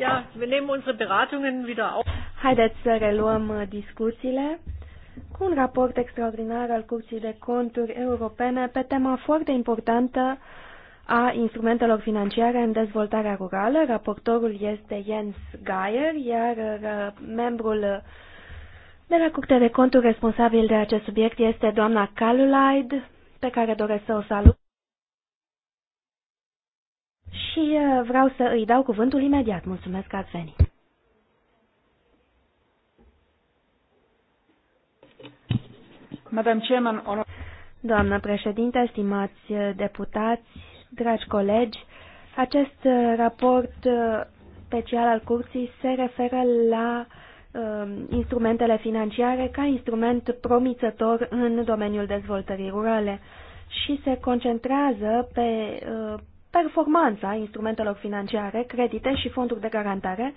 Ja, wir nehmen unsere Beratungen wieder auf. Haideți să reluăm uh, discuțiile cu un raport extraordinar al Curții de Conturi Europene pe tema foarte importantă a instrumentelor financiare în dezvoltarea rurală. Raportorul este Jens Geier, iar uh, membrul de la Curtea de Conturi responsabil de acest subiect este doamna Kaluleid, pe care doresc să o salut și uh, vreau să îi dau cuvântul imediat. Mulțumesc că ați venit. Doamnă președinte, stimați uh, deputați, dragi colegi, acest uh, raport special al curții se referă la uh, instrumentele financiare ca instrument promițător în domeniul dezvoltării rurale și se concentrează pe uh, performanța instrumentelor financiare, credite și fonduri de garantare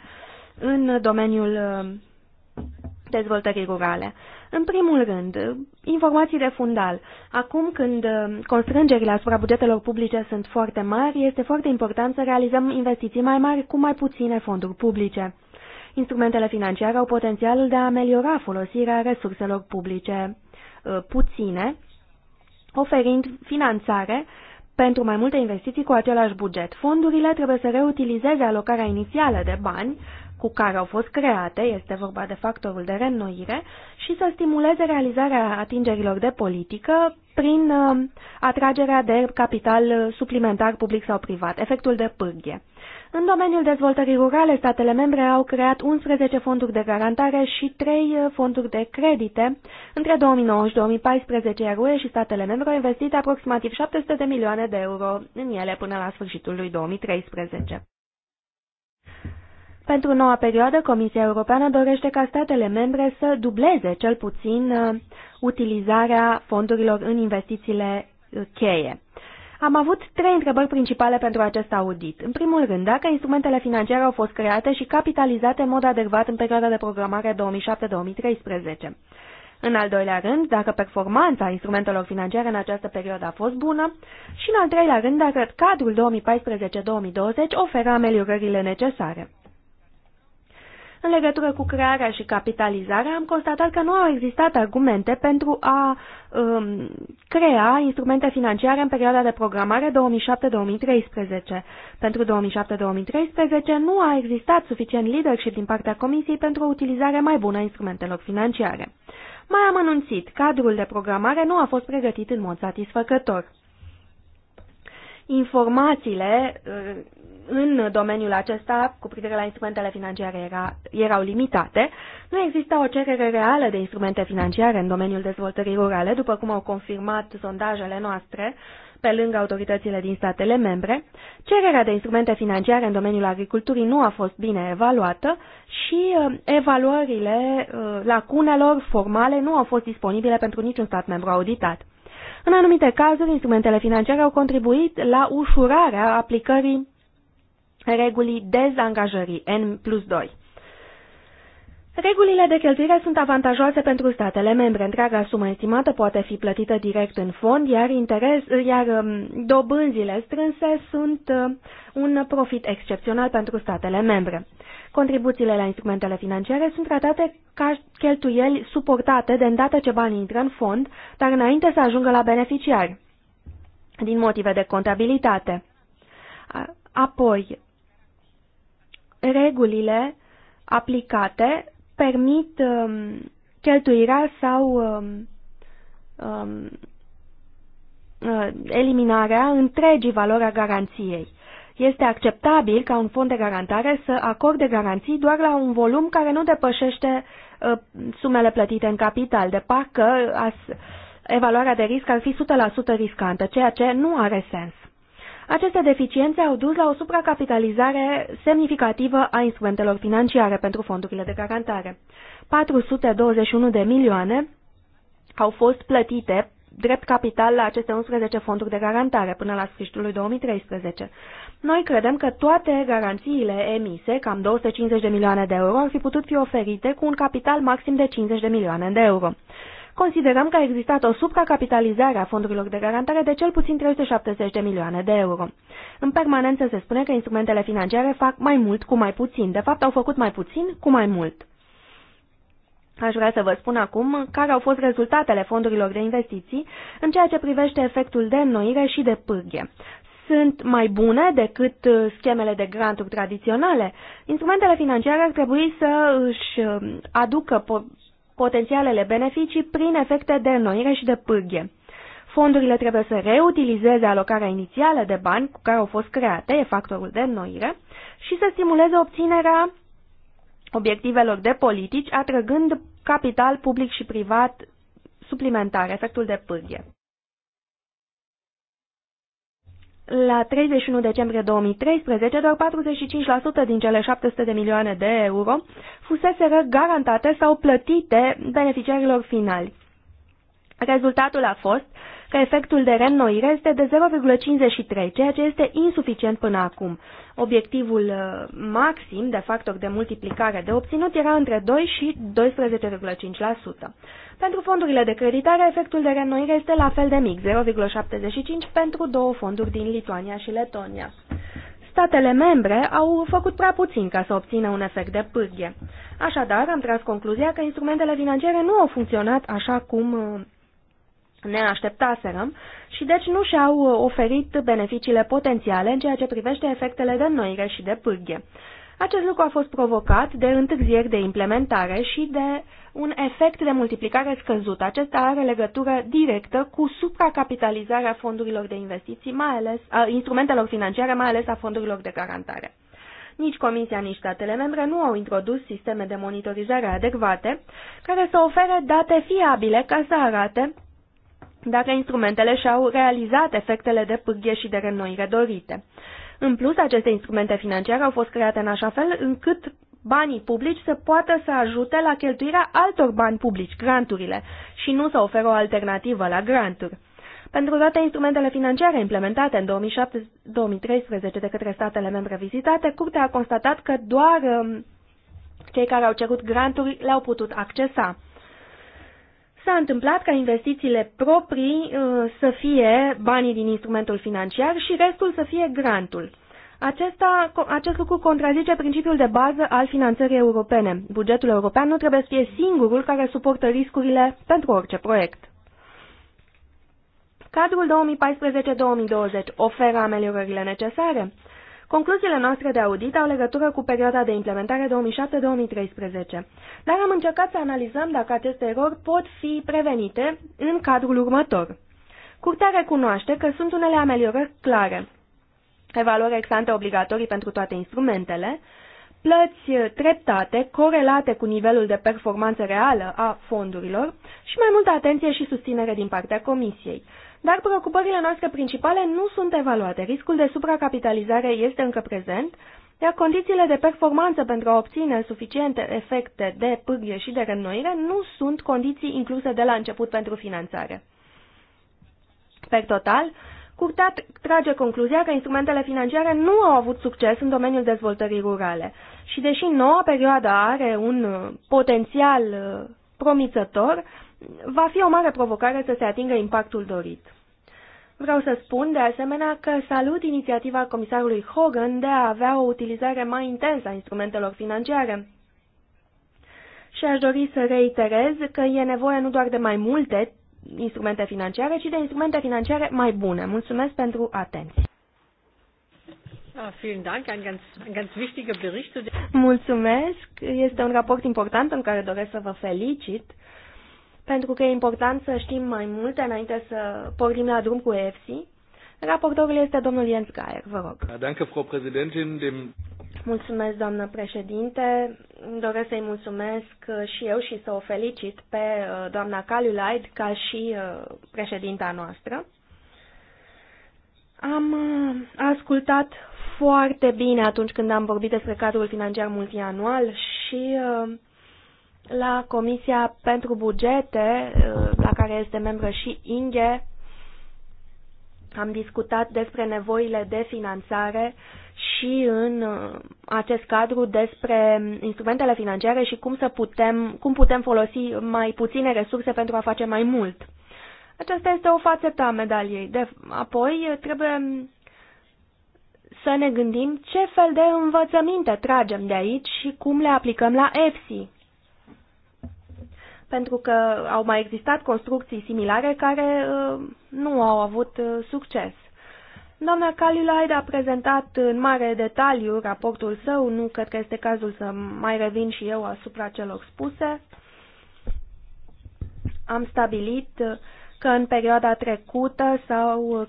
în domeniul uh, dezvoltării rurale. În primul rând, informații de fundal. Acum când uh, constrângerile asupra bugetelor publice sunt foarte mari, este foarte important să realizăm investiții mai mari cu mai puține fonduri publice. Instrumentele financiare au potențialul de a ameliora folosirea resurselor publice uh, puține, oferind finanțare pentru mai multe investiții cu același buget. Fondurile trebuie să reutilizeze alocarea inițială de bani cu care au fost create, este vorba de factorul de reînnoire, și să stimuleze realizarea atingerilor de politică prin uh, atragerea de capital suplimentar public sau privat, efectul de pârghie. În domeniul dezvoltării rurale, statele membre au creat 11 fonduri de garantare și 3 uh, fonduri de credite. Între 2009 și 2014, iar UE și statele membre au investit aproximativ 700 de milioane de euro în ele până la sfârșitul lui 2013. Pentru noua perioadă, Comisia Europeană dorește ca statele membre să dubleze cel puțin uh, utilizarea fondurilor în investițiile uh, cheie. Am avut trei întrebări principale pentru acest audit. În primul rând, dacă instrumentele financiare au fost create și capitalizate în mod adecvat în perioada de programare 2007-2013. În al doilea rând, dacă performanța instrumentelor financiare în această perioadă a fost bună și în al treilea rând, dacă cadrul 2014-2020 oferă ameliorările necesare. În legătură cu crearea și capitalizarea, am constatat că nu au existat argumente pentru a um, crea instrumente financiare în perioada de programare 2007-2013. Pentru 2007-2013 nu a existat suficient leadership din partea Comisiei pentru o utilizare mai bună a instrumentelor financiare. Mai am anunțit, cadrul de programare nu a fost pregătit în mod satisfăcător informațiile uh, în domeniul acesta, cu privire la instrumentele financiare, era, erau limitate. Nu exista o cerere reală de instrumente financiare în domeniul dezvoltării rurale, după cum au confirmat sondajele noastre, pe lângă autoritățile din statele membre. Cererea de instrumente financiare în domeniul agriculturii nu a fost bine evaluată și uh, evaluările uh, lacunelor formale nu au fost disponibile pentru niciun stat membru auditat. în anumite cazuri, instrumentele financiare au contribuit la ușurarea aplicării regulii dezangajării N plus 2. Regulile de cheltuire sunt avantajoase pentru statele membre. Întreaga sumă estimată poate fi plătită direct în fond, iar, interes, iar um, dobânzile strânse sunt uh, un profit excepțional pentru statele membre. Contribuțiile la instrumentele financiare sunt tratate ca cheltuieli suportate de îndată ce banii intră în fond, dar înainte să ajungă la beneficiari, din motive de contabilitate. Apoi, regulile aplicate permit um, cheltuirea sau um, um, uh, eliminarea întregii valori a garanției. Este acceptabil ca un fond de garantare să acorde garanții doar la un volum care nu depășește uh, sumele plătite în capital, de parcă as, evaluarea de risc ar fi 100% riscantă, ceea ce nu are sens. Aceste deficiențe au dus la o supracapitalizare semnificativă a instrumentelor financiare pentru fondurile de garantare. 421 de milioane au fost plătite drept capital la aceste 11 fonduri de garantare până la sfârșitul lui 2013. Noi credem că toate garanțiile emise, cam 250 de milioane de euro, ar fi putut fi oferite cu un capital maxim de 50 de milioane de euro. Considerăm că a existat o supracapitalizare a fondurilor de garantare de cel puțin 370 de milioane de euro. În permanență se spune că instrumentele financiare fac mai mult cu mai puțin. De fapt, au făcut mai puțin cu mai mult. Aș vrea să vă spun acum care au fost rezultatele fondurilor de investiții în ceea ce privește efectul de înnoire și de pârghie. Sunt mai bune decât uh, schemele de granturi tradiționale. Instrumentele financiare ar trebui să își um, aducă potențialele beneficii prin efecte de înnoire și de pârghie. Fondurile trebuie să reutilizeze alocarea inițială de bani cu care au fost create, e factorul de înnoire, și să stimuleze obținerea obiectivelor de politici, atrăgând capital public și privat suplimentar, efectul de pârghie. La 31 decembrie 2013, doar 45% din cele 700 de milioane de euro fusese garantate sau plătite beneficiarilor finali. Rezultatul a fost că efectul de reînnoire este de 0,53, ceea ce este insuficient până acum. Obiectivul uh, maxim de factor de multiplicare de obținut era între 2 și 12,5%. Pentru fondurile de creditare, efectul de reînnoire este la fel de mic, 0,75 pentru două fonduri din Lituania și Letonia statele membre au făcut prea puțin ca să obțină un efect de pârghie. Așadar, am tras concluzia că instrumentele financiare nu au funcționat așa cum uh, ne așteptaserăm și deci nu și-au uh, oferit beneficiile potențiale în ceea ce privește efectele de înnoire și de pârghe. Acest lucru a fost provocat de întârzieri de implementare și de un efect de multiplicare scăzut. Acesta are legătură directă cu supracapitalizarea fondurilor de investiții, mai ales a instrumentelor financiare, mai ales a fondurilor de garantare. Nici Comisia, nici statele membre nu au introdus sisteme de monitorizare adecvate care să ofere date fiabile ca să arate dacă instrumentele și-au realizat efectele de pârghie și de reînnoire dorite. În plus, aceste instrumente financiare au fost create în așa fel încât banii publici să poată să ajute la cheltuirea altor bani publici, granturile, și nu să oferă o alternativă la granturi. Pentru toate instrumentele financiare implementate în 2007-2013 de către statele membre vizitate, Curtea a constatat că doar um, cei care au cerut granturi le-au putut accesa s-a întâmplat ca investițiile proprii uh, să fie banii din instrumentul financiar și restul să fie grantul. Acesta, acest lucru contrazice principiul de bază al finanțării europene. Bugetul european nu trebuie să fie singurul care suportă riscurile pentru orice proiect. Cadrul 2014-2020 oferă ameliorările necesare? Concluziile noastre de audit au legătură cu perioada de implementare 2007-2013, dar am încercat să analizăm dacă aceste erori pot fi prevenite în cadrul următor. Curtea recunoaște că sunt unele ameliorări clare. Evaluări exante obligatorii pentru toate instrumentele, plăți treptate corelate cu nivelul de performanță reală a fondurilor și mai multă atenție și susținere din partea Comisiei dar preocupările noastre principale nu sunt evaluate. Riscul de supracapitalizare este încă prezent, iar condițiile de performanță pentru a obține suficiente efecte de pârghie și de reînnoire nu sunt condiții incluse de la început pentru finanțare. Per total, Curtea trage concluzia că instrumentele financiare nu au avut succes în domeniul dezvoltării rurale și deși noua perioadă are un uh, potențial uh, promițător, va fi o mare provocare să se atingă impactul dorit. Vreau să spun, de asemenea, că salut inițiativa comisarului Hogan de a avea o utilizare mai intensă a instrumentelor financiare. Și aș dori să reiterez că e nevoie nu doar de mai multe instrumente financiare, ci de instrumente financiare mai bune. Mulțumesc pentru atenție. Ah, Mulțumesc. Este un raport important în care doresc să vă felicit pentru că e important să știm mai multe înainte să pornim la drum cu EFSI. Raportorul este domnul Jens Gaier. vă rog. Mulțumesc, doamnă președinte. doresc să-i mulțumesc și eu și să o felicit pe uh, doamna Caliulaid ca și uh, președinta noastră. Am uh, ascultat foarte bine atunci când am vorbit despre cadrul financiar multianual și uh, la Comisia pentru Bugete, uh, la care este membră și Inge, am discutat despre nevoile de finanțare și în uh, acest cadru despre instrumentele financiare și cum, să putem, cum putem folosi mai puține resurse pentru a face mai mult. Aceasta este o fațetă a medaliei. De, apoi uh, trebuie să ne gândim ce fel de învățăminte tragem de aici și cum le aplicăm la EFSI pentru că au mai existat construcții similare care uh, nu au avut uh, succes. Doamna Calilaid a prezentat în mare detaliu raportul său, nu cred că este cazul să mai revin și eu asupra celor spuse. Am stabilit uh, că în perioada trecută s-au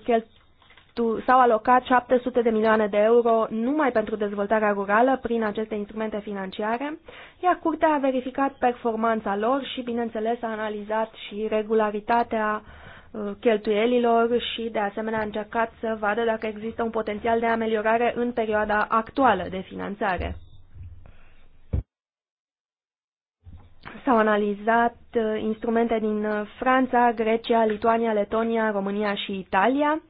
s-au alocat 700 de milioane de euro numai pentru dezvoltarea rurală prin aceste instrumente financiare, iar Curtea a verificat performanța lor și, bineînțeles, a analizat și regularitatea uh, cheltuielilor și, de asemenea, a încercat să vadă dacă există un potențial de ameliorare în perioada actuală de finanțare. S-au analizat uh, instrumente din uh, Franța, Grecia, Lituania, Letonia, România și Italia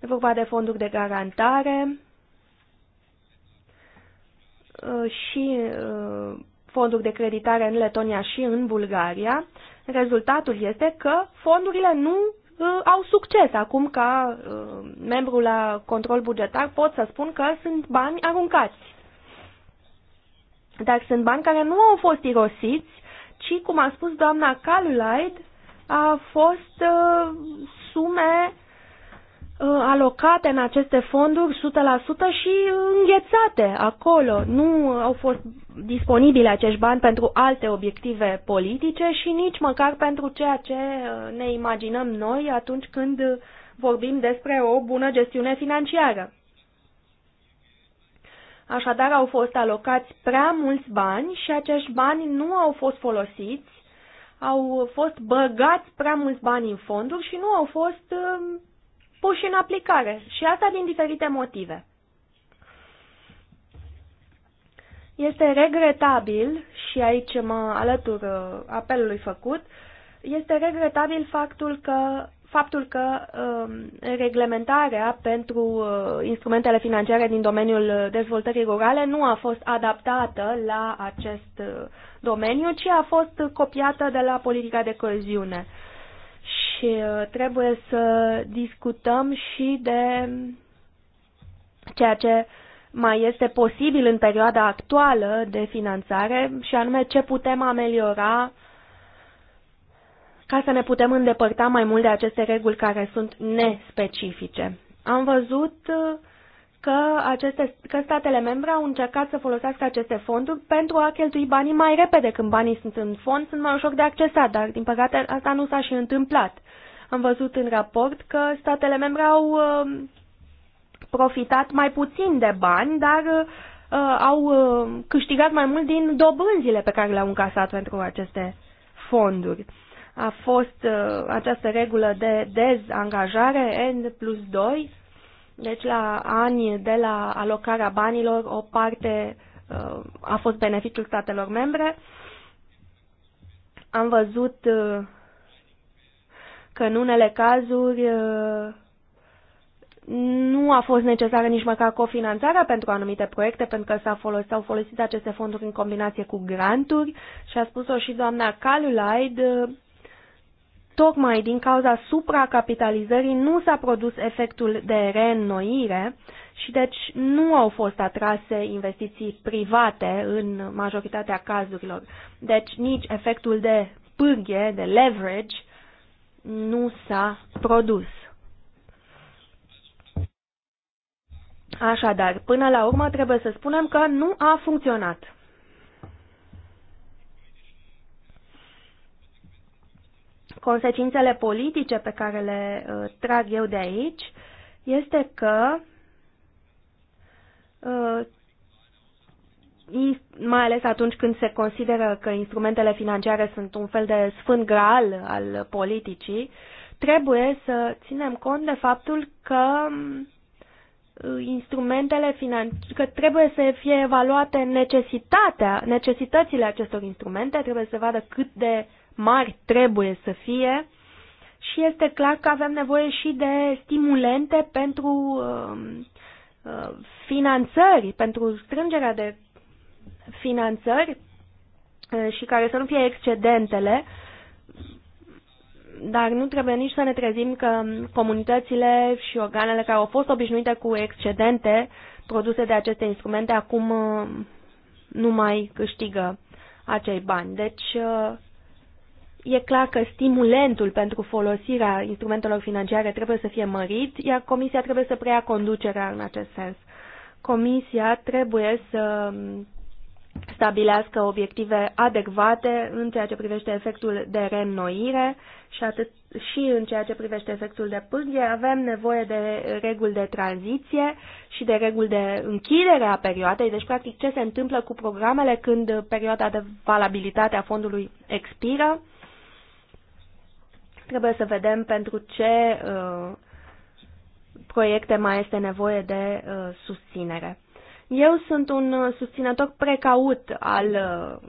E vorba de fonduri de garantare uh, și uh, fonduri de creditare în Letonia și în Bulgaria. Rezultatul este că fondurile nu uh, au succes. Acum, ca membru la control bugetar, pot să spun că sunt bani aruncați. Dar sunt bani care nu au fost irosiți, ci, cum a spus doamna Calulaid, a fost uh, sume Uh, alocate în aceste fonduri 100% și înghețate acolo. Nu au fost disponibile acești bani pentru alte obiective politice și nici măcar pentru ceea ce uh, ne imaginăm noi atunci când vorbim despre o bună gestiune financiară. Așadar, au fost alocați prea mulți bani și acești bani nu au fost folosiți, au fost băgați prea mulți bani în fonduri și nu au fost uh, puși în aplicare și asta din diferite motive. Este regretabil, și aici mă alătur uh, apelului făcut, este regretabil faptul că faptul că um, reglementarea pentru uh, instrumentele financiare din domeniul dezvoltării rurale nu a fost adaptată la acest uh, domeniu, ci a fost copiată de la politica de coeziune și uh, trebuie să discutăm și de ceea ce mai este posibil în perioada actuală de finanțare și anume ce putem ameliora ca să ne putem îndepărta mai mult de aceste reguli care sunt nespecifice. Am văzut uh, că, aceste, că statele membre au încercat să folosească aceste fonduri pentru a cheltui banii mai repede când banii sunt în fond, sunt mai ușor de accesat, dar din păcate asta nu s-a și întâmplat. Am văzut în raport că statele membre au um, profitat mai puțin de bani, dar uh, au um, câștigat mai mult din dobânzile pe care le-au încasat pentru aceste fonduri. A fost uh, această regulă de dezangajare N plus 2 deci la ani de la alocarea banilor, o parte uh, a fost beneficiul statelor membre. Am văzut uh, că în unele cazuri uh, nu a fost necesară nici măcar cofinanțarea pentru anumite proiecte, pentru că s-au folosit, s-au folosit aceste fonduri în combinație cu granturi și a spus-o și doamna Calulaid, tocmai din cauza supracapitalizării nu s-a produs efectul de reînnoire și deci nu au fost atrase investiții private în majoritatea cazurilor. Deci nici efectul de pârghie, de leverage, nu s-a produs. Așadar, până la urmă trebuie să spunem că nu a funcționat. consecințele politice pe care le uh, trag eu de aici este că uh, mai ales atunci când se consideră că instrumentele financiare sunt un fel de sfânt graal al politicii, trebuie să ținem cont de faptul că uh, instrumentele financiare, că trebuie să fie evaluate necesitatea, necesitățile acestor instrumente, trebuie să vadă cât de mari trebuie să fie și este clar că avem nevoie și de stimulente pentru um, uh, finanțări, pentru strângerea de finanțări uh, și care să nu fie excedentele, dar nu trebuie nici să ne trezim că comunitățile și organele care au fost obișnuite cu excedente produse de aceste instrumente acum uh, nu mai câștigă acei bani. Deci E clar că stimulentul pentru folosirea instrumentelor financiare trebuie să fie mărit, iar Comisia trebuie să preia conducerea în acest sens. Comisia trebuie să stabilească obiective adecvate în ceea ce privește efectul de reînnoire și, atât, și în ceea ce privește efectul de pârghie. Avem nevoie de reguli de tranziție și de reguli de închidere a perioadei, deci practic ce se întâmplă cu programele când perioada de valabilitate a fondului expiră Trebuie să vedem pentru ce uh, proiecte mai este nevoie de uh, susținere. Eu sunt un uh, susținător precaut al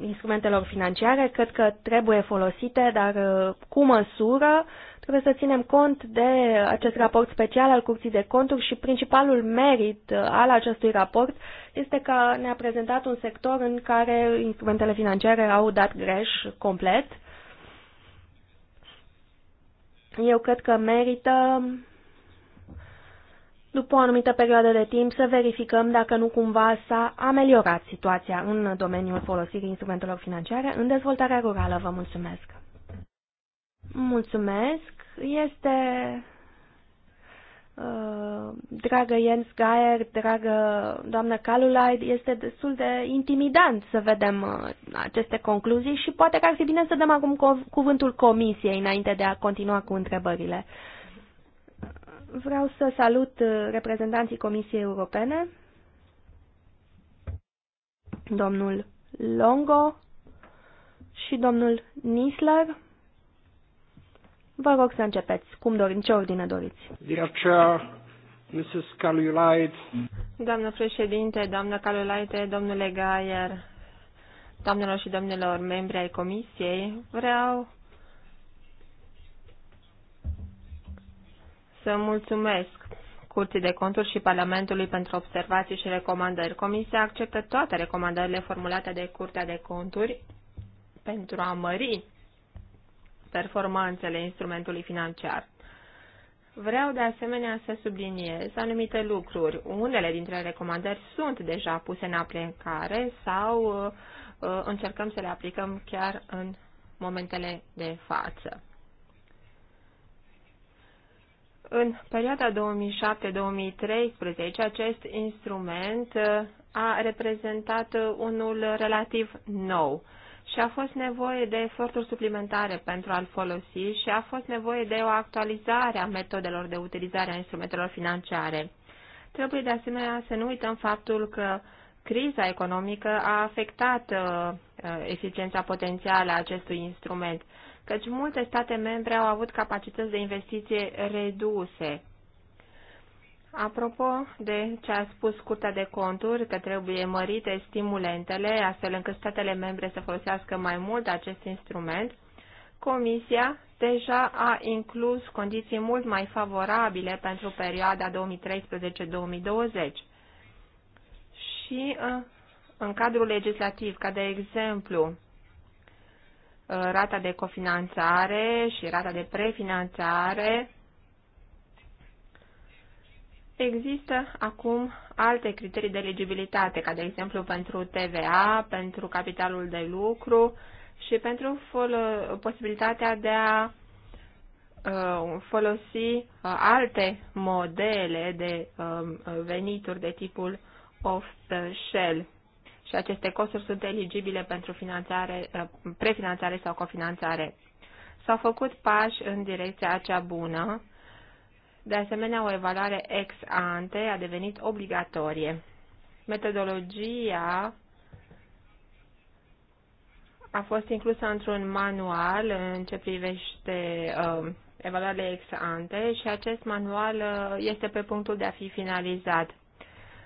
instrumentelor financiare, cred că trebuie folosite, dar cu măsură trebuie să ținem cont de acest raport special al Curții de Conturi și principalul merit al acestui raport este că ne-a prezentat un sector în care instrumentele financiare au dat greș complet eu cred că merită, după o anumită perioadă de timp, să verificăm dacă nu cumva s-a ameliorat situația în domeniul folosirii instrumentelor financiare în dezvoltarea rurală. Vă mulțumesc! Mulțumesc! Este Uh, dragă Jens Geier, dragă doamnă Calulaid, este destul de intimidant să vedem uh, aceste concluzii și poate că ar fi bine să dăm acum cuvântul comisiei înainte de a continua cu întrebările. Vreau să salut uh, reprezentanții Comisiei Europene, domnul Longo și domnul Nisler. Vă rog să începeți. Cum doriți, Ce ordine doriți? Mrs. Calulait. Doamnă președinte, doamnă Calulaite, domnule Gaier, doamnelor și domnilor membri ai comisiei, vreau să mulțumesc Curții de Conturi și Parlamentului pentru observații și recomandări. Comisia acceptă toate recomandările formulate de Curtea de Conturi pentru a mări performanțele instrumentului financiar. Vreau de asemenea să subliniez anumite lucruri. Unele dintre recomandări sunt deja puse în aplicare sau uh, uh încercăm să le aplicăm chiar în momentele de față. În perioada 2007-2013, acest instrument uh, a reprezentat unul relativ nou și a fost nevoie de eforturi suplimentare pentru a-l folosi și a fost nevoie de o actualizare a metodelor de utilizare a instrumentelor financiare. Trebuie de asemenea să nu uităm faptul că criza economică a afectat uh, uh eficiența potențială a acestui instrument, căci multe state membre au avut capacități de investiție reduse Apropo de ce a spus Curtea de Conturi, că trebuie mărite stimulentele, astfel încât statele membre să folosească mai mult acest instrument, Comisia deja a inclus condiții mult mai favorabile pentru perioada 2013-2020. Și uh, în cadrul legislativ, ca de exemplu uh, rata de cofinanțare și rata de prefinanțare, Există acum alte criterii de eligibilitate, ca de exemplu pentru TVA, pentru capitalul de lucru și pentru posibilitatea de a uh, folosi uh, alte modele de um, venituri de tipul off-the-shell și aceste costuri sunt eligibile pentru finanțare, uh, prefinanțare sau cofinanțare. S-au făcut pași în direcția acea bună de asemenea, o evaluare ex ante a devenit obligatorie. Metodologia a fost inclusă într-un manual în ce privește uh, um, evaluările ex ante și acest manual uh, este pe punctul de a fi finalizat.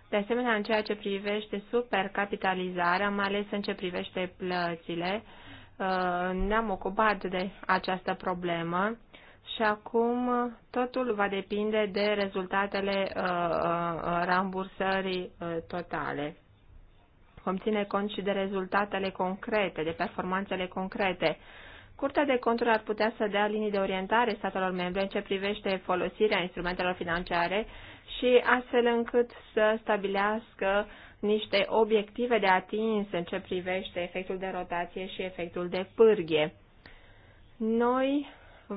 De asemenea, în ceea ce privește supercapitalizarea, mai ales în ce privește plățile, uh, ne-am ocupat de această problemă și acum totul va depinde de rezultatele uh, uh, uh, rambursării uh, totale. Vom ține cont și de rezultatele concrete, de performanțele concrete. Curtea de conturi ar putea să dea linii de orientare statelor membre în ce privește folosirea instrumentelor financiare și astfel încât să stabilească niște obiective de atins în ce privește efectul de rotație și efectul de pârghie. Noi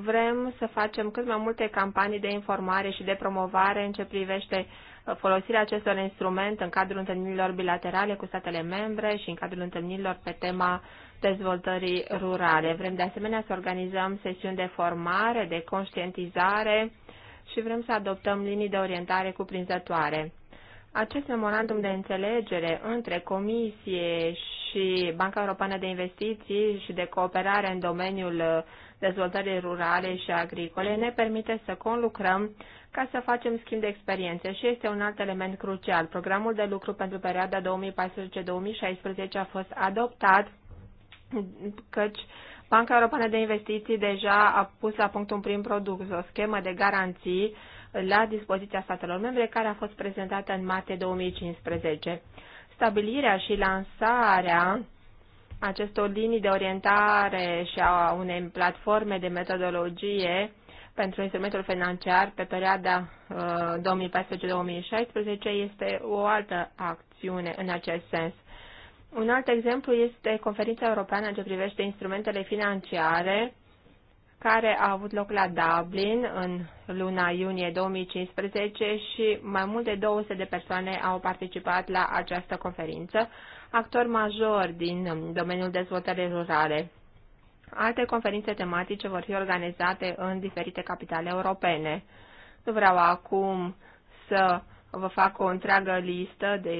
Vrem să facem cât mai multe campanii de informare și de promovare în ce privește uh, folosirea acestor instrument în cadrul întâlnirilor bilaterale cu statele membre și în cadrul întâlnirilor pe tema dezvoltării rurale. Vrem de asemenea să organizăm sesiuni de formare, de conștientizare și vrem să adoptăm linii de orientare cuprinzătoare. Acest memorandum de înțelegere între Comisie și Banca Europeană de Investiții și de cooperare în domeniul uh, dezvoltării rurale și agricole ne permite să conlucrăm ca să facem schimb de experiențe și este un alt element crucial. Programul de lucru pentru perioada 2014-2016 a fost adoptat, căci Banca Europeană de Investiții deja a pus la punct un prim produs, o schemă de garanții la dispoziția statelor membre, care a fost prezentată în martie 2015. Stabilirea și lansarea acestor linii de orientare și a unei platforme de metodologie pentru instrumentul financiar pe perioada 2014-2016 uh, este o altă acțiune în acest sens. Un alt exemplu este conferința europeană ce privește instrumentele financiare care a avut loc la Dublin în luna iunie 2015 și mai mult de 200 de persoane au participat la această conferință actor major din um, domeniul dezvoltării rurale. Alte conferințe tematice vor fi organizate în diferite capitale europene. Nu vreau acum să vă fac o întreagă listă de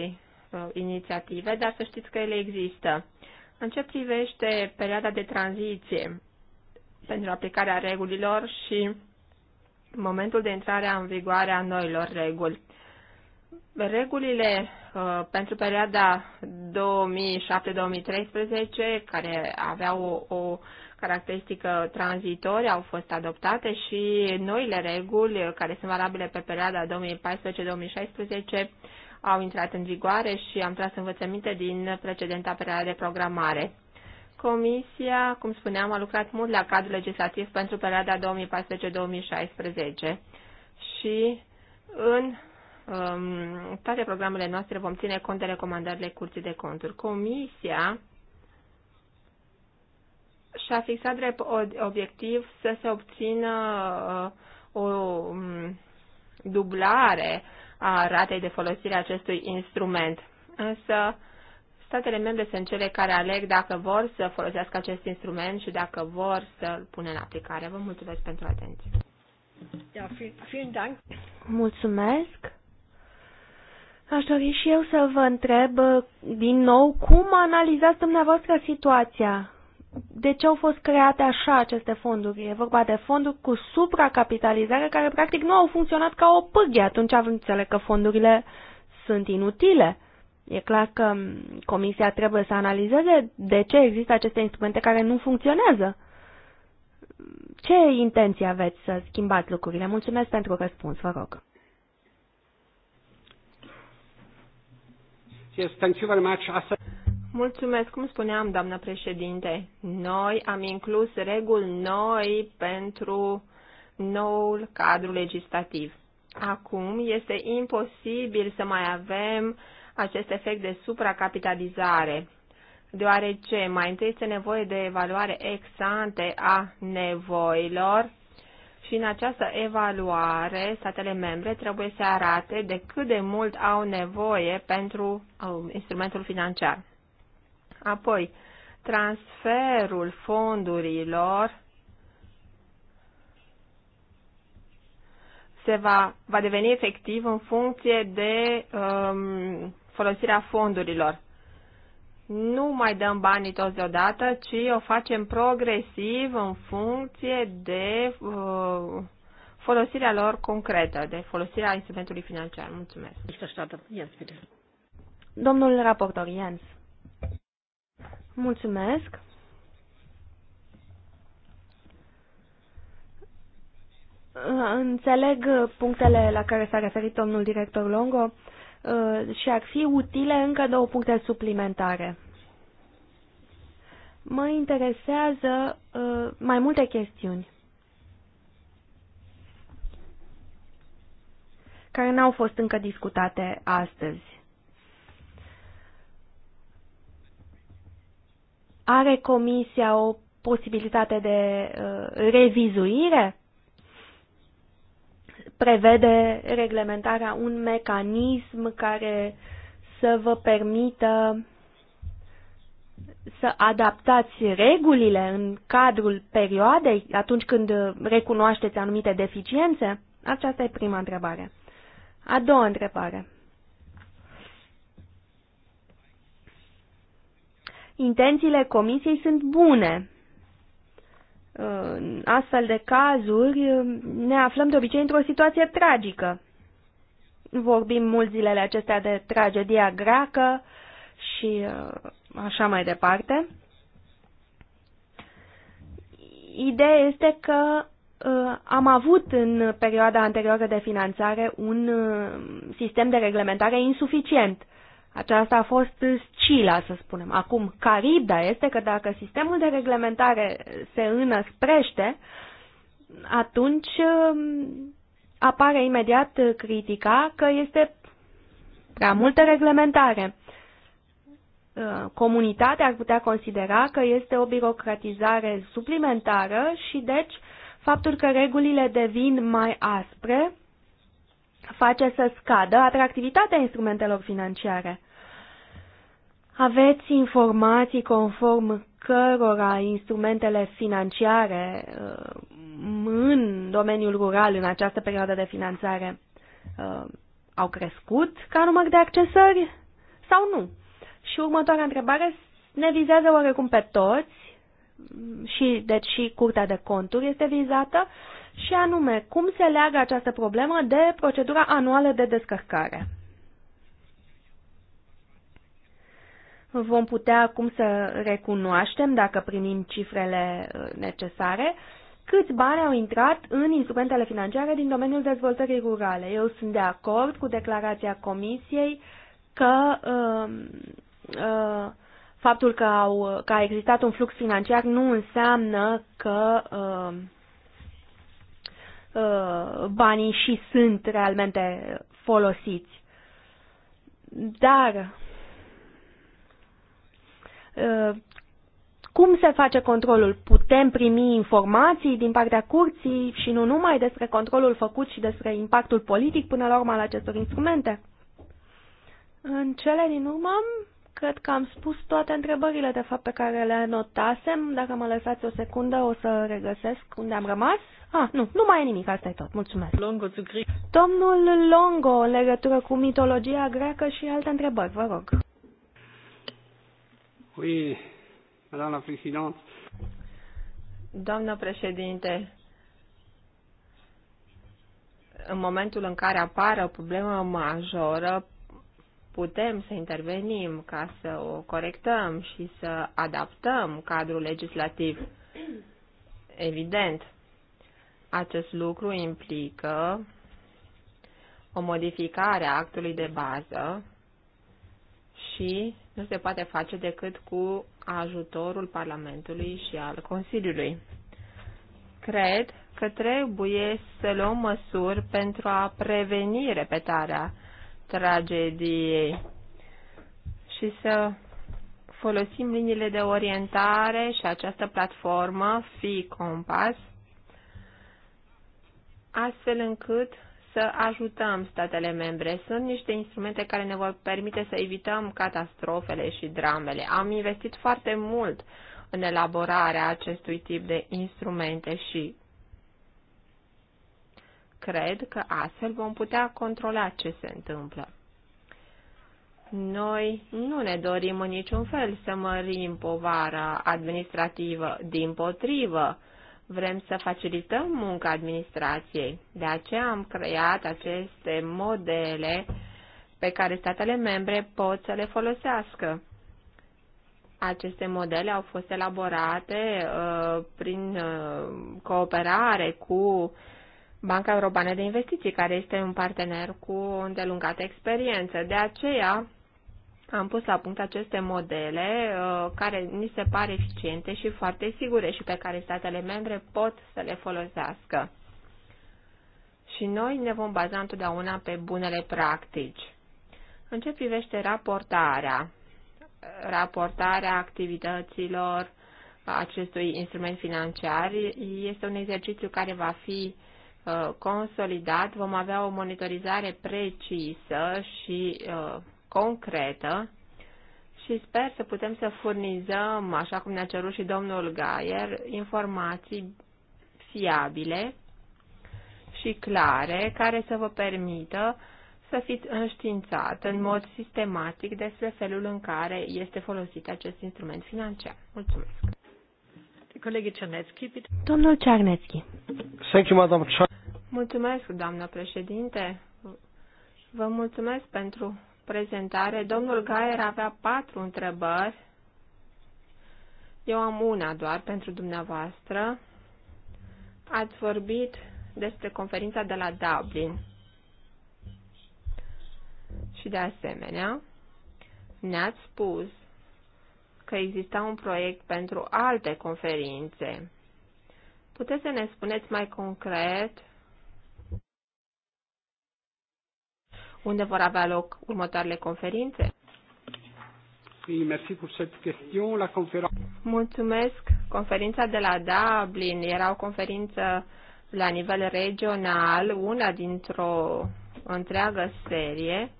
uh, inițiative, dar să știți că ele există. În ce privește perioada de tranziție pentru aplicarea regulilor și momentul de intrare în vigoare a noilor reguli regulile uh, pentru perioada 2007-2013, care aveau o, o caracteristică tranzitorie, au fost adoptate și noile reguli, care sunt valabile pe perioada 2014-2016, au intrat în vigoare și am tras învățăminte din precedenta perioadă de programare. Comisia, cum spuneam, a lucrat mult la cadrul legislativ pentru perioada 2014-2016 și în Um, toate programele noastre vom ține cont de recomandările Curții de Conturi. Comisia și-a fixat drept obiectiv să se obțină uh, o um, dublare a ratei de folosire a acestui instrument. Însă, statele membre sunt cele care aleg dacă vor să folosească acest instrument și dacă vor să-l pună în aplicare. Vă mulțumesc pentru atenție. Mulțumesc. Aș dori și eu să vă întreb uh, din nou cum analizați dumneavoastră situația. De ce au fost create așa aceste fonduri? E vorba de fonduri cu supracapitalizare care practic nu au funcționat ca o pârghie. Atunci avem înțeles că fondurile sunt inutile. E clar că um, comisia trebuie să analizeze de ce există aceste instrumente care nu funcționează. Ce intenție aveți să schimbați lucrurile? Mulțumesc pentru răspuns, vă rog. Yes, thank you very much. Mulțumesc, cum spuneam, doamnă președinte. Noi am inclus reguli noi pentru noul cadru legislativ. Acum este imposibil să mai avem acest efect de supracapitalizare, deoarece mai întâi este nevoie de evaluare ex ante a nevoilor și în această evaluare statele membre trebuie să arate de cât de mult au nevoie pentru um, instrumentul financiar. Apoi, transferul fondurilor se va, va deveni efectiv în funcție de um, folosirea fondurilor nu mai dăm banii toți deodată, ci o facem progresiv în funcție de uh, folosirea lor concretă, de folosirea instrumentului financiar. Mulțumesc. Domnul raportor Jens. Mulțumesc. Înțeleg punctele la care s-a referit domnul director Longo. Uh, și ar fi utile încă două puncte suplimentare. Mă interesează uh, mai multe chestiuni care n-au fost încă discutate astăzi. Are Comisia o posibilitate de uh, revizuire? prevede reglementarea un mecanism care să vă permită să adaptați regulile în cadrul perioadei atunci când recunoașteți anumite deficiențe? Aceasta e prima întrebare. A doua întrebare. Intențiile comisiei sunt bune, în astfel de cazuri ne aflăm de obicei într-o situație tragică. Vorbim mult zilele acestea de tragedia greacă și uh, așa mai departe. Ideea este că uh, am avut în perioada anterioară de finanțare un uh, sistem de reglementare insuficient aceasta a fost scila, să spunem. Acum, caribda este că dacă sistemul de reglementare se înăsprește, atunci um, apare imediat critica că este prea multă reglementare. Uh, comunitatea ar putea considera că este o birocratizare suplimentară și deci faptul că regulile devin mai aspre face să scadă atractivitatea instrumentelor financiare. Aveți informații conform cărora instrumentele financiare uh, în domeniul rural în această perioadă de finanțare uh, au crescut ca număr de accesări sau nu? Și următoarea întrebare ne vizează oarecum pe toți și deci și Curtea de Conturi este vizată și anume cum se leagă această problemă de procedura anuală de descărcare. vom putea acum să recunoaștem, dacă primim cifrele uh, necesare, câți bani au intrat în instrumentele financiare din domeniul dezvoltării rurale. Eu sunt de acord cu declarația Comisiei că uh, uh, faptul că, au, că a existat un flux financiar nu înseamnă că uh, uh, banii și sunt realmente folosiți. Dar Uh, cum se face controlul? Putem primi informații din partea curții și nu numai despre controlul făcut și despre impactul politic până la urmă al acestor instrumente? În cele din urmă, cred că am spus toate întrebările de fapt pe care le notasem. Dacă mă lăsați o secundă, o să regăsesc unde am rămas. Ah, nu, nu mai e nimic, asta e tot. Mulțumesc. Longo, Domnul Longo, în legătură cu mitologia greacă și alte întrebări, vă rog. Oui, Madame Doamnă președinte, în momentul în care apare o problemă majoră, putem să intervenim ca să o corectăm și să adaptăm cadrul legislativ. Evident, acest lucru implică o modificare a actului de bază și nu se poate face decât cu ajutorul Parlamentului și al Consiliului. Cred că trebuie să luăm măsuri pentru a preveni repetarea tragediei și să folosim liniile de orientare și această platformă, FI compas, astfel încât să ajutăm statele membre. Sunt niște instrumente care ne vor permite să evităm catastrofele și dramele. Am investit foarte mult în elaborarea acestui tip de instrumente și cred că astfel vom putea controla ce se întâmplă. Noi nu ne dorim în niciun fel să mărim povara administrativă, din potrivă, Vrem să facilităm munca administrației. De aceea am creat aceste modele pe care statele membre pot să le folosească. Aceste modele au fost elaborate uh, prin uh, cooperare cu Banca Europeană de Investiții, care este un partener cu o îndelungată experiență. De aceea, am pus la punct aceste modele uh, care ni se pare eficiente și foarte sigure și pe care statele membre pot să le folosească. Și noi ne vom baza întotdeauna pe bunele practici. În ce privește raportarea, raportarea activităților acestui instrument financiar este un exercițiu care va fi uh, consolidat, vom avea o monitorizare precisă și uh, concretă și sper să putem să furnizăm, așa cum ne-a cerut și domnul Gaier, informații fiabile și clare care să vă permită să fiți înștiințat în mod sistematic despre felul în care este folosit acest instrument financiar. Mulțumesc. Colegii Domnul Cernetski. Mulțumesc, doamnă președinte. Vă mulțumesc pentru prezentare, domnul Gaier avea patru întrebări. Eu am una doar pentru dumneavoastră. Ați vorbit despre conferința de la Dublin. Și de asemenea, ne-ați spus că exista un proiect pentru alte conferințe. Puteți să ne spuneți mai concret unde vor avea loc următoarele conferințe? Mulțumesc. Conferința de la Dublin era o conferință la nivel regional, una dintr-o întreagă serie.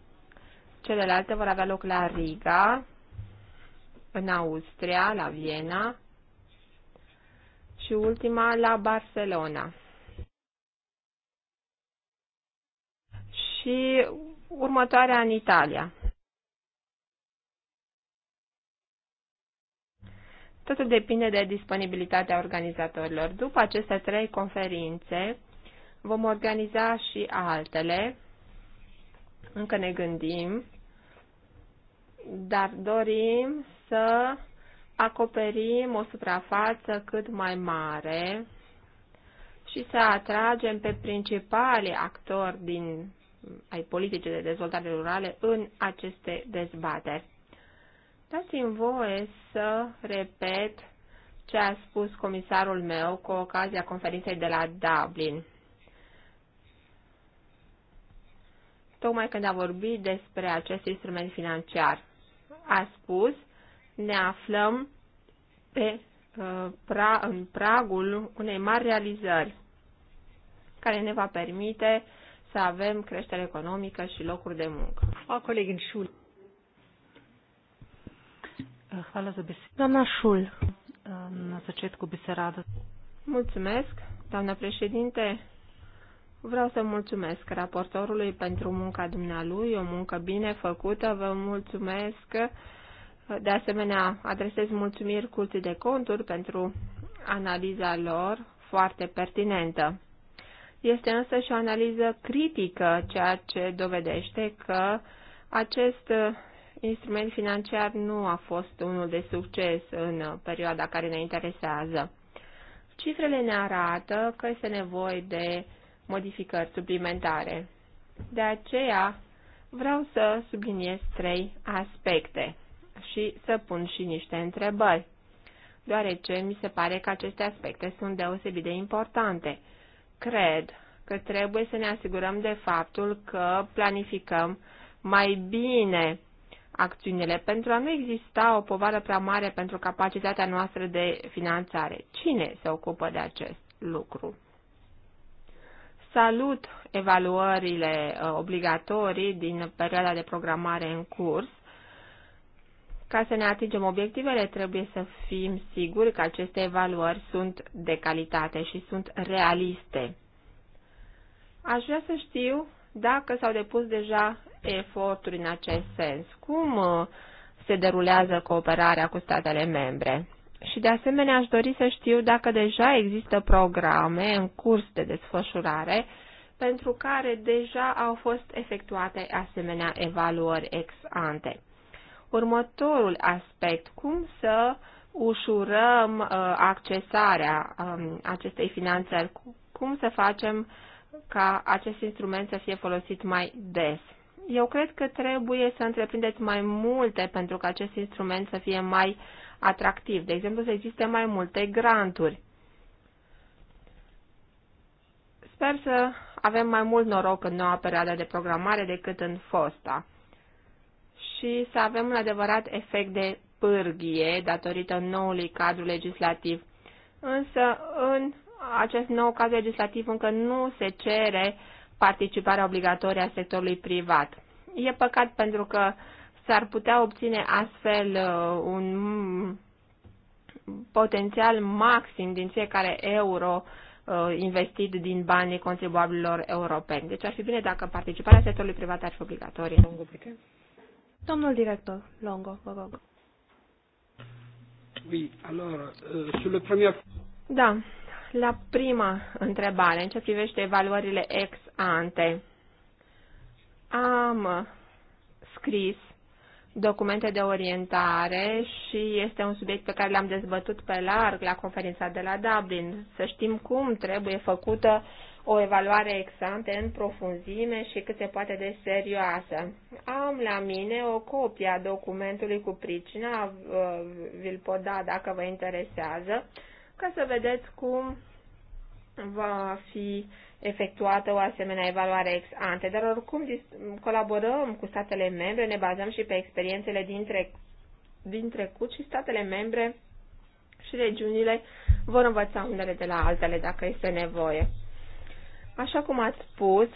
Celelalte vor avea loc la Riga, în Austria, la Viena și ultima la Barcelona. Și următoarea în Italia. Totul depinde de disponibilitatea organizatorilor. După aceste trei conferințe, vom organiza și altele. Încă ne gândim, dar dorim să acoperim o suprafață cât mai mare și să atragem pe principalii actori din ai politicii de dezvoltare rurale în aceste dezbateri. Dați-mi voie să repet ce a spus comisarul meu cu ocazia conferinței de la Dublin. Tocmai când a vorbit despre acest instrument financiar, a spus, ne aflăm pe, uh, pra, în pragul unei mari realizări care ne va permite uh, să avem creștere economică și locuri de muncă. O colegin Șul. Hvala za besedo. Doamna Șul. Na začetku cu Biserada. Mulțumesc, doamna președinte. Vreau să mulțumesc raportorului pentru munca dumnealui, o muncă bine făcută. Vă mulțumesc. De asemenea, adresez mulțumiri curții de conturi pentru analiza lor foarte pertinentă. Este însă și o analiză critică, ceea ce dovedește că acest uh, instrument financiar nu a fost unul de succes în uh, perioada care ne interesează. Cifrele ne arată că este nevoie de modificări suplimentare. De aceea vreau să subliniez trei aspecte și să pun și niște întrebări, deoarece mi se pare că aceste aspecte sunt deosebit de importante cred că trebuie să ne asigurăm de faptul că planificăm mai bine acțiunile pentru a nu exista o povară prea mare pentru capacitatea noastră de finanțare. Cine se ocupă de acest lucru? Salut evaluările uh, obligatorii din perioada de programare în curs ca să ne atingem obiectivele, trebuie să fim siguri că aceste evaluări sunt de calitate și sunt realiste. Aș vrea să știu dacă s-au depus deja eforturi în acest sens. Cum uh, se derulează cooperarea cu statele membre? Și de asemenea aș dori să știu dacă deja există programe în curs de desfășurare pentru care deja au fost efectuate asemenea evaluări ex ante următorul aspect, cum să ușurăm uh, accesarea um, acestei finanțări, cum să facem ca acest instrument să fie folosit mai des. Eu cred că trebuie să întreprindeți mai multe pentru ca acest instrument să fie mai atractiv. De exemplu, să existe mai multe granturi. Sper să avem mai mult noroc în noua perioadă de programare decât în fosta și să avem un adevărat efect de pârghie datorită noului cadru legislativ. Însă, în acest nou caz legislativ încă nu se cere participarea obligatorie a sectorului privat. E păcat pentru că s-ar putea obține astfel uh, un potențial maxim din fiecare euro uh, investit din banii contribuabililor europeni. Deci ar fi bine dacă participarea sectorului privat ar fi obligatorie. Domnul director Longo, vă rog. Oui, alors, euh, sur le premier... Da, la prima întrebare, în ce privește evaluările ex ante, am scris documente de orientare și este un subiect pe care l-am dezbătut pe larg la conferința de la Dublin. Să știm cum trebuie făcută o evaluare exantă în profunzime și cât se poate de serioasă. Am la mine o copie a documentului cu pricina, uh, vi-l pot da dacă vă interesează, ca să vedeți cum va fi efectuată o asemenea evaluare ex ante, dar oricum colaborăm cu statele membre, ne bazăm și pe experiențele din, trec din trecut și statele membre și regiunile vor învăța unele de la altele dacă este nevoie. Așa cum ați spus,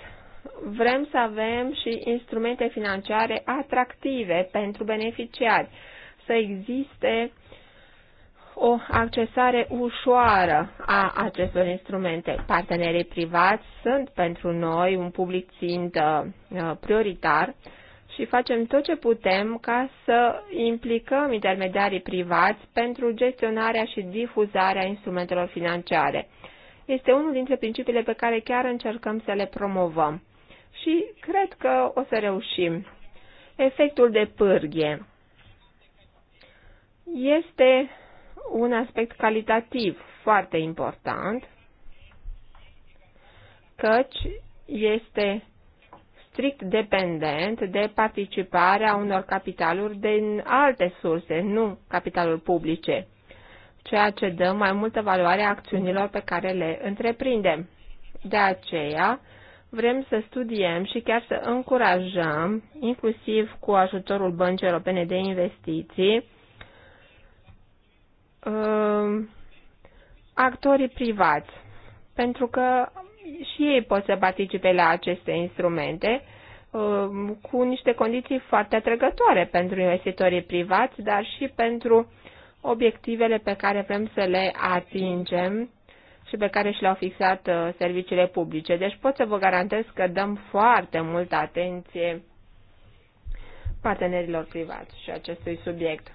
vrem să avem și instrumente financiare atractive pentru beneficiari, să existe o accesare ușoară a acestor instrumente. Partenerii privați sunt pentru noi un public țintă uh, prioritar și facem tot ce putem ca să implicăm intermediarii privați pentru gestionarea și difuzarea instrumentelor financiare este unul dintre principiile pe care chiar încercăm să le promovăm. Și cred că o să reușim. Efectul de pârghie este un aspect calitativ foarte important, căci este strict dependent de participarea unor capitaluri din alte surse, nu capitalul publice ceea ce dă mai multă valoare acțiunilor pe care le întreprindem. De aceea, vrem să studiem și chiar să încurajăm, inclusiv cu ajutorul Băncii Europene de Investiții, um, actorii privați, pentru că și ei pot să participe la aceste instrumente um, cu niște condiții foarte atrăgătoare pentru investitorii privați, dar și pentru obiectivele pe care vrem să le atingem și pe care și le-au fixat uh, serviciile publice. Deci pot să vă garantez că dăm foarte multă atenție partenerilor privați și acestui subiect.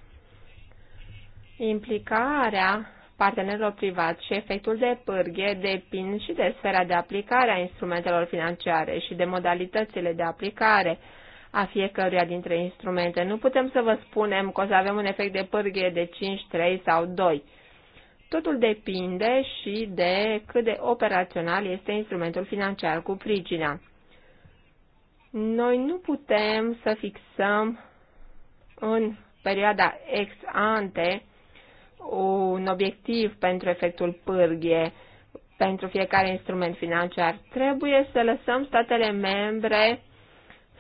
Implicarea partenerilor privați și efectul de pârghie depind și de sfera de aplicare a instrumentelor financiare și de modalitățile de aplicare a fiecăruia dintre instrumente. Nu putem să vă spunem că o să avem un efect de pârghie de 5, 3 sau 2. Totul depinde și de cât de operațional este instrumentul financiar cu pricina. Noi nu putem să fixăm în perioada ex ante un obiectiv pentru efectul pârghie pentru fiecare instrument financiar. Trebuie să lăsăm statele membre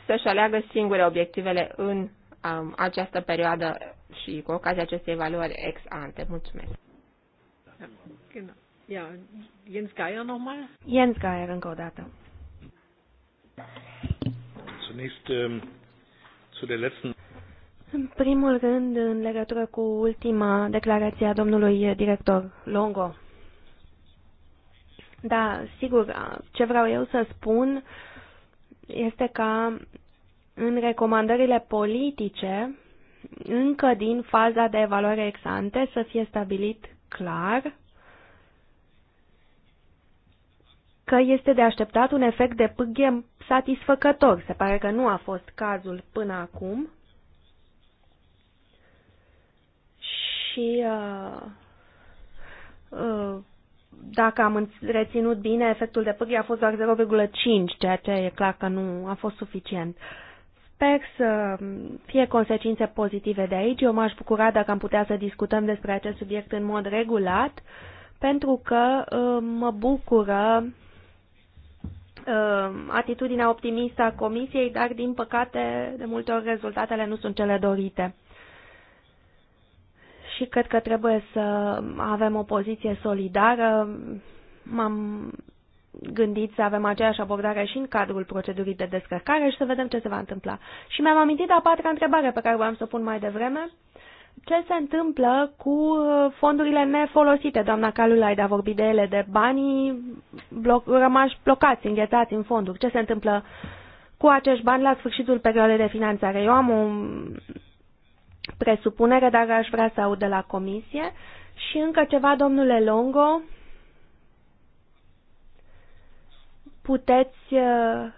să-și aleagă singure obiectivele în um, această perioadă și cu ocazia acestei evaluări ex ante. Mulțumesc. Ja, Jens Geier nochmal. Jens Geier încă o dată. Zunächst ähm, zu der letzten în primul rând, în legătură cu ultima declarație a domnului director Longo. Da, sigur, ce vreau eu să spun uh, este ca în recomandările politice, încă din faza de evaluare ex ante, să fie stabilit clar că este de așteptat un efect de pâghie satisfăcător. Se pare că nu a fost cazul până acum. Și uh, uh, dacă am reținut bine, efectul de pârghie a fost doar 0,5, ceea ce e clar că nu a fost suficient. Sper să fie consecințe pozitive de aici. Eu m-aș bucura dacă am putea să discutăm despre acest subiect în mod regulat, pentru că ă, mă bucură ă, atitudinea optimistă a Comisiei, dar din păcate de multe ori rezultatele nu sunt cele dorite și cred că trebuie să avem o poziție solidară. M-am gândit să avem aceeași abordare și în cadrul procedurii de descărcare și să vedem ce se va întâmpla. Și mi-am amintit a patra întrebare pe care voiam să o pun mai devreme. Ce se întâmplă cu fondurile nefolosite? Doamna Calulaid a vorbit de ele, de banii bloc, rămași blocați, înghețați în fonduri. Ce se întâmplă cu acești bani la sfârșitul perioadei de finanțare? Eu am un presupunere, dar aș vrea să aud de la comisie. Și încă ceva, domnule Longo, puteți uh,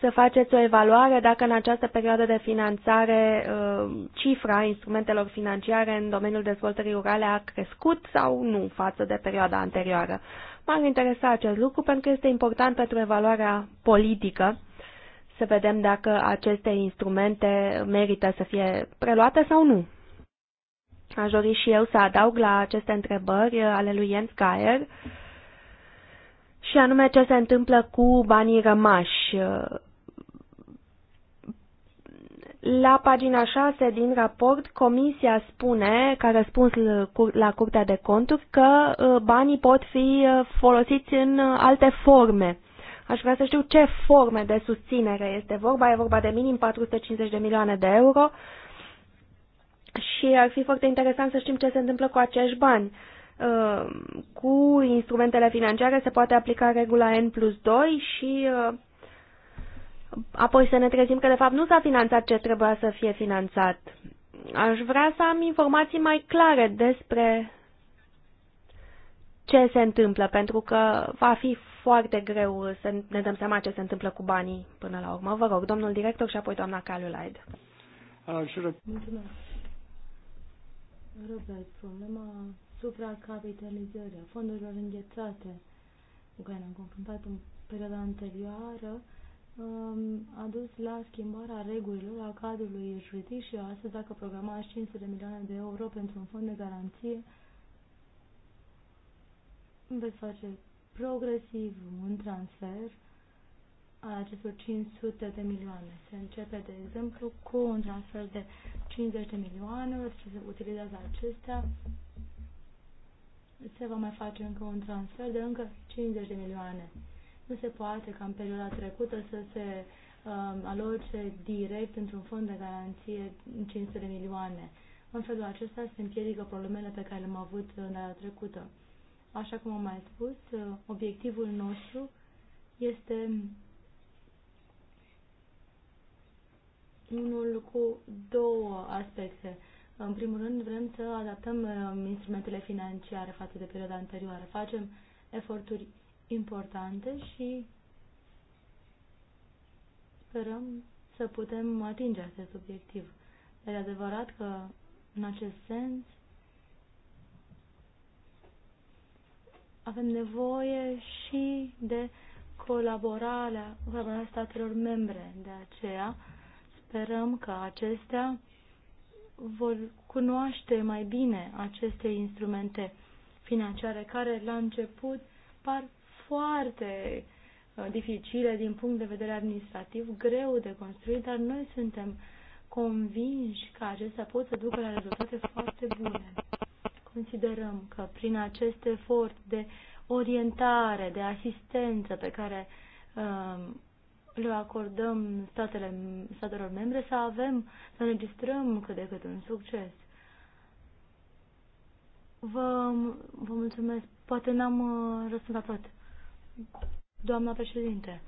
să faceți o evaluare dacă în această perioadă de finanțare uh, cifra instrumentelor financiare în domeniul dezvoltării rurale a crescut sau nu față de perioada anterioară. M-ar interesa acest lucru pentru că este important pentru evaluarea politică să vedem dacă aceste instrumente merită să fie preluate sau nu. Aș dori și eu să adaug la aceste întrebări ale lui Jens Geier și anume ce se întâmplă cu banii rămași. La pagina 6 din raport, Comisia spune, ca răspuns la Curtea de Conturi, că uh, banii pot fi uh, folosiți în uh, alte forme. Aș vrea să știu ce forme de susținere este vorba. E vorba de minim 450 de milioane de euro și ar fi foarte interesant să știm ce se întâmplă cu acești bani. Uh, cu instrumentele financiare se poate aplica regula N plus 2 și uh, apoi să ne trezim că de fapt nu s-a finanțat ce trebuia să fie finanțat. Aș vrea să am informații mai clare despre ce se întâmplă, pentru că va fi foarte greu să ne dăm seama ce se întâmplă cu banii până la urmă. Vă rog, domnul director și apoi doamna Calulaid. Ah, Robert, problema supracapitalizării a fondurilor înghețate cu care ne-am confruntat în perioada anterioară um, a dus la schimbarea regulilor a cadrului juridic și astăzi dacă programați 500 de milioane de euro pentru un fond de garanție veți face progresiv un transfer al acestor 500 de milioane. Se începe, de exemplu, cu un transfer de 50 de milioane, se utilizează acestea, se va mai face încă un transfer de încă 50 de milioane. Nu se poate ca în perioada trecută să se um, aloce direct într-un fond de garanție 500 de milioane. În felul acesta se împiedică problemele pe care le-am avut în data trecută. Așa cum am mai spus, uh, obiectivul nostru este unul cu două aspecte. În primul rând, vrem să adaptăm uh, instrumentele financiare față de perioada anterioară. Facem eforturi importante și sperăm să putem atinge acest obiectiv. Dar e adevărat că, în acest sens, avem nevoie și de colaborarea, colaborarea statelor membre. De aceea sperăm că acestea vor cunoaște mai bine aceste instrumente financiare care la început par foarte uh, dificile din punct de vedere administrativ, greu de construit, dar noi suntem convinși că acestea pot să ducă la rezultate foarte bune considerăm că prin acest efort de orientare, de asistență pe care uh, le acordăm statele, statelor membre, să avem, să înregistrăm cât de cât un succes. Vă, vă mulțumesc. Poate n-am uh, răspuns la tot. Doamna președinte.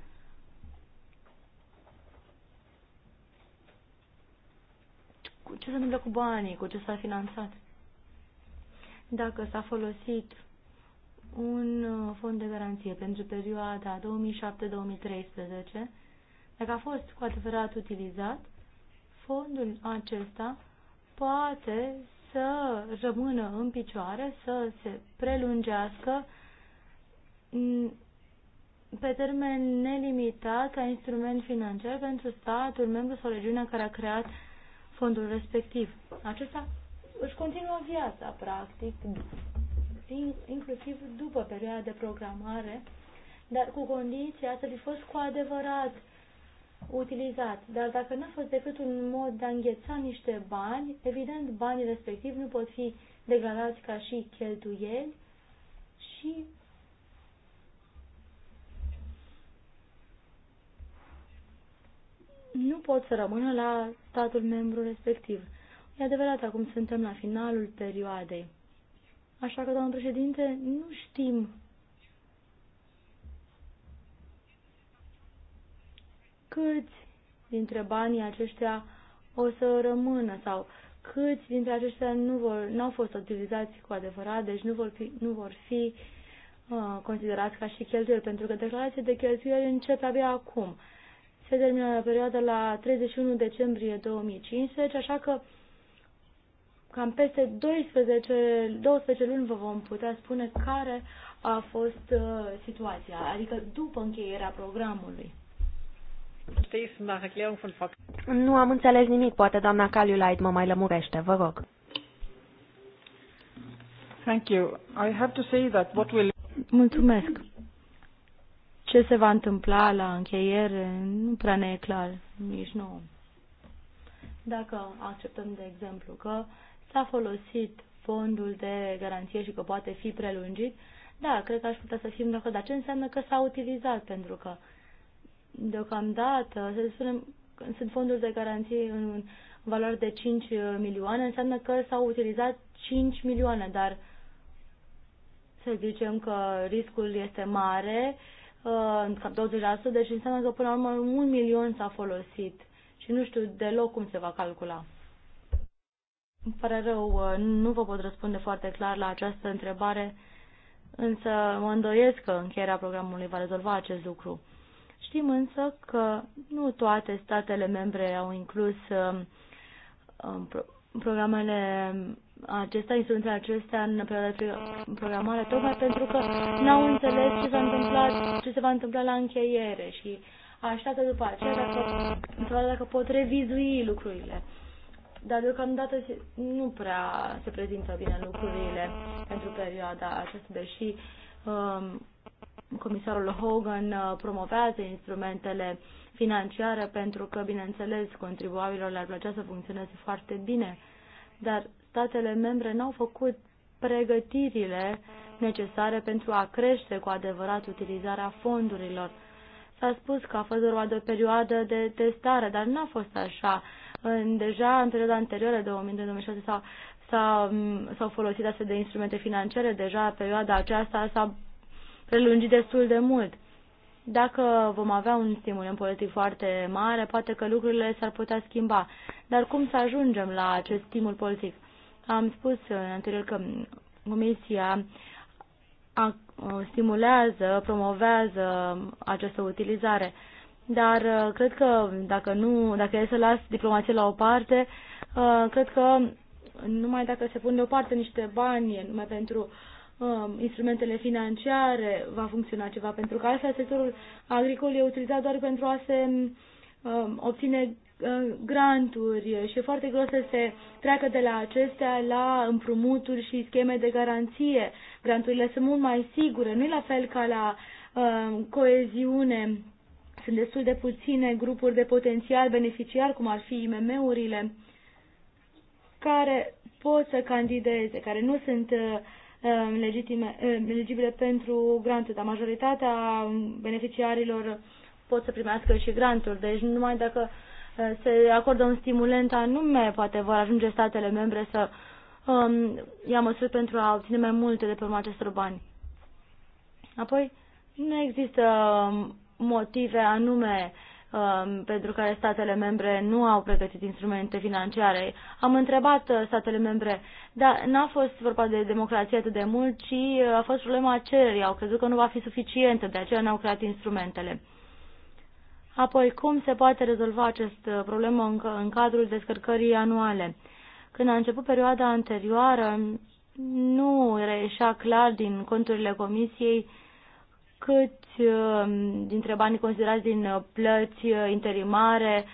Cu ce se întâmplă cu banii? Cu ce s-a finanțat? dacă s-a folosit un uh, fond de garanție pentru perioada 2007-2013, dacă a fost cu adevărat utilizat, fondul acesta poate să rămână în picioare, să se prelungească mm, pe termen nelimitat ca instrument financiar pentru statul membru sau regiunea care a creat fondul respectiv. Acesta își continuă viața, practic, inclusiv după perioada de programare, dar cu condiția să fi fost cu adevărat utilizat. Dar dacă n-a fost decât un mod de a îngheța niște bani, evident banii respectivi nu pot fi declarați ca și cheltuieli și nu pot să rămână la statul membru respectiv. E adevărat, acum suntem la finalul perioadei. Așa că, domnul președinte, nu știm câți dintre banii aceștia o să rămână sau câți dintre aceștia nu vor, n-au fost utilizați cu adevărat, deci nu vor fi, nu vor fi uh, considerați ca și cheltuieli, pentru că declarația de cheltuieli începe abia acum. Se termină perioada la 31 decembrie 2015, așa că cam peste 12, 12 luni vă vom putea spune care a fost uh, situația, adică după încheierea programului. Nu am înțeles nimic, poate doamna Caliulait mă mai lămurește, vă rog. Thank you. I have to say that what will... Mulțumesc. Ce se va întâmpla la încheiere nu prea ne e clar, nici nouă. Dacă acceptăm, de exemplu, că s-a folosit fondul de garanție și că poate fi prelungit, da, cred că aș putea să fim de acord, dar ce înseamnă că s-a utilizat? Pentru că deocamdată, să spunem, sunt fonduri de garanție în valoare de 5 milioane, înseamnă că s-au utilizat 5 milioane, dar să zicem că riscul este mare, uh, cam 20%, deci înseamnă că până la urmă un milion s-a folosit și nu știu deloc cum se va calcula. Îmi pare rău, uh, nu vă pot răspunde foarte clar la această întrebare, însă mă îndoiesc că încheierea programului va rezolva acest lucru. Știm însă că nu toate statele membre au inclus um, um, programele acestea, instrumentele acestea în perioada de programare, tocmai pentru că n-au înțeles ce, s-a întâmplat, ce se va întâmpla la încheiere și așteaptă după aceea dacă, dacă pot revizui lucrurile dar deocamdată nu prea se prezintă bine lucrurile pentru perioada aceasta, deși um, comisarul Hogan uh, promovează instrumentele financiare pentru că, bineînțeles, contribuabililor le-ar plăcea să funcționeze foarte bine, dar statele membre n-au făcut pregătirile necesare pentru a crește cu adevărat utilizarea fondurilor. S-a spus că a fost doar o perioadă de testare, dar n-a fost așa. În, deja în perioada anterioară, 2000-2006, s-a, s-a, mm, s-au folosit astfel de instrumente financiare. Deja perioada aceasta s-a prelungit destul de mult. Dacă vom avea un în politic foarte mare, poate că lucrurile s-ar putea schimba. Dar cum să ajungem la acest stimul politic? Am spus anterior că Comisia uh, stimulează, promovează această utilizare dar uh, cred că dacă nu, dacă e să las diplomația la o parte, uh, cred că numai dacă se pun deoparte niște bani, numai pentru um, instrumentele financiare, va funcționa ceva, pentru că altfel sectorul agricol e utilizat doar pentru a se um, obține uh, granturi și e foarte greu să se treacă de la acestea la împrumuturi și scheme de garanție. Granturile sunt mult mai sigure, nu e la fel ca la um, coeziune sunt destul de puține grupuri de potențial beneficiar, cum ar fi IMM-urile, care pot să candideze, care nu sunt uh, uh, legibile uh, pentru granturi, dar majoritatea beneficiarilor pot să primească și granturi. Deci numai dacă se acordă un stimulent anume, poate vor ajunge statele membre să um, ia măsuri pentru a obține mai multe de pe urma acestor bani. Apoi, nu există um, motive anume um, pentru care statele membre nu au pregătit instrumente financiare. Am întrebat uh, statele membre, dar n-a fost vorba de democrație atât de mult, ci uh, a fost problema cererii. Au crezut că nu va fi suficientă, de aceea n-au creat instrumentele. Apoi, cum se poate rezolva acest uh, problemă în, în cadrul descărcării anuale? Când a început perioada anterioară, nu reieșea clar din conturile comisiei cât Uh, dintre banii considerați din uh, plăți uh, interimare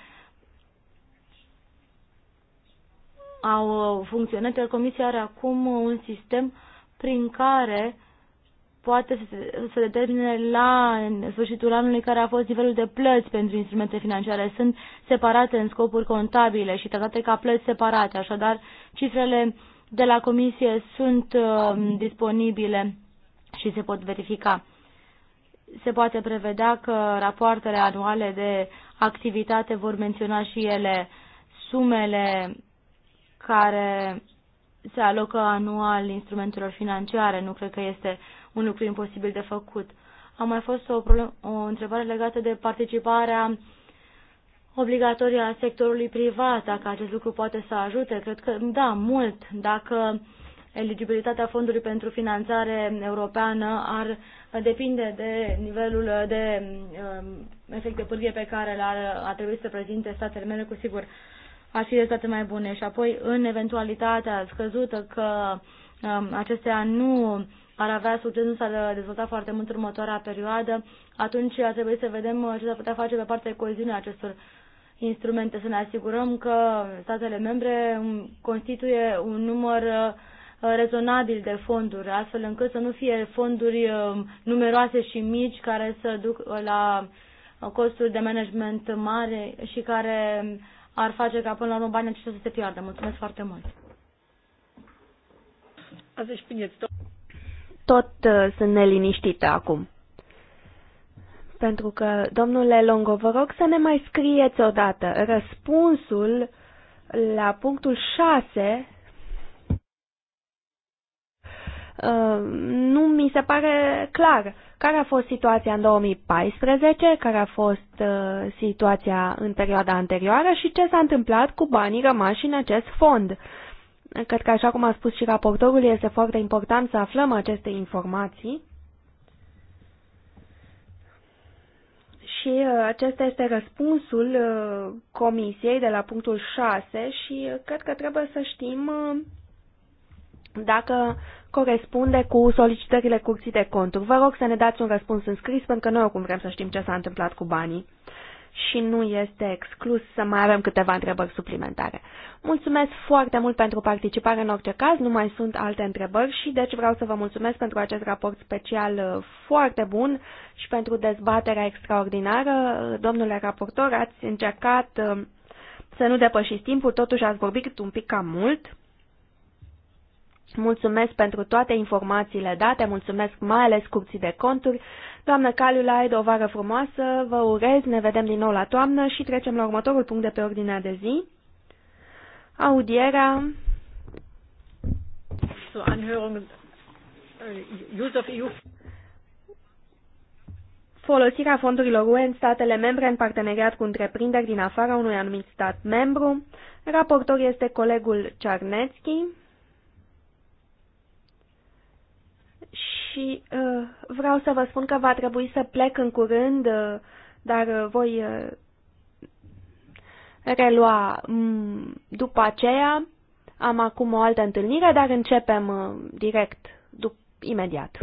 au funcționat, iar Comisia are acum un sistem prin care poate să, să determine la sfârșitul anului care a fost nivelul de plăți pentru instrumente financiare. Sunt separate în scopuri contabile și tratate ca plăți separate, așadar cifrele de la comisie sunt uh, disponibile și se pot verifica se poate prevedea că rapoartele anuale de activitate vor menționa și ele sumele care se alocă anual instrumentelor financiare. Nu cred că este un lucru imposibil de făcut. A mai fost o, problem, o întrebare legată de participarea obligatorie a sectorului privat, dacă acest lucru poate să ajute. Cred că, da, mult. Dacă eligibilitatea fondului pentru finanțare europeană ar uh, depinde de nivelul de um, efect de pârghie pe care l-ar a trebui să prezinte statele mele, cu sigur ar fi rezultate mai bune. Și apoi, în eventualitatea scăzută că um, acestea nu ar avea succes, nu s-ar dezvolta foarte mult în următoarea perioadă, atunci ar trebui să vedem ce s-ar putea face pe partea de coeziune acestor instrumente, să ne asigurăm că statele membre um, constituie un număr rezonabil de fonduri, astfel încât să nu fie fonduri uh, numeroase și mici care să duc la costuri de management mare și care ar face ca până la urmă banii aceștia să se piardă. Mulțumesc foarte mult! Tot uh, sunt neliniștită acum pentru că, domnule Longo, vă rog să ne mai scrieți odată răspunsul la punctul 6 Uh, nu mi se pare clar care a fost situația în 2014, care a fost uh, situația în perioada anterioară și ce s-a întâmplat cu banii rămași în acest fond. Cred că, așa cum a spus și raportorul, este foarte important să aflăm aceste informații. Și uh, acesta este răspunsul comisiei de la punctul 6 și cred că trebuie să știm dacă corespunde cu solicitările curții de conturi. Vă rog să ne dați un răspuns în scris, pentru că noi oricum vrem să știm ce s-a întâmplat cu banii și nu este exclus să mai avem câteva întrebări suplimentare. Mulțumesc foarte mult pentru participare în orice caz, nu mai sunt alte întrebări și deci vreau să vă mulțumesc pentru acest raport special uh, foarte bun și pentru dezbaterea extraordinară. Domnule raportor, ați încercat uh, să nu depășiți timpul, totuși ați vorbit un pic cam mult. Mulțumesc pentru toate informațiile date, mulțumesc mai ales curții de conturi. Doamnă Caliulaid, o vară frumoasă, vă urez, ne vedem din nou la toamnă și trecem la următorul punct de pe ordinea de zi. Audierea. Äh, Folosirea fondurilor UE în statele membre în parteneriat cu întreprinderi din afara unui anumit stat membru. Raportor este colegul Cearnețchi. și uh, vreau să vă spun că va trebui să plec în curând, uh, dar uh, voi uh, relua um, după aceea. Am acum o altă întâlnire, dar începem uh, direct, imediat.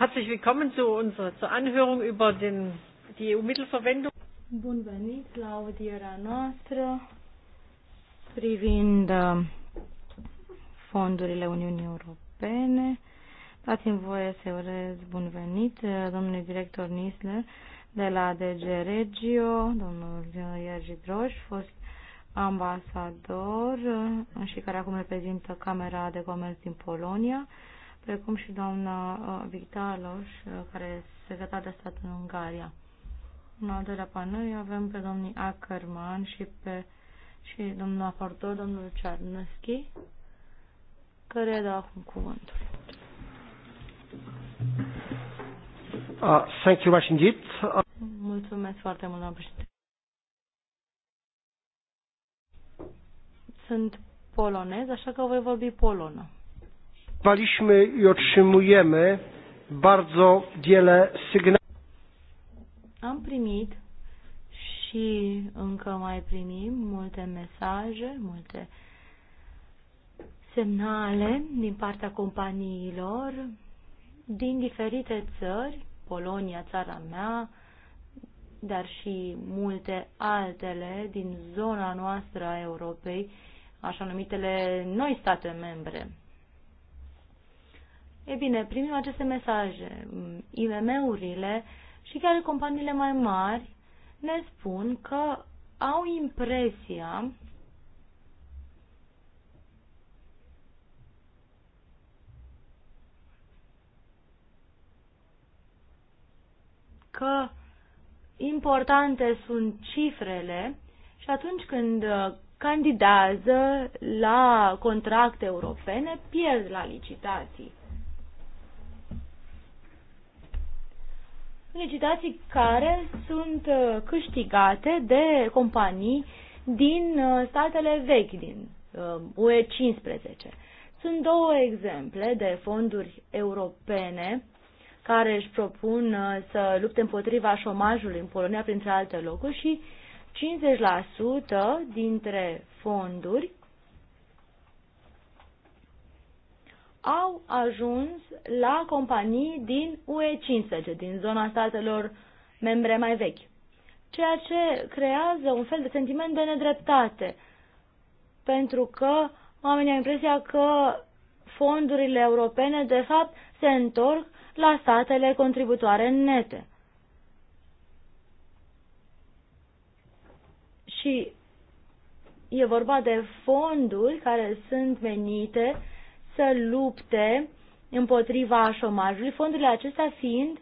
Herzlich willkommen zu unserer zur Anhörung über den, die EU-Mittelverwendung. Bun venit la audierea noastră privind uh, fondurile Uniunii Europene. Dați-mi voie să urez bun venit uh, domnului director Nisler de la DG Regio, domnul Iergi Droș, fost ambasador uh, și care acum reprezintă Camera de Comerț din Polonia precum și doamna uh, Victaloș, uh, care se secretar de stat în Ungaria. În al doilea panel avem pe domnii Ackerman și pe și domnul aportor, domnul Cernăschi, care dă acum cuvântul. Uh, thank you much indeed. Uh... Mulțumesc foarte mult, doamnă președinte. Sunt polonez, așa că voi vorbi polonă. Otrzymaliśmy i otrzymujemy bardzo wiele sygnałów. Am primit și încă mai primim multe mesaje, multe semnale din partea companiilor din diferite țări, Polonia, țara mea, dar și multe altele din zona noastră a Europei, așa numitele noi state membre. E bine, primim aceste mesaje. IMM-urile și chiar companiile mai mari ne spun că au impresia că importante sunt cifrele și atunci când candidează la contracte europene, pierd la licitații. licitații care sunt uh, câștigate de companii din uh, statele vechi, din UE uh, 15. Sunt două exemple de fonduri europene care își propun să lupte împotriva șomajului în Polonia, printre alte locuri, și 50% dintre fonduri au ajuns la companii din UE15, din zona statelor membre mai vechi, ceea ce creează un fel de sentiment de nedreptate, pentru că oamenii au impresia că fondurile europene, de fapt, se întorc la statele contributoare nete. Și e vorba de fonduri care sunt venite să lupte împotriva șomajului, fondurile acestea fiind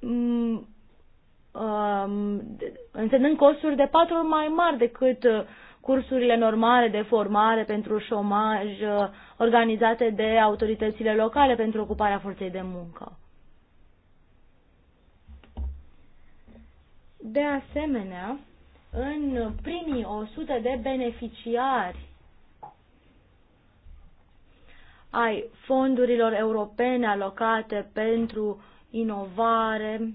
mm, um, însemnând costuri de patru ori mai mari decât uh, cursurile normale de formare pentru șomaj uh, organizate de autoritățile locale pentru ocuparea forței de muncă. De asemenea, în primii 100 de beneficiari ai fondurilor europene alocate pentru inovare,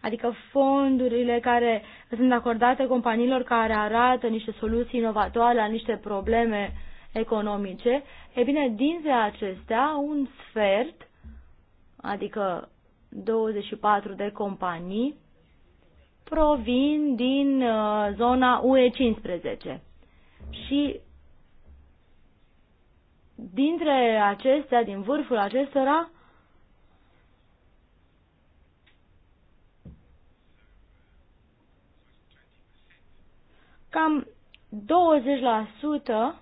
adică fondurile care sunt acordate companiilor care arată niște soluții inovatoare la niște probleme economice, e bine, dintre acestea, un sfert, adică 24 de companii, provin din uh, zona UE15 și dintre acestea, din vârful acestora, cam 20%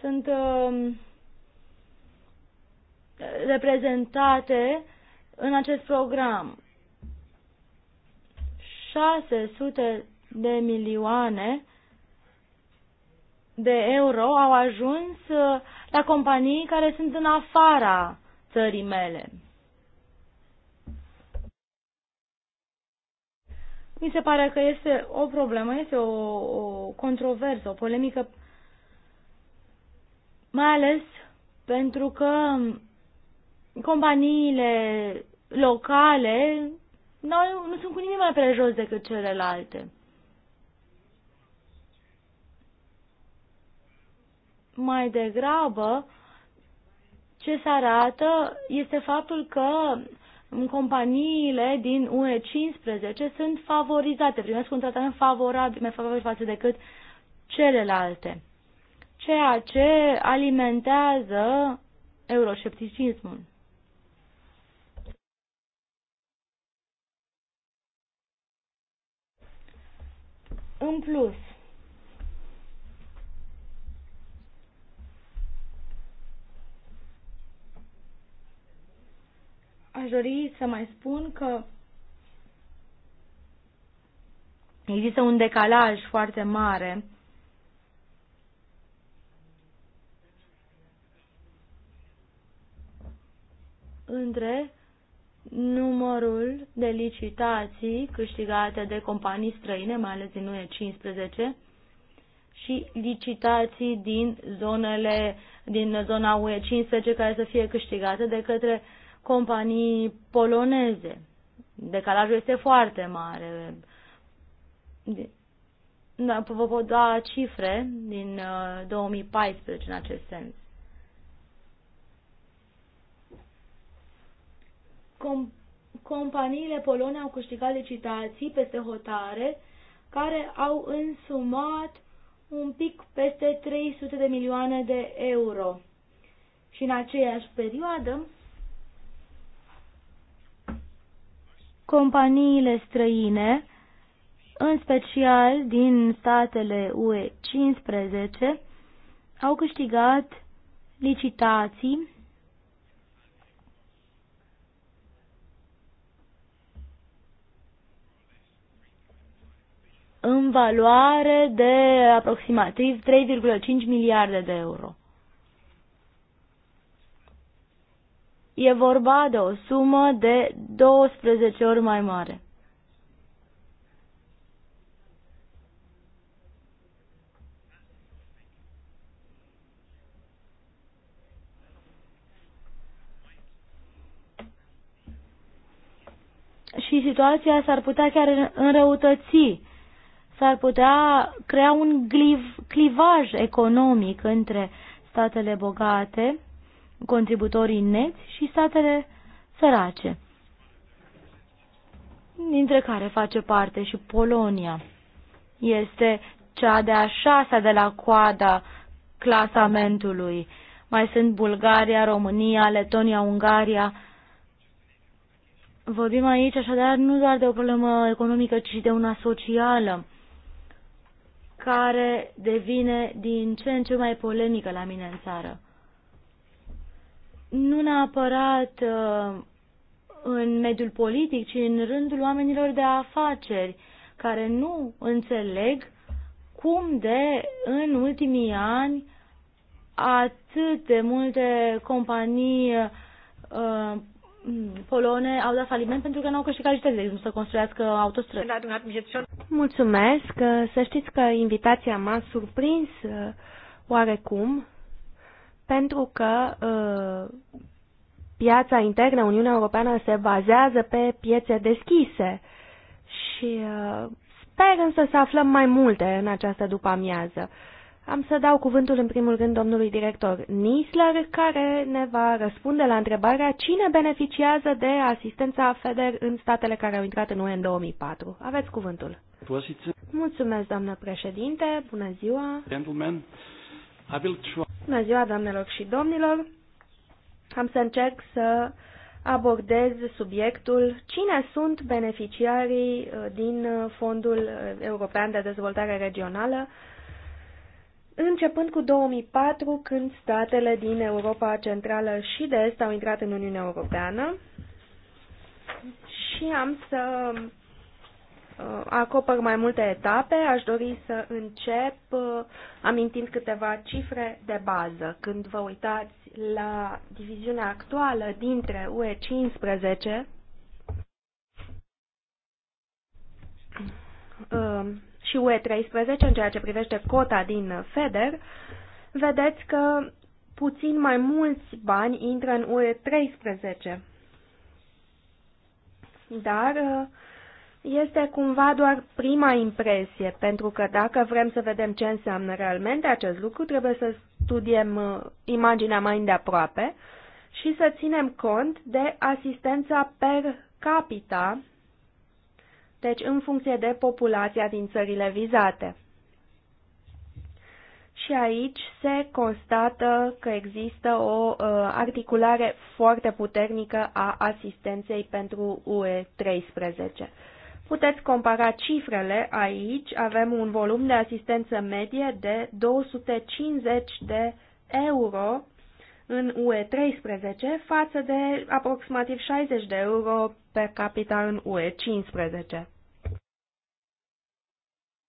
sunt uh, reprezentate în acest program. 600 de milioane de euro au ajuns uh, la companii care sunt în afara țării mele. Mi se pare că este o problemă, este o, o controversă, o polemică, mai ales pentru că companiile locale nu, nu sunt cu nimic mai prejos decât celelalte. Mai degrabă, ce se arată este faptul că companiile din UE 15 sunt favorizate, primesc un tratament favorabil, mai favorabil față decât celelalte, ceea ce alimentează euroscepticismul. în plus. Aș dori să mai spun că există un decalaj foarte mare între numărul de licitații câștigate de companii străine, mai ales din UE 15, și licitații din zonele din zona UE 15 care să fie câștigate de către companii poloneze. Decalajul este foarte mare. Da, vă pot da cifre din 2014 uh, în acest sens. Com- companiile polone au câștigat licitații peste hotare care au însumat un pic peste 300 de milioane de euro. Și în aceeași perioadă, companiile străine, în special din statele UE 15, au câștigat licitații în valoare de aproximativ 3,5 miliarde de euro. E vorba de o sumă de 12 ori mai mare. și situația s-ar putea chiar înrăutăți s-ar putea crea un gliv, clivaj economic între statele bogate, contributorii neți și statele sărace, dintre care face parte și Polonia. Este cea de-a șasea de la coada clasamentului. Mai sunt Bulgaria, România, Letonia, Ungaria. Vorbim aici așadar nu doar de o problemă economică, ci de una socială care devine din ce în ce mai polemică la mine în țară. Nu neapărat uh, în mediul politic, ci în rândul oamenilor de afaceri, care nu înțeleg cum de în ultimii ani atât de multe companii uh, polone au dat faliment pentru că nu au câștigat licitații, să construiască autostrăzi. Mulțumesc. Să știți că invitația m-a surprins uh, oarecum, pentru că uh, piața internă, Uniunea Europeană, se bazează pe piețe deschise și uh, sper însă să aflăm mai multe în această după-amiază. Am să dau cuvântul în primul rând domnului director Nisler, care ne va răspunde la întrebarea cine beneficiază de asistența FEDER în statele care au intrat în UE în 2004. Aveți cuvântul. Mulțumesc, doamnă președinte. Bună ziua. Gentlemen, Bună ziua, doamnelor și domnilor. Am să încerc să abordez subiectul cine sunt beneficiarii uh, din uh, Fondul European de Dezvoltare Regională Începând cu 2004, când statele din Europa Centrală și de Est au intrat în Uniunea Europeană, și am să uh, acopăr mai multe etape. Aș dori să încep uh, amintind câteva cifre de bază. Când vă uitați la diviziunea actuală dintre UE 15, și UE13 în ceea ce privește cota din FEDER, vedeți că puțin mai mulți bani intră în UE13. Dar uh, este cumva doar prima impresie, pentru că dacă vrem să vedem ce înseamnă realmente acest lucru, trebuie să studiem uh, imaginea mai îndeaproape și să ținem cont de asistența per capita deci în funcție de populația din țările vizate. Și aici se constată că există o uh, articulare foarte puternică a asistenței pentru UE 13. Puteți compara cifrele aici, avem un volum de asistență medie de 250 de euro în UE13 față de aproximativ 60 de euro per capita în UE15.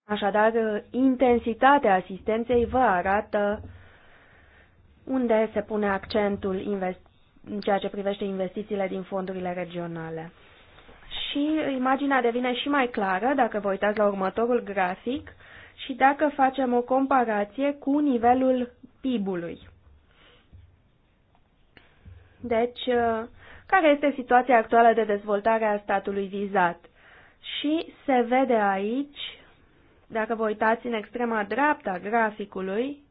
Așadar, intensitatea asistenței vă arată unde se pune accentul în ceea ce privește investițiile din fondurile regionale. Și imaginea devine și mai clară dacă vă uitați la următorul grafic și dacă facem o comparație cu nivelul PIB-ului. Deci, uh, care este situația actuală de dezvoltare a statului vizat? Și se vede aici, dacă vă uitați în extrema dreapta graficului,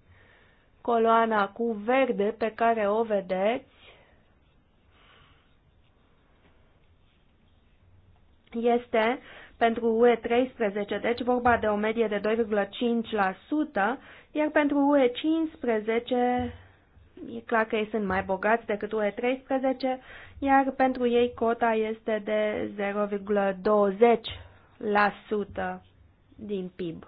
coloana cu verde pe care o vedeți, este pentru UE13, deci vorba de o medie de 2,5%, iar pentru UE15 E clar că ei sunt mai bogați decât UE13, iar pentru ei cota este de 0,20% din PIB.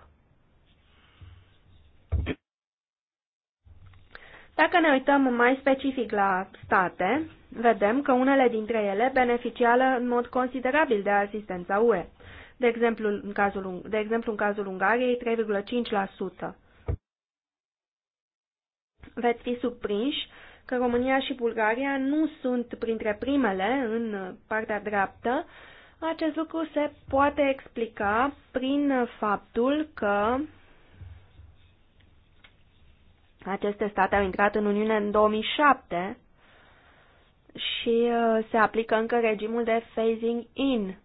Dacă ne uităm mai specific la state, vedem că unele dintre ele beneficiază în mod considerabil de asistența UE. De exemplu, în cazul, de exemplu, în cazul Ungariei, 3,5% veți fi surprinși că România și Bulgaria nu sunt printre primele în partea dreaptă. Acest lucru se poate explica prin faptul că aceste state au intrat în Uniune în 2007 și uh, se aplică încă regimul de phasing in.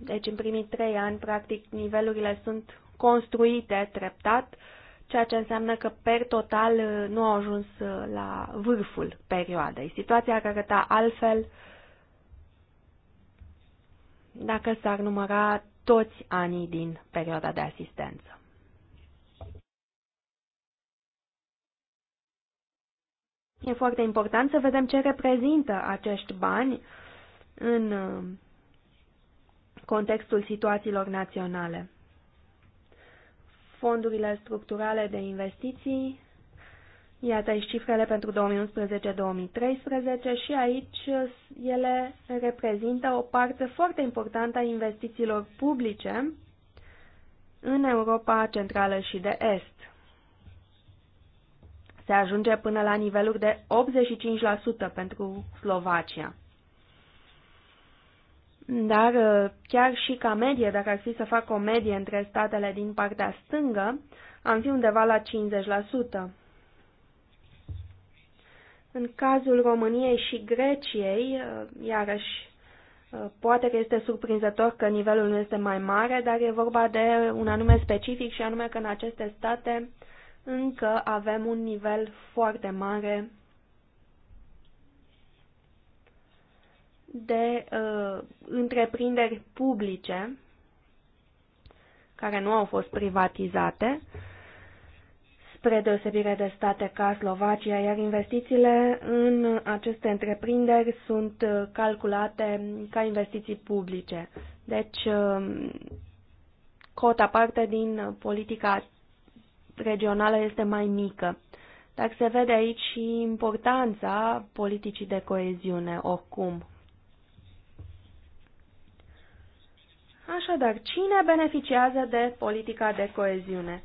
Deci în primii trei ani, practic, nivelurile sunt construite treptat ceea ce înseamnă că per total uh, nu au ajuns uh, la vârful perioadei. Situația ar arăta altfel dacă s-ar număra toți anii din perioada de asistență. E foarte important să vedem ce reprezintă acești bani în uh, contextul situațiilor naționale fondurile structurale de investiții. Iată aici cifrele pentru 2011-2013 și aici ele reprezintă o parte foarte importantă a investițiilor publice în Europa Centrală și de Est. Se ajunge până la niveluri de 85% pentru Slovacia. Dar uh, chiar și ca medie, dacă ar fi să fac o medie între statele din partea stângă, am fi undeva la 50%. În cazul României și Greciei, uh, iarăși, uh, poate că este surprinzător că nivelul nu este mai mare, dar e vorba de un anume specific și anume că în aceste state încă avem un nivel foarte mare de uh, întreprinderi publice care nu au fost privatizate, spre deosebire de state ca Slovacia, iar investițiile în aceste întreprinderi sunt uh, calculate ca investiții publice. Deci, uh, cota parte din politica regională este mai mică. Dar se vede aici și importanța politicii de coeziune, oricum, Așadar, cine beneficiază de politica de coeziune?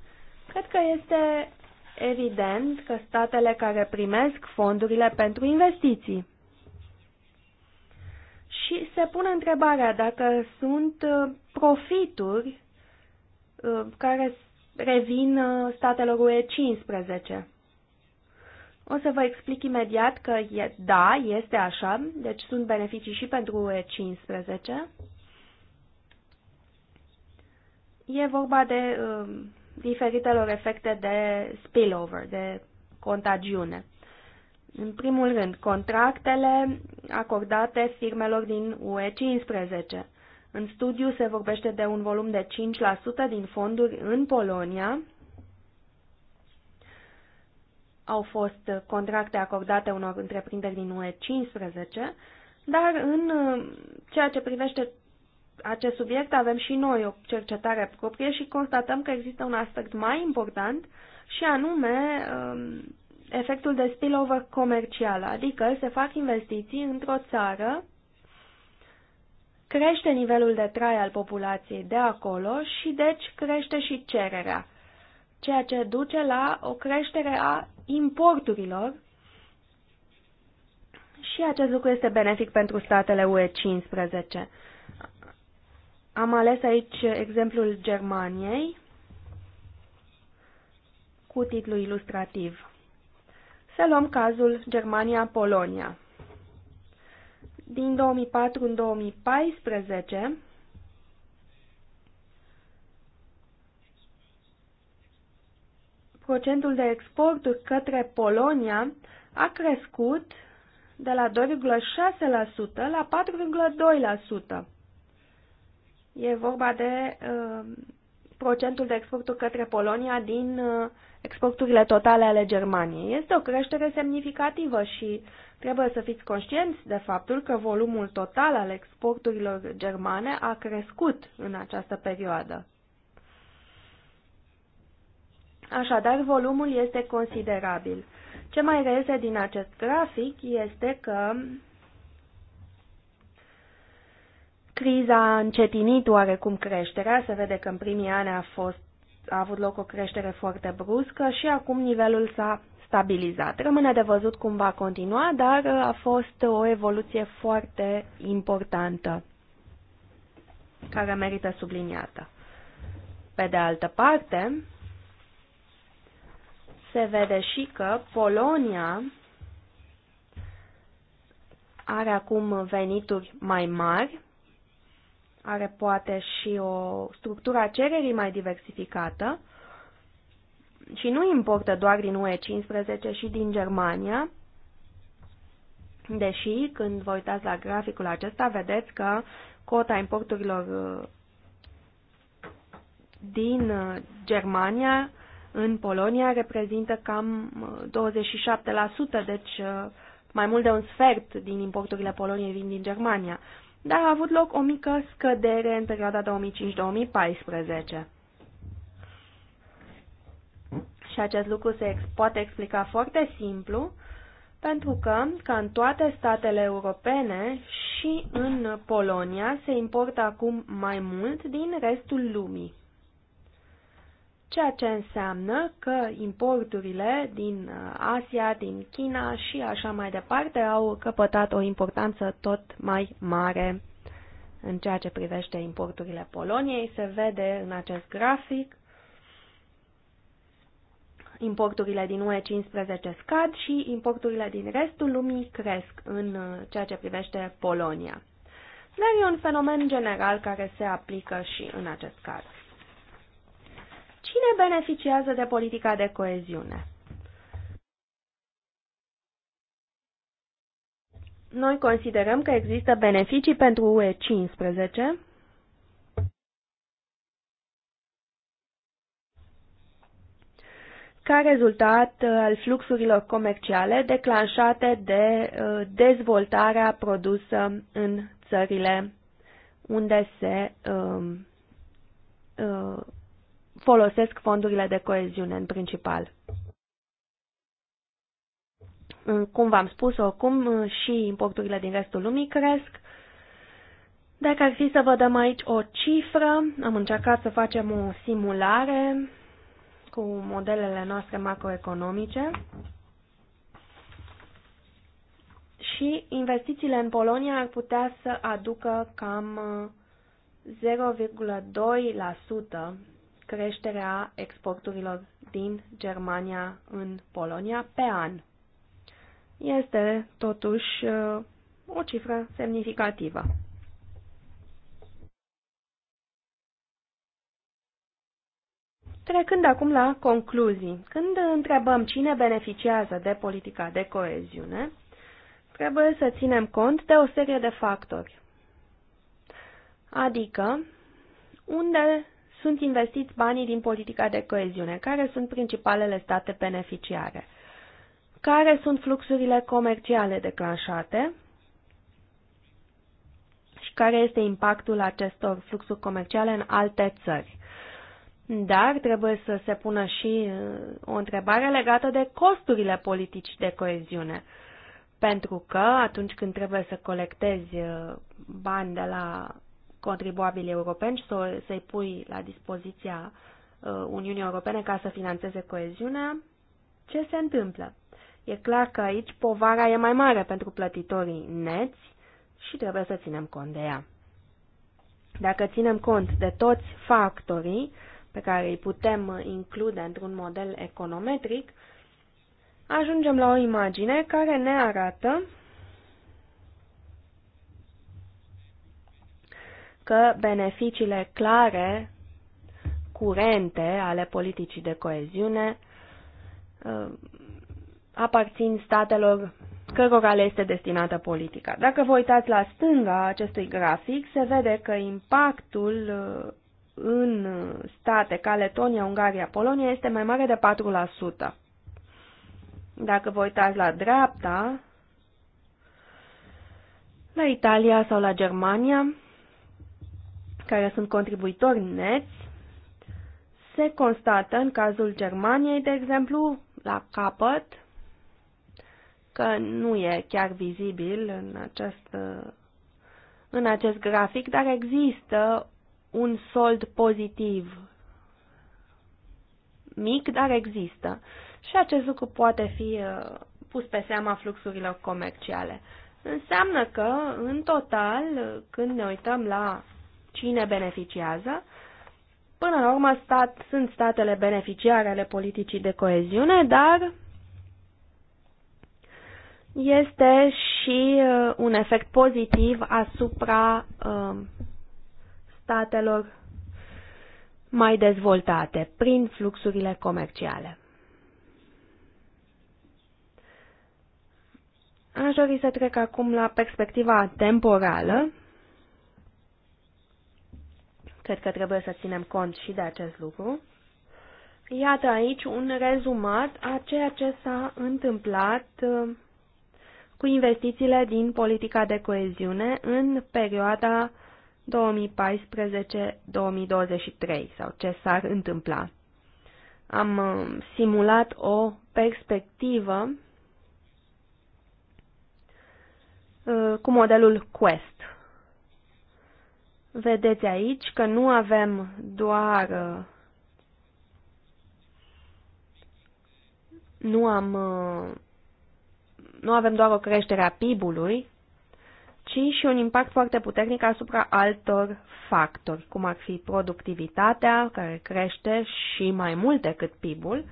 Cred că este evident că statele care primesc fondurile pentru investiții. Și se pune întrebarea dacă sunt uh, profituri uh, care revin uh, statelor UE 15. O să vă explic imediat că e, da, este așa, deci sunt beneficii și pentru UE 15 E vorba de uh, diferitelor efecte de spillover, de contagiune. În primul rând, contractele acordate firmelor din UE 15. În studiu se vorbește de un volum de 5% din fonduri în Polonia. Au fost contracte acordate unor întreprinderi din UE 15, dar în uh, ceea ce privește acest subiect avem și noi o cercetare proprie și constatăm că există un aspect mai important și anume um, efectul de spillover comercial, adică se fac investiții într-o țară, crește nivelul de trai al populației de acolo și deci crește și cererea, ceea ce duce la o creștere a importurilor și acest lucru este benefic pentru statele UE 15. Am ales aici exemplul Germaniei cu titlu ilustrativ. Să luăm cazul Germania-Polonia. Din 2004 în 2014, procentul de exporturi către Polonia a crescut de la 2,6% la 4,2%. E vorba de uh, procentul de exporturi către Polonia din uh, exporturile totale ale Germaniei. Este o creștere semnificativă și trebuie să fiți conștienți de faptul că volumul total al exporturilor germane a crescut în această perioadă. Așadar, volumul este considerabil. Ce mai reiese din acest grafic este că Criza a încetinit oarecum creșterea, se vede că în primii ani a, fost, a avut loc o creștere foarte bruscă și acum nivelul s-a stabilizat. Rămâne de văzut cum va continua, dar a fost o evoluție foarte importantă care merită subliniată. Pe de altă parte, se vede și că Polonia are acum venituri mai mari are poate și o structură a cererii mai diversificată și nu importă doar din UE 15 și din Germania, deși când vă uitați la graficul acesta vedeți că cota importurilor uh, din uh, Germania în Polonia reprezintă cam 27%, uh, deci mai mult de un sfert din importurile Poloniei vin din Germania dar a avut loc o mică scădere în perioada 2005-2014. Și acest lucru se ex poate explica foarte simplu, pentru că, ca în toate statele europene, și în Polonia se importă acum mai mult din restul lumii ceea ce înseamnă că importurile din uh, Asia, din China și așa mai departe au căpătat o importanță tot mai mare în ceea ce privește importurile Poloniei. Se vede în acest grafic importurile din UE 15 scad și importurile din restul lumii cresc în uh, ceea ce privește Polonia. Dar e un fenomen general care se aplică și în acest caz. Cine beneficiază de politica de coeziune? Noi considerăm că există beneficii pentru UE 15, ca rezultat uh, al fluxurilor comerciale declanșate de uh, dezvoltarea produsă în țările unde se um, folosesc fondurile de coeziune în principal. Mm, cum v-am spus, oricum mm, și importurile din restul lumii cresc. Dacă ar fi să vă dăm aici o cifră, am încercat să facem o simulare cu modelele noastre macroeconomice și investițiile în Polonia ar putea să aducă cam 0,2% mm, creșterea exporturilor din Germania în Polonia pe an. Este totuși uh, o cifră semnificativă. Trecând acum la concluzii, când întrebăm cine beneficiază de politica de coeziune, trebuie să ținem cont de o serie de factori. Adică, unde sunt investiți banii din politica de coeziune, care sunt principalele state beneficiare, care sunt fluxurile comerciale declanșate și care este impactul acestor fluxuri comerciale în alte țări. Dar trebuie să se pună și uh, o întrebare legată de costurile politicii de coeziune. Pentru că atunci când trebuie să colectezi uh, bani de la contribuabilii europeni și să-i pui la dispoziția uh, Uniunii Europene ca să financeze coeziunea, ce se întâmplă? E clar că aici povara e mai mare pentru plătitorii neți și trebuie să ținem cont de ea. Dacă ținem cont de toți factorii pe care îi putem include într-un model econometric, ajungem la o imagine care ne arată că beneficiile clare, curente ale politicii de coeziune uh, aparțin statelor cărora le este destinată politica. Dacă vă uitați la stânga acestui grafic, se vede că impactul uh, în state ca Letonia, Ungaria, Polonia este mai mare de 4%. Dacă vă uitați la dreapta, la Italia sau la Germania, care sunt contribuitori neți, se constată în cazul Germaniei, de exemplu, la capăt, că nu e chiar vizibil în acest, în acest grafic, dar există un sold pozitiv mic, dar există. Și acest lucru poate fi uh, pus pe seama fluxurilor comerciale. Înseamnă că, în total, când ne uităm la cine beneficiază. Până la urmă, stat, sunt statele beneficiare ale politicii de coeziune, dar este și uh, un efect pozitiv asupra uh, statelor mai dezvoltate prin fluxurile comerciale. Aș dori să trec acum la perspectiva temporală. Cred că trebuie să ținem cont și de acest lucru. Iată aici un rezumat a ceea ce s-a întâmplat uh, cu investițiile din politica de coeziune în perioada 2014-2023 sau ce s-ar întâmpla. Am uh, simulat o perspectivă uh, cu modelul Quest. Vedeți aici că nu avem doar nu am nu avem doar o creștere a PIB-ului, ci și un impact foarte puternic asupra altor factori, cum ar fi productivitatea, care crește și mai mult decât PIB-ul.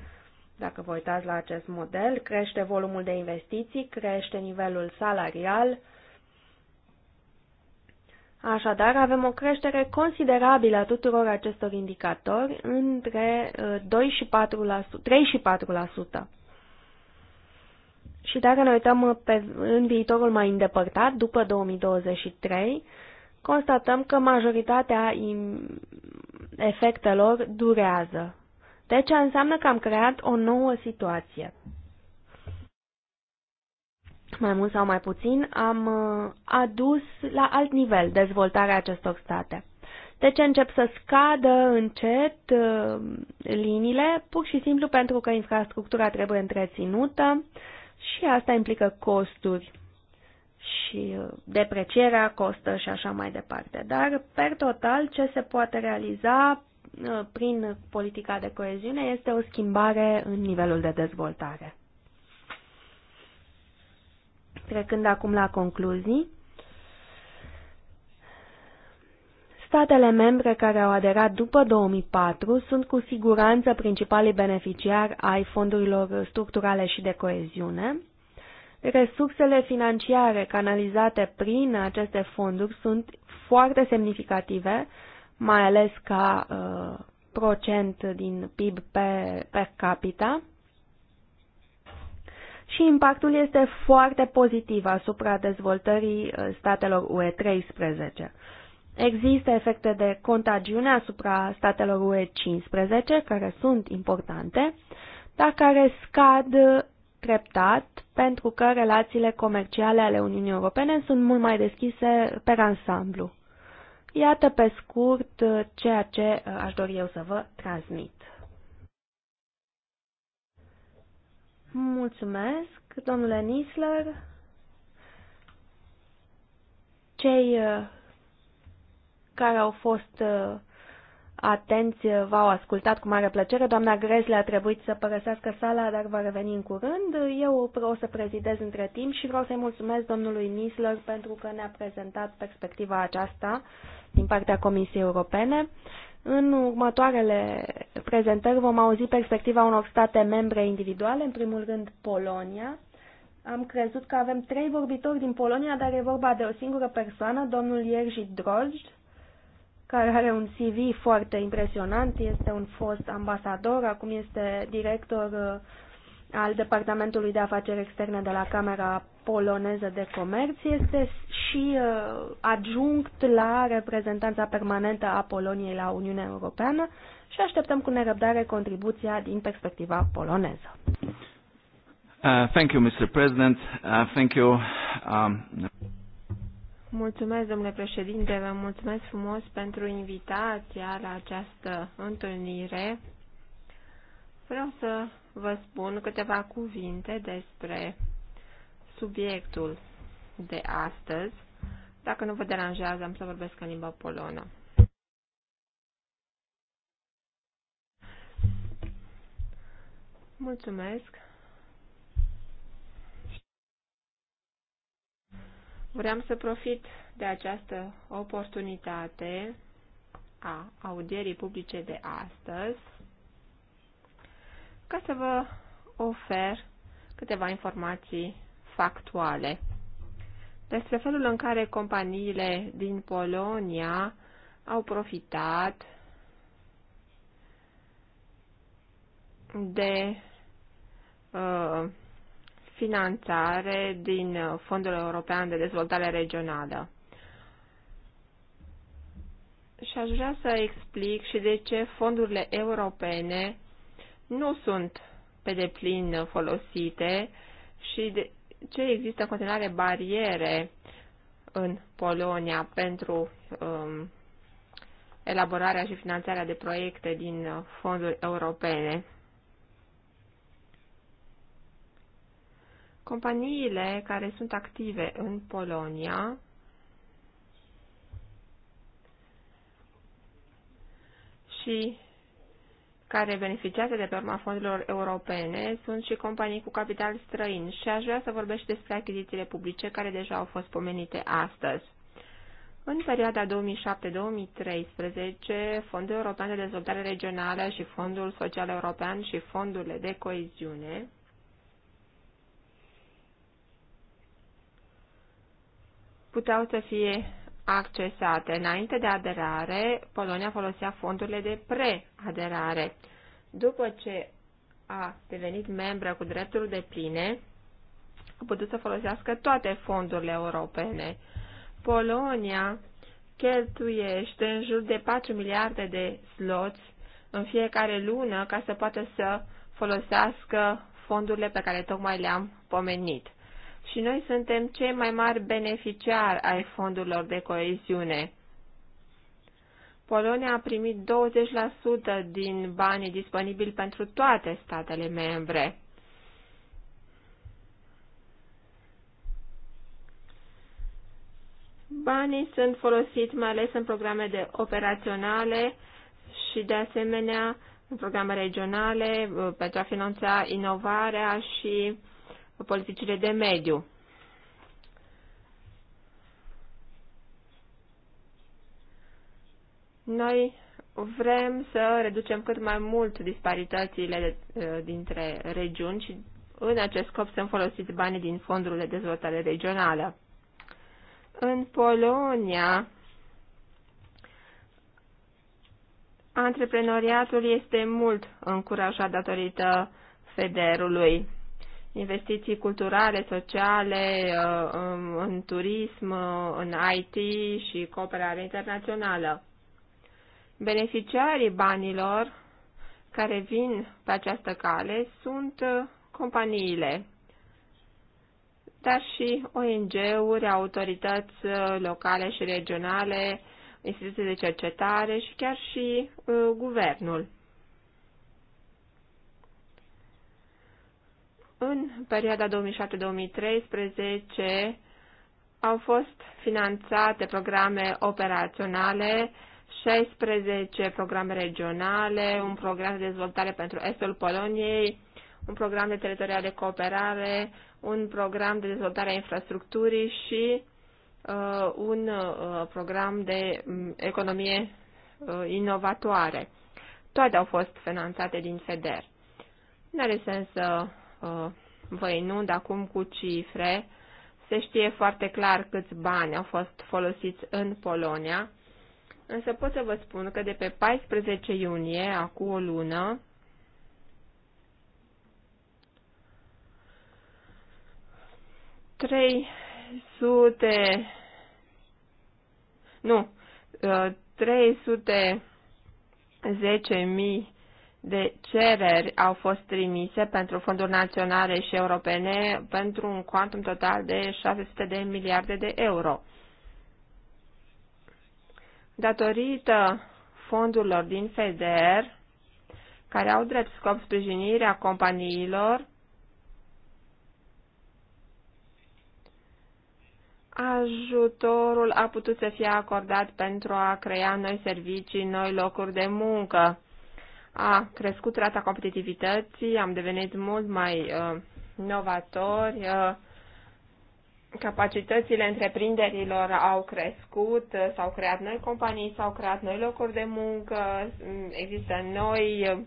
Dacă vă uitați la acest model, crește volumul de investiții, crește nivelul salarial, Așadar, avem o creștere considerabilă a tuturor acestor indicatori, între 2 uh, și 4%, 3 și 4%. Și dacă ne uităm uh, pe, în viitorul mai îndepărtat, după 2023, constatăm că majoritatea efectelor durează. Deci înseamnă că am creat o nouă situație mai mult sau mai puțin, am uh, adus la alt nivel dezvoltarea acestor state. Deci încep să scadă încet uh, liniile, pur și simplu pentru că infrastructura trebuie întreținută și asta implică costuri și uh, deprecierea costă și așa mai departe. Dar, per total, ce se poate realiza prin politica de coeziune este o schimbare în nivelul de dezvoltare. Trecând acum la concluzii, statele membre care au aderat după 2004 sunt cu siguranță principalii beneficiari ai fondurilor structurale și de coeziune. Resursele financiare canalizate prin aceste fonduri sunt foarte semnificative, mai ales ca uh, procent din PIB pe, per capita și impactul este foarte pozitiv asupra dezvoltării uh, statelor UE 13. Există efecte de contagiune asupra statelor UE 15, care sunt importante, dar care scad treptat pentru că relațiile comerciale ale Uniunii Europene sunt mult mai deschise pe ansamblu. Iată pe scurt ceea ce uh, aș dori eu să vă transmit. Mulțumesc, domnule Nisler. Cei uh, care au fost uh, atenți uh, v-au ascultat cu mare plăcere. Doamna Grezle a trebuit să părăsească sala, dar va reveni în curând. Eu o să prezidez între timp și vreau să-i mulțumesc domnului Nisler pentru că ne-a prezentat perspectiva aceasta din partea Comisiei Europene. În următoarele prezentări vom auzi perspectiva unor state membre individuale, în primul rând Polonia. Am crezut că avem trei vorbitori din Polonia, dar e vorba de o singură persoană, domnul Jerzy Drozd, care are un CV foarte impresionant, este un fost ambasador, acum este director uh, al Departamentului de Afaceri Externe de la Camera poloneză de comerț, este și uh, adjunct la reprezentanța permanentă a Poloniei la Uniunea Europeană și așteptăm cu nerăbdare contribuția din perspectiva poloneză. Uh, thank you, Mr. President. Uh, thank you. Um... Mulțumesc, domnule președinte, vă mulțumesc frumos pentru invitația la această întâlnire. Vreau să vă spun câteva cuvinte despre subiectul de astăzi. Dacă nu vă deranjează, am să vorbesc în limba polonă. Mulțumesc! Vreau să profit de această oportunitate a audierii publice de astăzi ca să vă ofer câteva informații factuale despre felul în care companiile din Polonia au profitat de uh, finanțare din Fondul European de Dezvoltare Regională. Și aș vrea să explic și de ce fondurile europene nu sunt pe deplin folosite și de, ce există în continuare bariere în Polonia pentru um, elaborarea și finanțarea de proiecte din fonduri europene. Companiile care sunt active în Polonia și care beneficiază de pe urma fondurilor europene sunt și companii cu capital străin și aș vrea să vorbesc despre achizițiile publice care deja au fost pomenite astăzi. În perioada 2007-2013, Fondul European de Dezvoltare Regională și Fondul Social European și fondurile de coeziune puteau să fie accesate. Înainte de aderare, Polonia folosea fondurile de preaderare. După ce a devenit membră cu drepturi de pline, a putut să folosească toate fondurile europene. Polonia cheltuiește în jur de 4 miliarde de sloți în fiecare lună ca să poată să folosească fondurile pe care tocmai le-am pomenit și noi suntem cei mai mari beneficiari ai fondurilor de coeziune. Polonia a primit 20% din banii disponibili pentru toate statele membre. Banii sunt folosiți mai ales în programe de operaționale și de asemenea în programe regionale uh, pentru a finanța inovarea și politicile de mediu. Noi vrem să reducem cât mai mult disparitățile eh, dintre regiuni și în acest scop sunt folosiți banii din fondul de dezvoltare regională. În Polonia, antreprenoriatul este mult încurajat datorită federului investiții culturale, sociale, uh, um, în turism, uh, în IT și cooperare internațională. Beneficiarii banilor care vin pe această cale sunt uh, companiile, dar și ONG-uri, autorități locale și regionale, instituții de cercetare și chiar și uh, guvernul. În perioada 2007-2013 au fost finanțate programe operaționale 16 programe regionale, un program de dezvoltare pentru estul Poloniei, un program de teritorial de cooperare, un program de dezvoltare a infrastructurii și uh, un uh, program de um, economie uh, inovatoare. Toate au fost finanțate din FEDER. Nu are sens să Uh, vă inund acum cu cifre. Se știe foarte clar câți bani au fost folosiți în Polonia, însă pot să vă spun că de pe 14 iunie, acum o lună, trei sute nu, 310.000 uh, de cereri au fost trimise pentru fonduri naționale și europene pentru un cuantum total de 600 de miliarde de euro. Datorită fondurilor din FEDER, care au drept scop sprijinirea companiilor, ajutorul a putut să fie acordat pentru a crea noi servicii, noi locuri de muncă a crescut rata competitivității, am devenit mult mai uh, novatori, uh, capacitățile întreprinderilor au crescut, uh, s-au creat noi companii, s-au creat noi locuri de muncă, mm, există noi uh,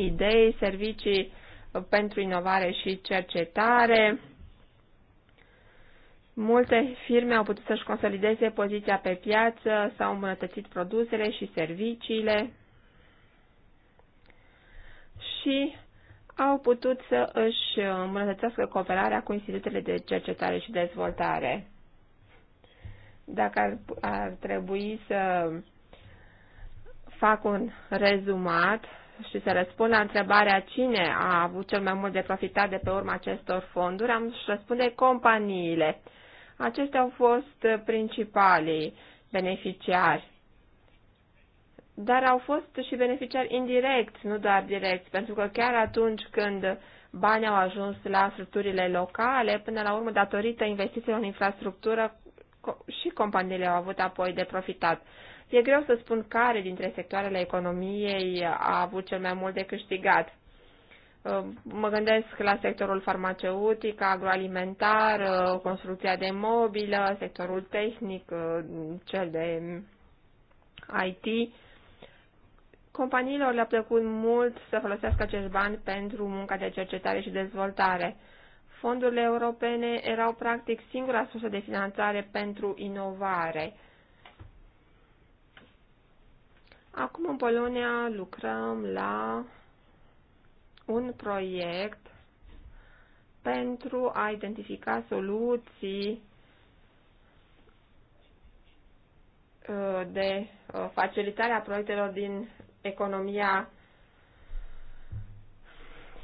idei, servicii uh, pentru inovare și cercetare. Multe firme au putut să-și consolideze poziția pe piață, s-au îmbunătățit produsele și serviciile, și au putut să își îmbunătățească cooperarea cu institutele de cercetare și dezvoltare. Dacă ar, ar trebui să fac un rezumat și să răspund la întrebarea cine a avut cel mai mult de profitat de pe urma acestor fonduri, am să răspunde companiile. Acestea au fost principalii beneficiari dar au fost și beneficiari indirect, nu doar direct, pentru că chiar atunci când banii au ajuns la structurile locale, până la urmă, datorită investițiilor în infrastructură, și companiile au avut apoi de profitat. E greu să spun care dintre sectoarele economiei a avut cel mai mult de câștigat. Uh, mă gândesc la sectorul farmaceutic, agroalimentar, uh, construcția de mobilă, sectorul tehnic, uh, cel de IT. Companiilor le-a plăcut mult să folosească acești bani pentru munca de cercetare și dezvoltare. Fondurile europene erau practic singura sursă de finanțare pentru inovare. Acum în Polonia lucrăm la un proiect pentru a identifica soluții uh, de uh, facilitarea proiectelor din economia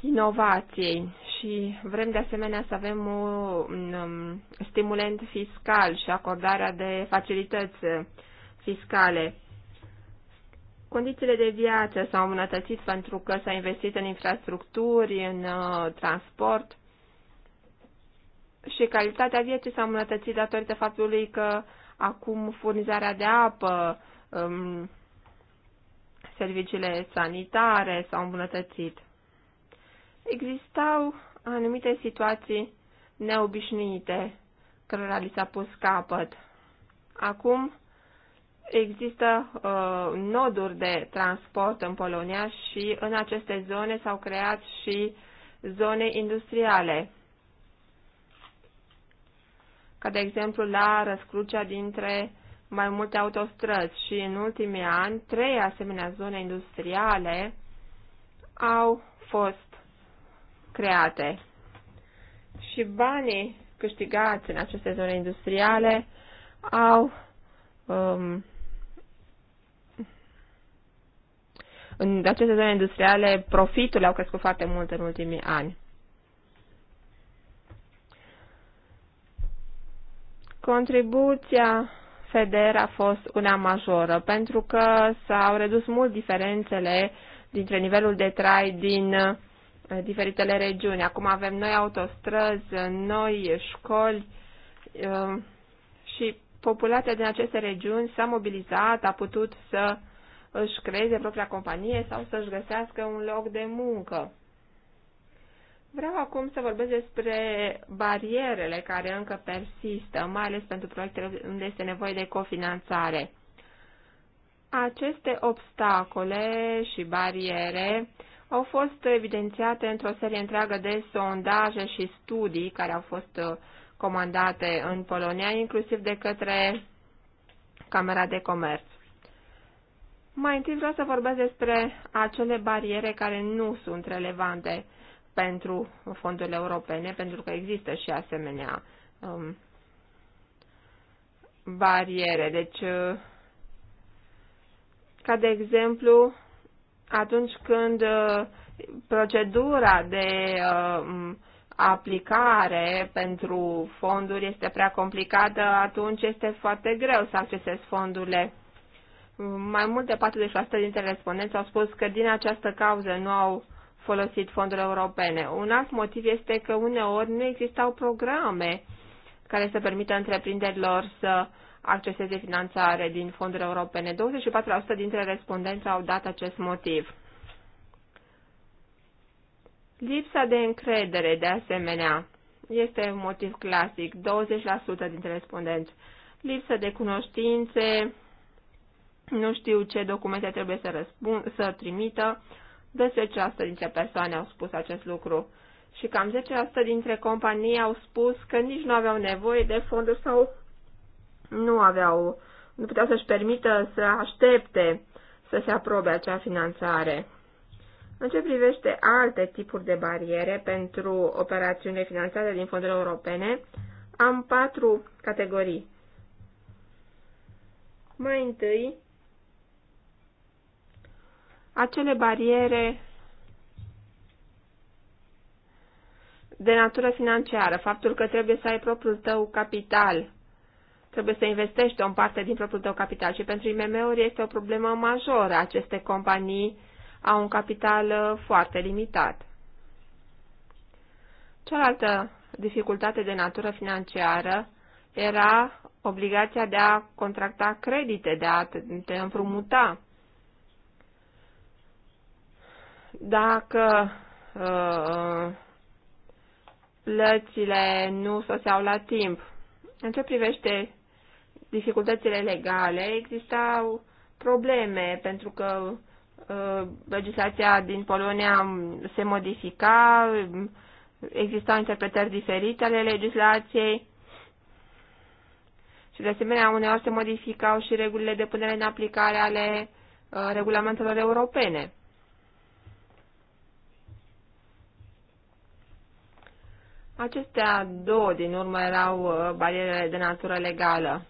inovației și vrem de asemenea să avem un um, stimulent fiscal și acordarea de facilități fiscale. Condițiile de viață s-au îmbunătățit pentru că s-a investit în infrastructuri, în uh, transport și calitatea vieții s-a îmbunătățit datorită faptului că acum furnizarea de apă, um, serviciile sanitare s-au îmbunătățit. Existau anumite situații neobișnuite cărora li s-a pus capăt. Acum există uh, noduri de transport în Polonia și în aceste zone s-au creat și zone industriale, ca de exemplu la răscrucea dintre mai multe autostrăzi și în ultimii ani trei asemenea zone industriale au fost create. Și banii câștigați în aceste zone industriale au um, în aceste zone industriale profitul au crescut foarte mult în ultimii ani. Contribuția FEDER a fost una majoră, pentru că s-au redus mult diferențele dintre nivelul de trai din eh, diferitele regiuni. Acum avem noi autostrăzi, noi școli eh, și populația din aceste regiuni s-a mobilizat, a putut să își creeze propria companie sau să-și găsească un loc de muncă. Vreau acum să vorbesc despre barierele care încă persistă, mai ales pentru proiectele unde este nevoie de cofinanțare. Aceste obstacole și bariere au fost evidențiate într-o serie întreagă de sondaje și studii care au fost uh, comandate în Polonia, inclusiv de către Camera de Comerț. Mai întâi vreau să vorbesc despre acele bariere care nu sunt relevante pentru fondurile europene, pentru că există și asemenea um, bariere. Deci, uh, ca de exemplu, atunci când uh, procedura de uh, aplicare pentru fonduri este prea complicată, atunci este foarte greu să accesezi fondurile. Mai mult de 40% dintre respondenți au spus că din această cauză nu au folosit fondurile europene. Un alt motiv este că uneori nu existau programe care să permită întreprinderilor să acceseze finanțare din fonduri europene. 24% dintre respondenți au dat acest motiv. Lipsa de încredere, de asemenea, este un motiv clasic. 20% dintre respondenți. Lipsă de cunoștințe, nu știu ce documente trebuie să, răspund, să trimită, de 10% dintre persoane au spus acest lucru și cam 10% dintre companii au spus că nici nu aveau nevoie de fonduri sau nu aveau, nu puteau să-și permită să aștepte să se aprobe acea finanțare. În ce privește alte tipuri de bariere pentru operațiunile finanțate din fondurile europene, am patru categorii. Mai întâi, acele bariere de natură financiară, faptul că trebuie să ai propriul tău capital, trebuie să investești o parte din propriul tău capital și pentru IMM-uri este o problemă majoră. Aceste companii au un capital uh, foarte limitat. Cealaltă dificultate de natură financiară era obligația de a contracta credite, de a te împrumuta. Dacă uh, plățile nu soseau la timp, în ce privește dificultățile legale, existau probleme pentru că uh, legislația din Polonia se modifica, existau interpretări diferite ale legislației și de asemenea uneori se modificau și regulile de punere în aplicare ale uh, regulamentelor europene. Acestea două din urmă erau uh, barierele de natură legală.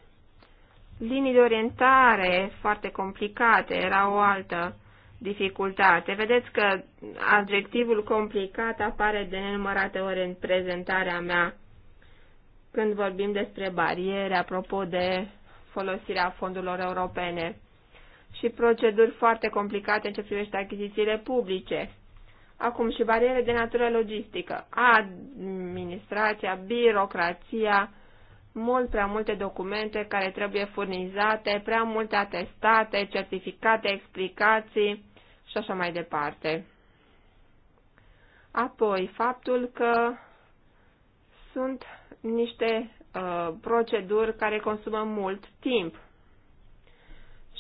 Linii de orientare foarte complicate era o altă dificultate. Vedeți că adjectivul complicat apare de nenumărate ori în prezentarea mea când vorbim despre bariere apropo de folosirea fondurilor europene și proceduri foarte complicate în ce privește achizițiile publice. Acum și bariere de natură logistică, administrația, birocrația, mult prea multe documente care trebuie furnizate, prea multe atestate, certificate, explicații și așa mai departe. Apoi, faptul că sunt niște uh, proceduri care consumă mult timp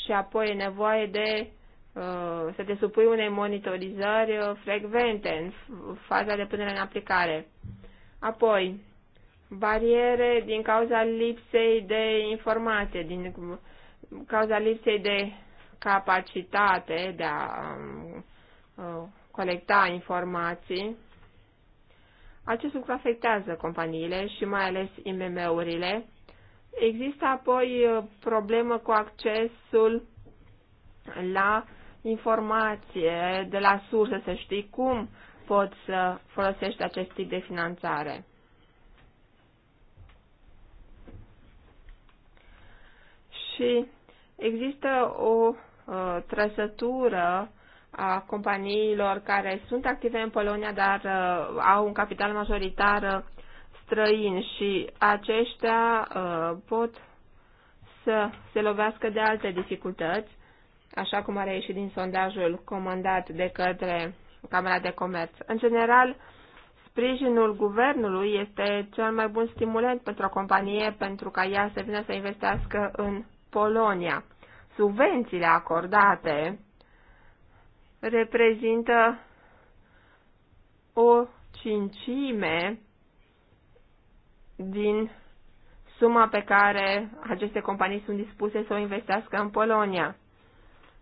și apoi e nevoie de Uh, să te supui unei monitorizări uh, frecvente în faza de punere în aplicare. Apoi, bariere din cauza lipsei de informație, din cauza lipsei de capacitate de a um, uh, colecta informații. Acest lucru afectează companiile și mai ales IMM-urile. Există apoi problemă cu accesul la informație de la sursă, să știi cum poți să folosești acest tip de finanțare. Și există o uh, trăsătură a companiilor care sunt active în Polonia, dar uh, au un capital majoritar uh, străin și aceștia uh, pot să se lovească de alte dificultăți așa cum are ieșit din sondajul comandat de către Camera de Comerț. În general, sprijinul guvernului este cel mai bun stimulant pentru o companie pentru ca ea să vină să investească în Polonia. Subvențiile acordate reprezintă o cincime din suma pe care aceste companii sunt dispuse să o investească în Polonia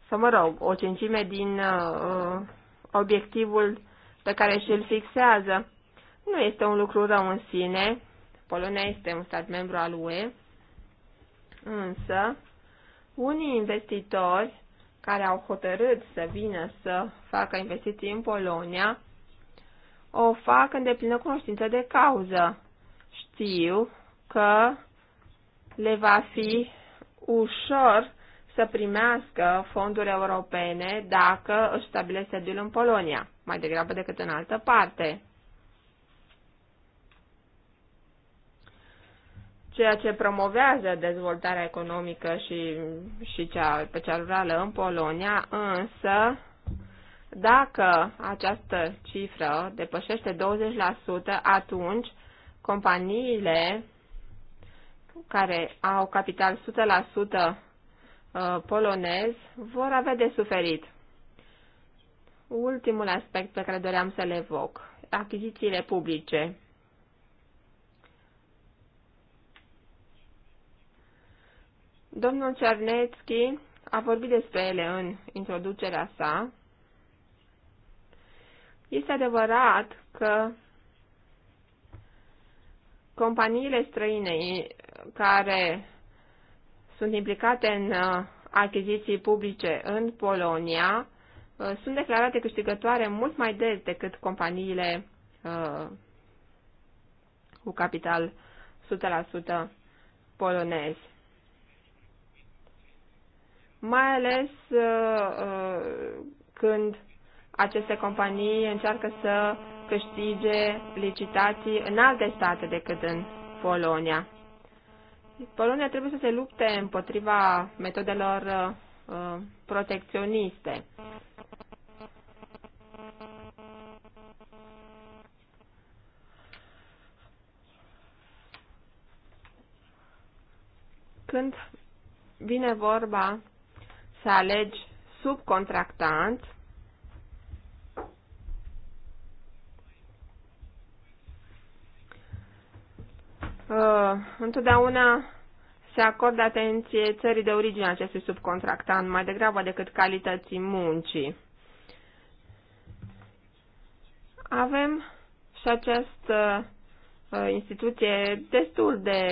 să mă rog, o cincime din uh, uh, obiectivul pe care și-l fixează. Nu este un lucru rău în sine. Polonia este un stat membru al UE, însă unii investitori care au hotărât să vină să facă investiții în Polonia o fac în deplină cunoștință de cauză. Știu că le va fi ușor să primească fonduri europene dacă își stabilește sediul în Polonia, mai degrabă decât în altă parte. Ceea ce promovează dezvoltarea economică și, și cea, pe cea rurală în Polonia, însă dacă această cifră depășește 20%, atunci companiile care au capital 100% Uh, polonez vor avea de suferit. Ultimul aspect pe care doream să-l evoc, achizițiile publice. Domnul Cernetski a vorbit despre ele în introducerea sa. Este adevărat că companiile străine care sunt implicate în uh, achiziții publice în Polonia uh, sunt declarate câștigătoare mult mai des decât companiile uh, cu capital 100% polonez. Mai ales când aceste companii încearcă să câștige licitații în alte state decât în Polonia. Polonia trebuie să se lupte împotriva metodelor uh, uh, protecționiste. Când vine vorba să alegi subcontractanți, Uh, întotdeauna se acordă atenție țării de origine acestui subcontractant mai degrabă decât calității muncii. Avem și această uh, instituție destul de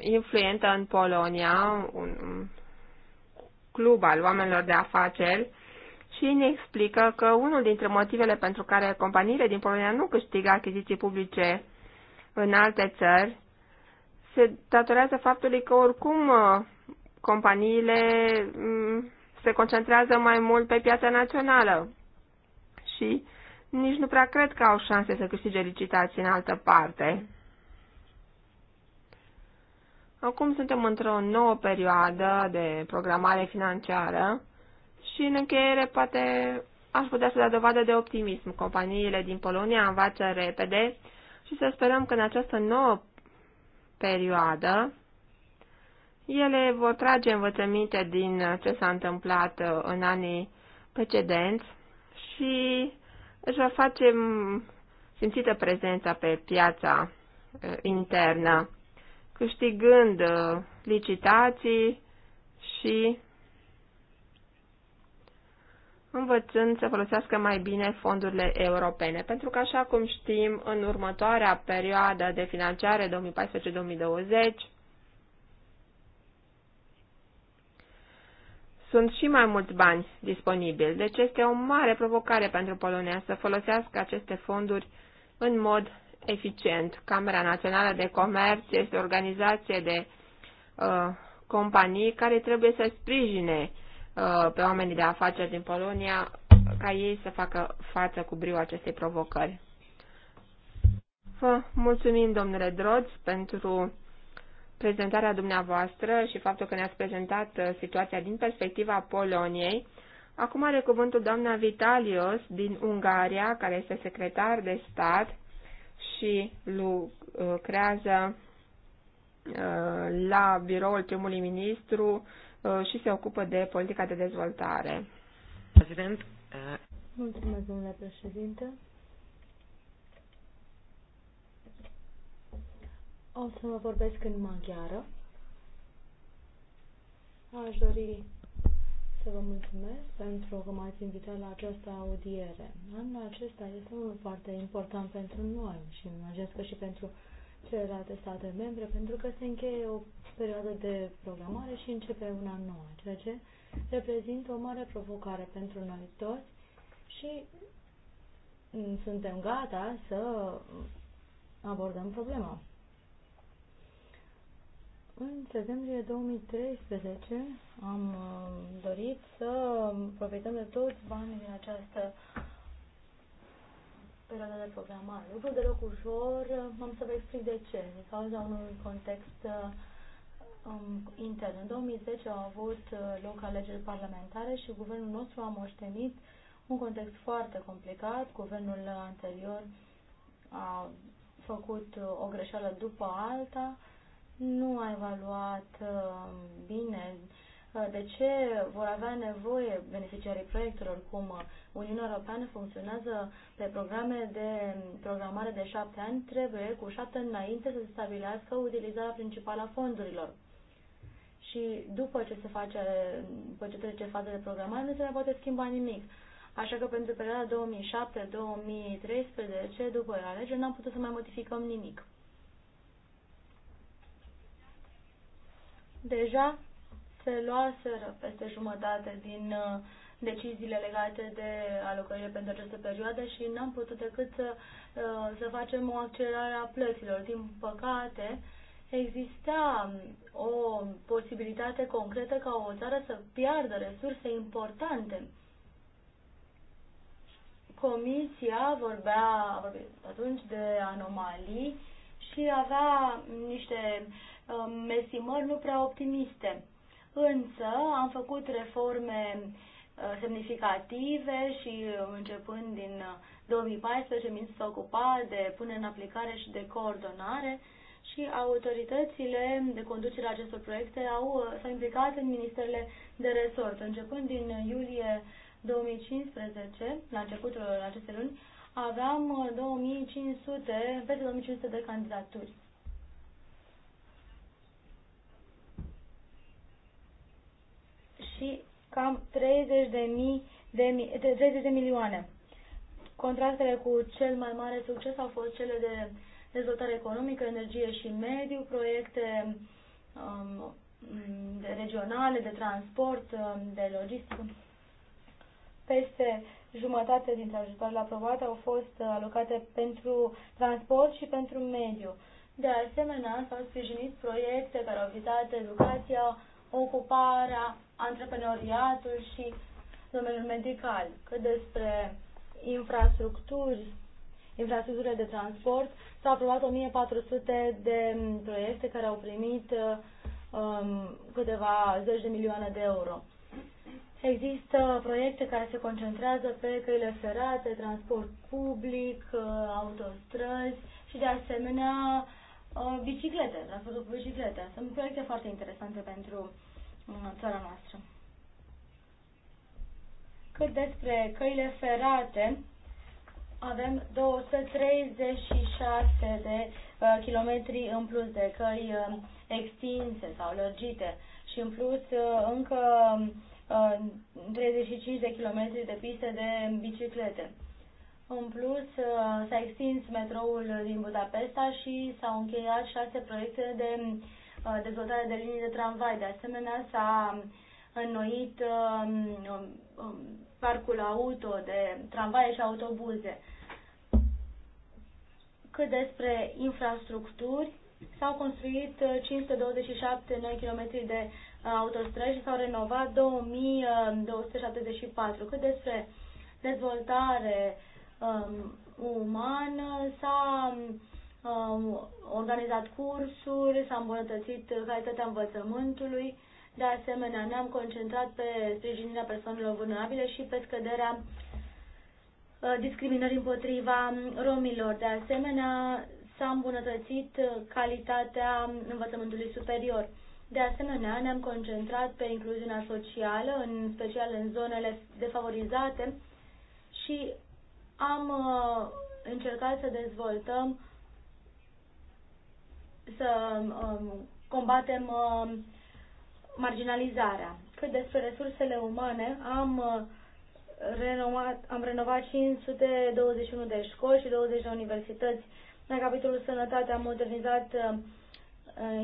influentă în Polonia, un club al oamenilor de afaceri, și ne explică că unul dintre motivele pentru care companiile din Polonia nu câștigă achiziții publice în alte țări se datorează faptului că oricum uh, companiile mm, se concentrează mai mult pe piața națională și nici nu prea cred că au șanse să câștige licitații în altă parte. Acum suntem într-o nouă perioadă de programare financiară și în încheiere poate aș putea să da dovadă de optimism. Companiile din Polonia învață repede și să sperăm că în această nouă perioadă. Ele vor trage învățăminte din ce s-a întâmplat uh, în anii precedenți și își va face mm, simțită prezența pe piața uh, internă, câștigând uh, licitații și învățând să folosească mai bine fondurile europene. Pentru că, așa cum știm, în următoarea perioadă de finanțare 2014-2020, sunt și mai mulți bani disponibili, deci este o mare provocare pentru Polonia să folosească aceste fonduri în mod eficient. Camera Națională de Comerț este o organizație de uh, companii care trebuie să sprijine uh, Uh, pe oamenii de afaceri din Polonia ca ei să facă față cu briu acestei provocări. Vă mulțumim, domnule Droț, pentru prezentarea dumneavoastră și faptul că ne-ați prezentat uh, situația din perspectiva Poloniei. Acum are cuvântul doamna Vitalios din Ungaria, care este secretar de stat și lucrează uh, la biroul primului ministru Uh, și se ocupă de politica de dezvoltare. Prezident. Uh, mulțumesc, domnule președinte. O să vă vorbesc în maghiară. Aș dori să vă mulțumesc pentru că m-ați invitat la această audiere. Anul acesta este unul foarte important pentru noi și îmi că și pentru uh, celelalte state membre, pentru că se încheie o perioadă de programare și începe una nouă, ceea ce reprezintă o mare provocare pentru noi toți și suntem gata să abordăm problema. În septembrie 2013 am uh, dorit să profităm de toți banii din această perioada de programare. Lucru deloc ușor, am să vă explic de ce. Din cauza unui context um, intern. În 2010 au avut uh, loc alegeri parlamentare și guvernul nostru a moștenit un context foarte complicat. Guvernul anterior a făcut uh, o greșeală după alta, nu a evaluat uh, bine uh, de ce vor avea nevoie beneficiarii proiectelor, cum Uniunea Europeană funcționează pe programe de programare de șapte ani, trebuie cu șapte ani înainte să se stabilească utilizarea principală a fondurilor. Și după ce se face, după ce trece faza de programare, nu se mai poate schimba nimic. Așa că pentru perioada 2007-2013, după alegeri, n-am putut să mai modificăm nimic. Deja se luaseră peste jumătate din uh, deciziile legate de alocările pentru această perioadă și n-am putut decât să, uh, să facem o accelerare a plăților. Din păcate, exista um, o posibilitate concretă ca o țară să piardă resurse importante. Comisia vorbea, vorbea atunci de anomalii și avea niște um, nu prea optimiste însă am făcut reforme uh, semnificative și uh, începând din 2014 uh, ministrul s-a ocupat de punere în aplicare și de coordonare și autoritățile de conducere a acestor proiecte au, s-au implicat în ministerele de resort. Începând din iulie 2015, la începutul acestei luni, aveam 2500, peste 2500 de candidaturi. și cam 30 de, mii de, 30 de milioane. Contractele cu cel mai mare succes au fost cele de dezvoltare economică, energie și mediu, proiecte um, de regionale, de transport, um, de logistică. Peste jumătate dintre ajutoarele aprobate au fost uh, alocate pentru transport și pentru mediu. De asemenea, s-au sprijinit proiecte care au vizat educația, ocuparea, antreprenoriatul și domeniul medical. Cât despre infrastructuri, infrastructurile de transport, s-au aprobat 1400 de proiecte care au primit um, câteva zeci de milioane de euro. Există proiecte care se concentrează pe căile ferate, transport public, autostrăzi și de asemenea Uh, biciclete, biciclete, transportul cu biciclete. Sunt proiecte foarte interesante pentru uh, țara noastră. Cât despre căile ferate, avem 236 de uh, kilometri în plus de căi uh, extinse sau lărgite și în plus uh, încă uh, 35 de kilometri de piste de biciclete. În plus, uh, s-a extins metroul din Budapesta și s-au încheiat șase proiecte de uh, dezvoltare de linii de tramvai. De asemenea, s-a înnoit um, um, um, parcul auto de tramvaie și autobuze. Cât despre infrastructuri, s-au construit 527 uh, noi kilometri de autostrăzi și s-au renovat 2274. Cât despre dezvoltare, um, uman, s-a um, organizat cursuri, s-a îmbunătățit calitatea învățământului, de asemenea ne-am concentrat pe sprijinirea persoanelor vulnerabile și pe scăderea uh, discriminării împotriva romilor. De asemenea, s-a îmbunătățit calitatea învățământului superior. De asemenea, ne-am concentrat pe incluziunea socială, în special în zonele defavorizate și am uh, încercat să dezvoltăm, să um, combatem uh, marginalizarea. Cât despre resursele umane, am uh, renovat, am renovat 521 de școli și 20 de universități. La capitolul sănătate am modernizat uh,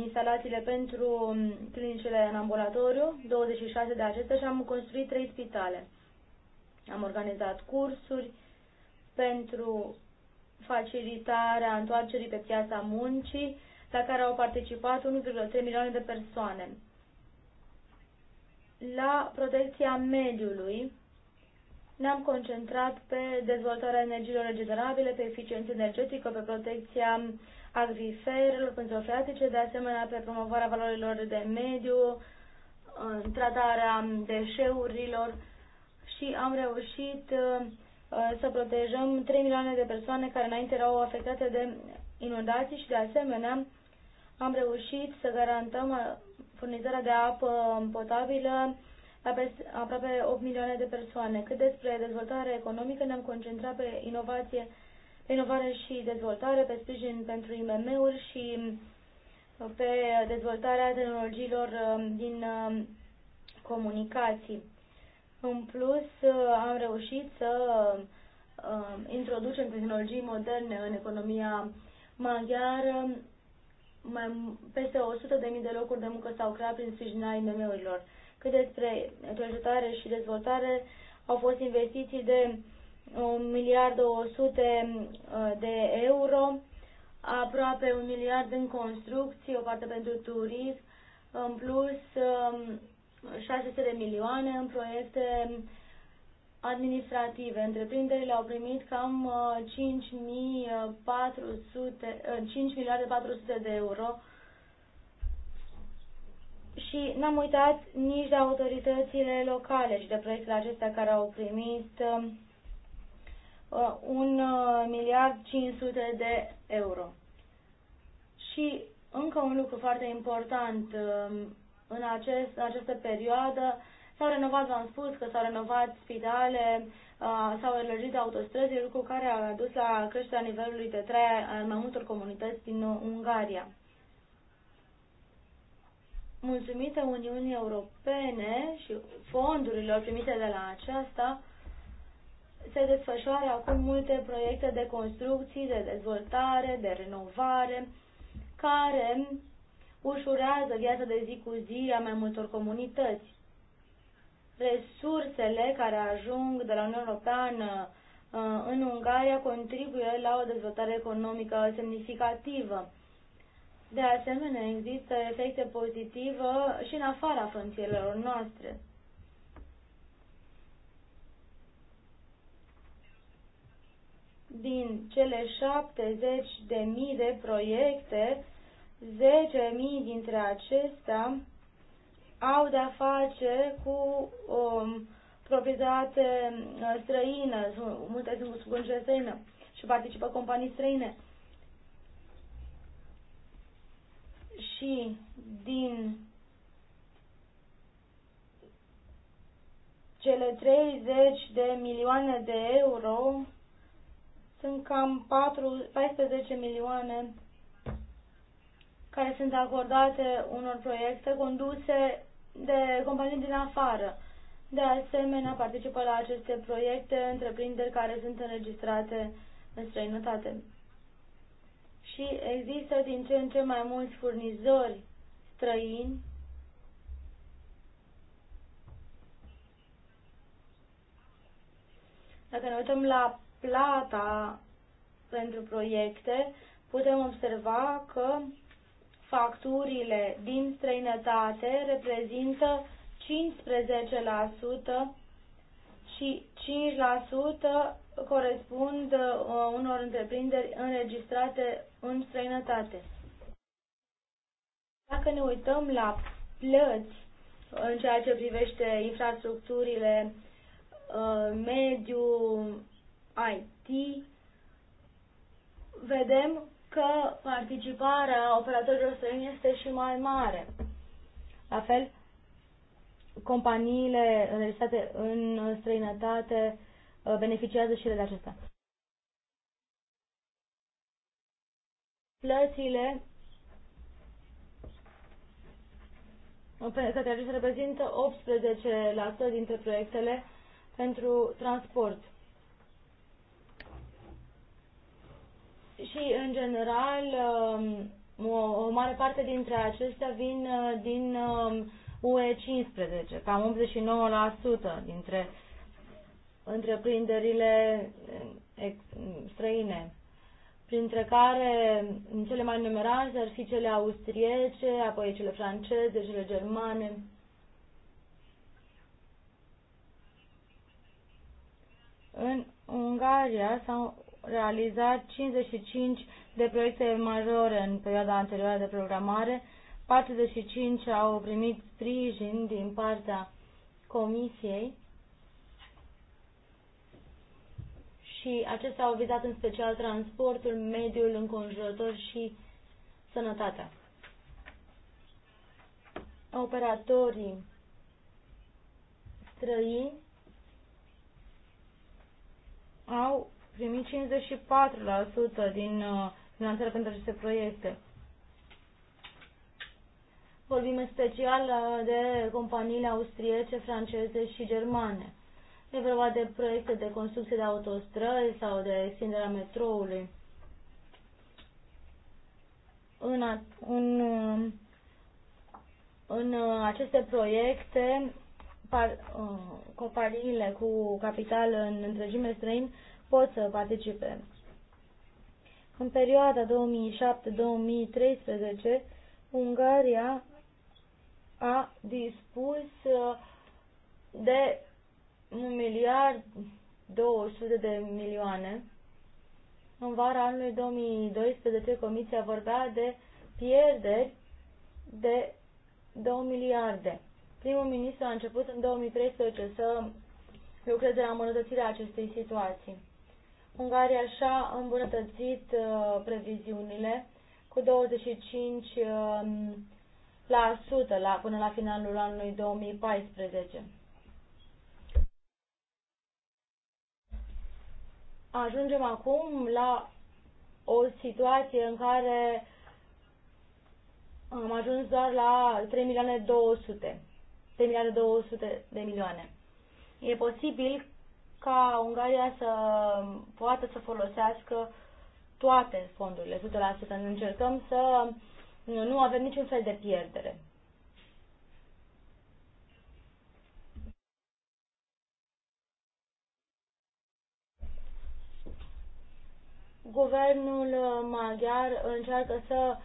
instalațiile pentru um, clinicile în ambulatoriu, 26 de acestea, și am construit 3 spitale. Am organizat cursuri pentru facilitarea întoarcerii pe piața muncii, la care au participat 1,3 milioane de persoane. La protecția mediului ne-am concentrat pe dezvoltarea energiilor regenerabile, pe eficiență energetică, pe protecția agriferelor, pentru freatice, de asemenea pe promovarea valorilor de mediu, tratarea deșeurilor și am reușit Uh, să protejăm 3 milioane de persoane care înainte erau afectate de inundații și de asemenea am reușit să garantăm uh, furnizarea de apă potabilă la aproape 8 milioane de persoane. Cât despre dezvoltare economică, ne-am concentrat pe inovație, pe inovare și dezvoltare, pe sprijin pentru IMM-uri și uh, pe dezvoltarea tehnologiilor din comunicații. În plus, uh, am reușit să um, introducem tehnologii moderne în economia maghiară. Mai, peste 100.000 de locuri de muncă s-au creat prin sprijinirea IMM-urilor. Cât despre cercetare și dezvoltare, au fost investiții de 1 miliard 200 uh, de euro, aproape un miliard în construcții, o parte pentru turism, în plus um, 600 de milioane în proiecte administrative. Întreprinderile au primit cam 5 uh, uh, uh, miliarde 400 de euro și n-am uitat nici de autoritățile locale și de proiectele acestea care au primit un miliard 500 de euro. Și încă un lucru foarte important, în acest, această perioadă. S-au renovat, v-am spus, că s-au renovat spitale, uh, s-au elărgit autostrăzi, lucru care a dus la creșterea nivelului de trai al mai multor comunități din Ungaria. Mulțumită Uniunii Europene și fondurilor primite de la aceasta, se desfășoară acum multe proiecte de construcții, de dezvoltare, de renovare, care ușurează viața de zi cu zi a mai multor comunități. Resursele care ajung de la Uniunea Europeană uh, în Ungaria contribuie la o dezvoltare economică semnificativă. De asemenea, există efecte pozitive și în afara frontierelor noastre. Din cele 70.000 de proiecte 10.000 dintre acestea au de-a face cu o um, proprietate uh, străină, multe sunt cu sub străină și participă companii străine. Și din cele 30 de milioane de euro sunt cam 4, 14 milioane care sunt acordate unor proiecte conduse de companii din afară. De asemenea, participă la aceste proiecte întreprinderi care sunt înregistrate în străinătate. Și există din ce în ce mai mulți furnizori străini Dacă ne uităm la plata pentru proiecte, putem observa că facturile din străinătate reprezintă 15% și 5% corespund uh, unor întreprinderi înregistrate în străinătate. Dacă ne uităm la plăți uh, în ceea ce privește infrastructurile, uh, mediu, IT, vedem că participarea operatorilor străini este și mai mare. La fel, companiile înregistrate în străinătate uh, beneficiază și ele de acestea. Plățile către acestea reprezintă 18% dintre proiectele pentru transport. Și, în general, um, o, mare parte dintre acestea vin uh, din um, UE 15, cam 89% dintre întreprinderile um, străine, printre care cele mai numeroase ar fi cele austriece, apoi cele franceze, cele germane. În Ungaria s-au realizat 55 de proiecte majore în perioada anterioară de programare, 45 au primit sprijin din partea Comisiei și acestea au vizat în special transportul, mediul înconjurător și sănătatea. Operatorii străini au primi 54% din uh, finanțare pentru aceste proiecte. Vorbim în special uh, de companiile austriece, franceze și germane. E vorba de proiecte de construcție de autostrăzi sau de extinderea metroului. În, a, în, uh, în aceste proiecte, par, uh, companiile cu capital în întregime străin pot să participe. În perioada 2007-2013, Ungaria a dispus uh, de 1 miliard 200 de milioane. În vara anului 2012, Comisia vorbea de pierderi de 2 miliarde. Primul ministru a început în 2013 să lucreze la îmbunătățirea acestei situații. Ungaria și-a îmbunătățit uh, previziunile cu 25 um, la la, până la finalul anului 2014. Ajungem acum la o situație în care am ajuns doar la 3 milioane 200, 3 milioane 200 de milioane. E posibil ca Ungaria să poată să folosească toate fondurile, 100%. Încercăm să nu avem niciun fel de pierdere. Guvernul maghiar încearcă să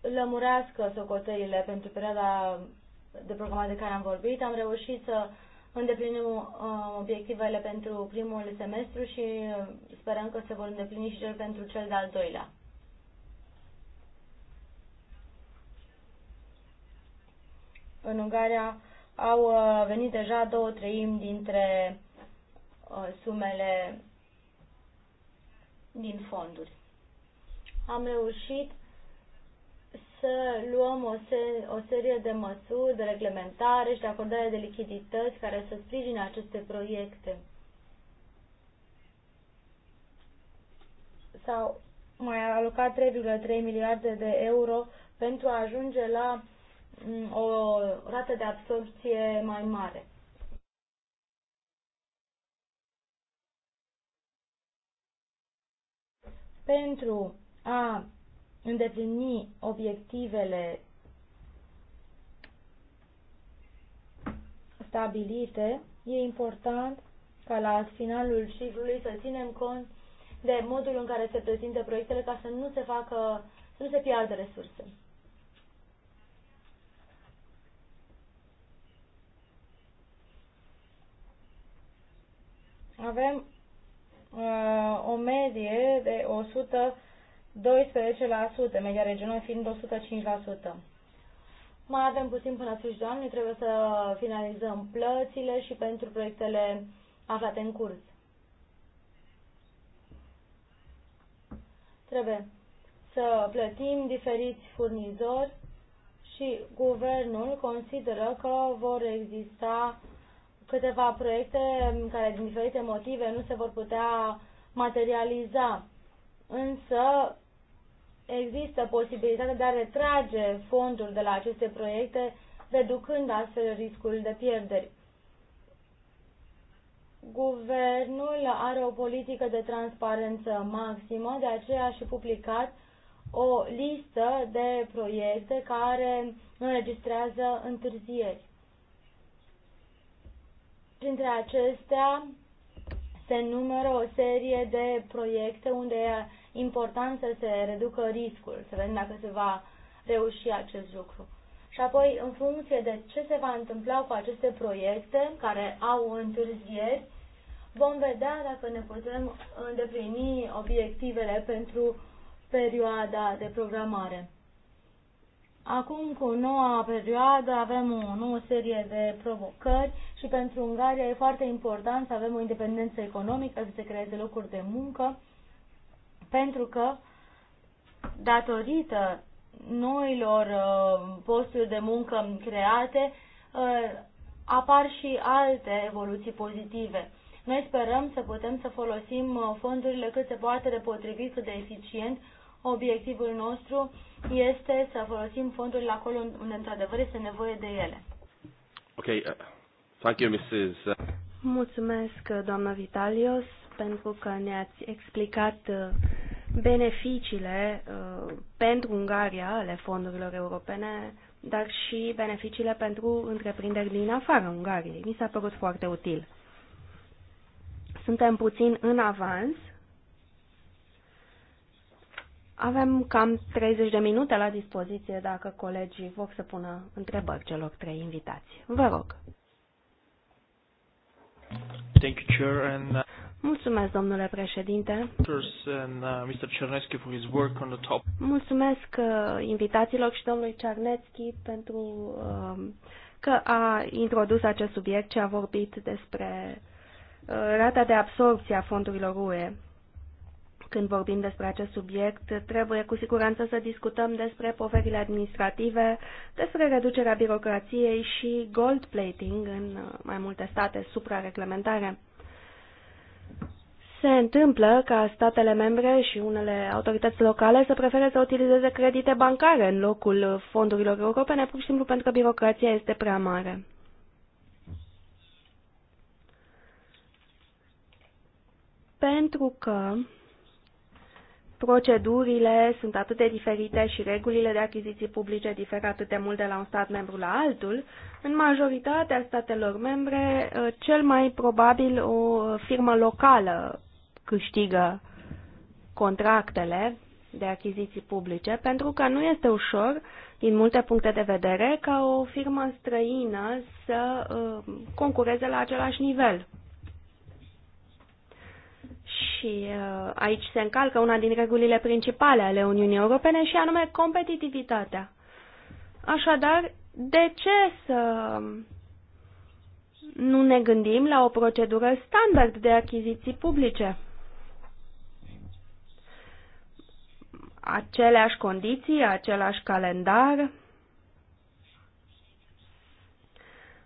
lămurească socotările pentru perioada de programare de care am vorbit. Am reușit să îndeplinim uh, obiectivele pentru primul semestru și uh, sperăm că se vor îndeplini și cel pentru cel de-al doilea. În Ungaria au uh, venit deja două treimi dintre sumele din fonduri. Am reușit să luăm o, se, o serie de măsuri de reglementare și de acordare de lichidități care să sprijine aceste proiecte. S-au mai alocat 3,3 miliarde de euro pentru a ajunge la mm, o rată de absorpție mai mare. Pentru a îndeplini obiectivele stabilite, e important ca la finalul ciclului să ținem cont de modul în care se prezintă proiectele ca să nu se facă, să nu se piardă resurse. Avem uh, o medie de 100 12%, media regiunii fiind 105%. Mai avem puțin până sfârșitul anului, trebuie să finalizăm plățile și pentru proiectele aflate în curs. Trebuie să plătim diferiți furnizori și guvernul consideră că vor exista câteva proiecte care din diferite motive nu se vor putea materializa însă există posibilitatea de a retrage fonduri de la aceste proiecte, reducând astfel riscul de pierderi. Guvernul are o politică de transparență maximă, de aceea a și publicat o listă de proiecte care înregistrează întârzieri. Printre acestea se numără o serie de proiecte unde important să se reducă riscul, să vedem dacă se va reuși acest lucru. Și apoi, în funcție de ce se va întâmpla cu aceste proiecte care au întârzieri, vom vedea dacă ne putem îndeplini obiectivele pentru perioada de programare. Acum, cu noua perioadă, avem o nouă serie de provocări și pentru Ungaria e foarte important să avem o independență economică, să se creeze locuri de muncă pentru că datorită noilor uh, posturi de muncă create uh, apar și alte evoluții pozitive. Noi sperăm să putem să folosim uh, fondurile cât se poate de potrivit, cât de eficient. Obiectivul nostru este să folosim fondurile acolo unde într-adevăr este nevoie de ele. Ok, thank you, Mrs. Mulțumesc, doamna Vitalios, pentru că ne-ați explicat beneficiile uh, pentru Ungaria ale fondurilor europene, dar și beneficiile pentru întreprinderi din afara Ungariei. Mi s-a părut foarte util. Suntem puțin în avans. Avem cam 30 de minute la dispoziție dacă colegii vor să pună întrebări celor trei invitați. Vă rog. Thank you, Chair, and... Uh, Mulțumesc, domnule președinte. Uh, Mulțumesc uh, invitațiilor și domnului Cernetski pentru uh, că a introdus acest subiect și a vorbit despre rata de absorpție a fondurilor UE. Când vorbim despre acest subiect, trebuie cu siguranță să discutăm despre poverile administrative, despre reducerea birocrației și gold plating în mai multe state, suprareglementare se întâmplă ca statele membre și unele autorități locale să prefere să utilizeze credite bancare în locul fondurilor europene, pur și simplu pentru că birocrația este prea mare. Pentru că procedurile sunt atât de diferite și regulile de achiziții publice diferă atât de mult de la un stat membru la altul, în majoritatea statelor membre, uh, cel mai probabil o firmă locală câștigă contractele de achiziții publice, pentru că nu este ușor, din multe puncte de vedere, ca o firmă străină să uh, concureze la același nivel și uh, aici se încalcă una din regulile principale ale Uniunii Europene și anume competitivitatea. Așadar, de ce să nu ne gândim la o procedură standard de achiziții publice? Aceleași condiții, același calendar,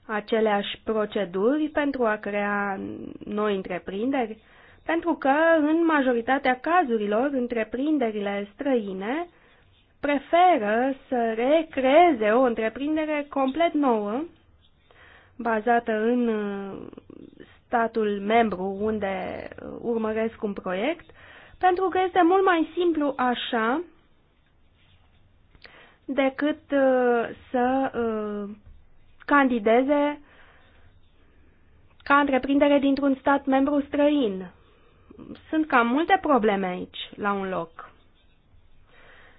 aceleași proceduri pentru a crea noi întreprinderi, pentru că, în majoritatea cazurilor, întreprinderile străine preferă să recreeze o întreprindere complet nouă, bazată în uh, statul membru unde uh, urmăresc un proiect, pentru că este mult mai simplu așa decât uh, să candideze ca întreprindere dintr-un stat membru străin sunt cam multe probleme aici, la un loc.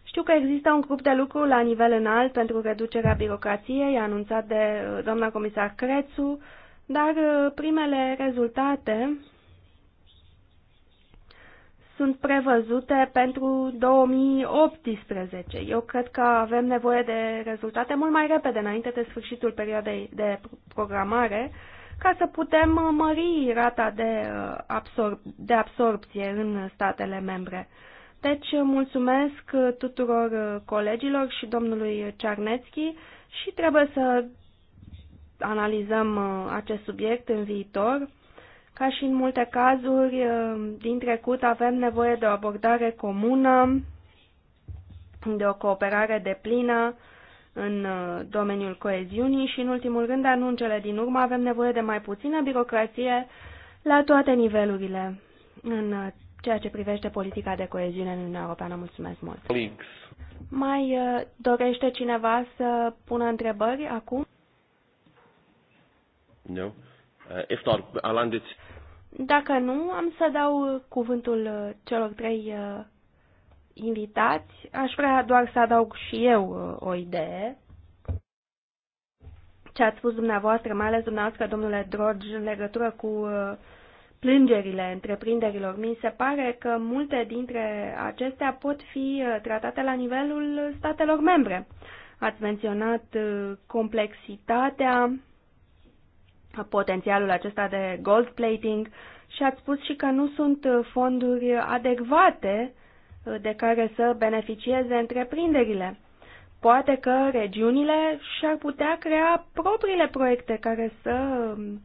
Știu că există un grup de lucru la nivel înalt pentru reducerea birocrației, anunțat de uh, doamna comisar Crețu, dar uh, primele rezultate sunt prevăzute pentru 2018. Eu cred că avem nevoie de rezultate mult mai repede, înainte de sfârșitul perioadei de programare, ca să putem uh, mări rata de, uh, absorb, de absorpție în statele membre. Deci uh, mulțumesc tuturor colegilor și domnului Cearnețchi și trebuie să analizăm acest subiect în viitor. Ca și în multe cazuri din trecut avem nevoie de o abordare comună, de o cooperare deplină în uh, domeniul coeziunii și, în ultimul rând, dar nu în cele din urmă, avem nevoie de mai puțină birocrație la toate nivelurile în uh, ceea ce privește politica de coeziune în Uniunea Europeană. Mulțumesc mult! Links. Mai uh, dorește cineva să pună întrebări acum? Nu. No. If not, Dacă nu, am să dau cuvântul celor trei invitați, aș vrea doar să adaug și eu uh, o idee. Ce ați spus dumneavoastră, mai ales dumneavoastră, domnule Drogi, în legătură cu uh, plângerile întreprinderilor, mi se pare că multe dintre acestea pot fi uh, tratate la nivelul statelor membre. Ați menționat complexitatea, potențialul acesta de gold plating și ați spus și că nu sunt fonduri adecvate de care să beneficieze întreprinderile. Poate că regiunile și-ar putea crea propriile proiecte care să um,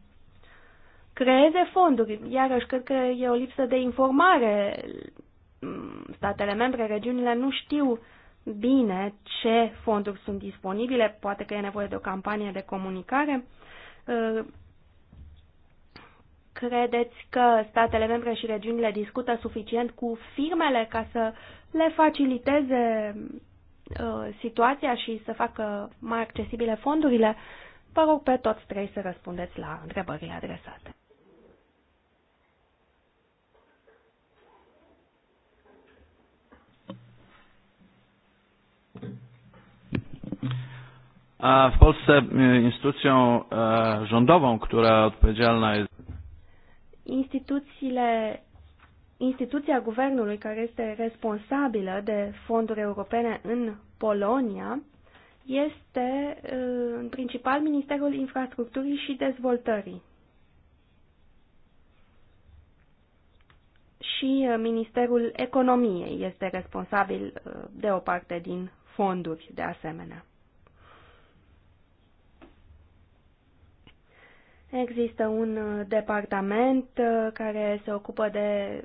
creeze fonduri. Iarăși, cred că e o lipsă de informare. Mm, statele membre, regiunile nu știu bine ce fonduri sunt disponibile, poate că e nevoie de o campanie de comunicare. Uh, Credeți că statele membre și regiunile discută suficient cu firmele ca să le faciliteze uh, situația și să facă mai accesibile fondurile? Vă rog pe toți trei să răspundeți la întrebările adresate. A w Polsce instytucją rządową, która odpowiedzialna jest instituțiile, instituția guvernului care este responsabilă de fonduri europene în Polonia este uh, în principal Ministerul Infrastructurii și Dezvoltării. Și uh, Ministerul Economiei este responsabil uh, de o parte din fonduri de asemenea. Există un uh, departament uh, care se ocupă de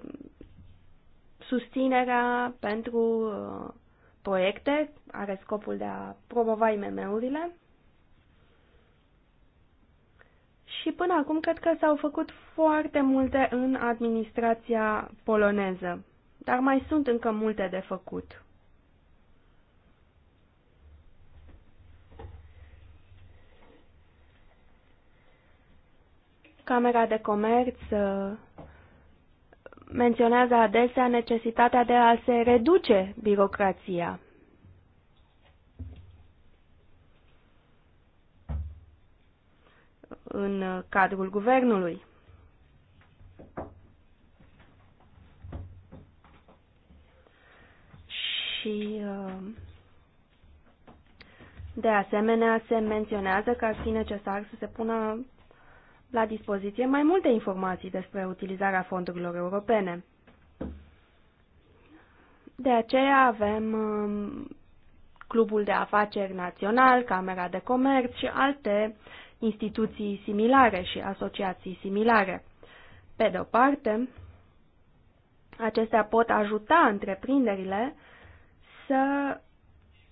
susținerea pentru uh, proiecte, are scopul de a promova IMM-urile. Și până acum cred că s-au făcut foarte multe în administrația poloneză, dar mai sunt încă multe de făcut. Camera de Comerț uh, menționează adesea necesitatea de a se reduce birocrația. în uh, cadrul guvernului. Și uh, de asemenea se menționează că ar fi necesar să se pună la dispoziție mai multe informații despre utilizarea fondurilor europene. De aceea avem um, Clubul de Afaceri Național, Camera de Comerț și alte instituții similare și asociații similare. Pe de o parte, acestea pot ajuta întreprinderile să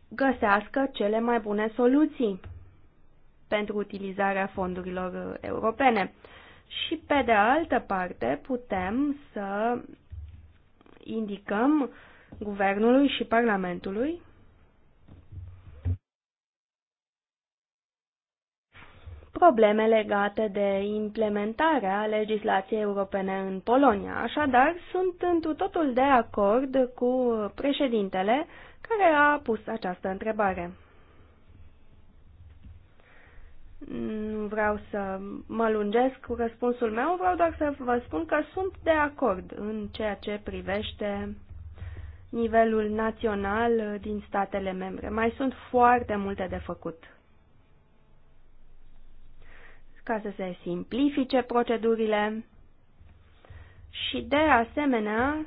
găsească cele mai bune soluții pentru utilizarea fondurilor uh, europene. Și pe de altă parte putem să indicăm guvernului și parlamentului probleme legate de implementarea legislației europene în Polonia. Așadar, sunt întru totul de acord cu președintele care a pus această întrebare. Nu vreau să mă lungesc cu răspunsul meu, vreau doar să vă spun că sunt de acord în ceea ce privește nivelul național din statele membre. Mai sunt foarte multe de făcut. Ca să se simplifice procedurile și, de asemenea,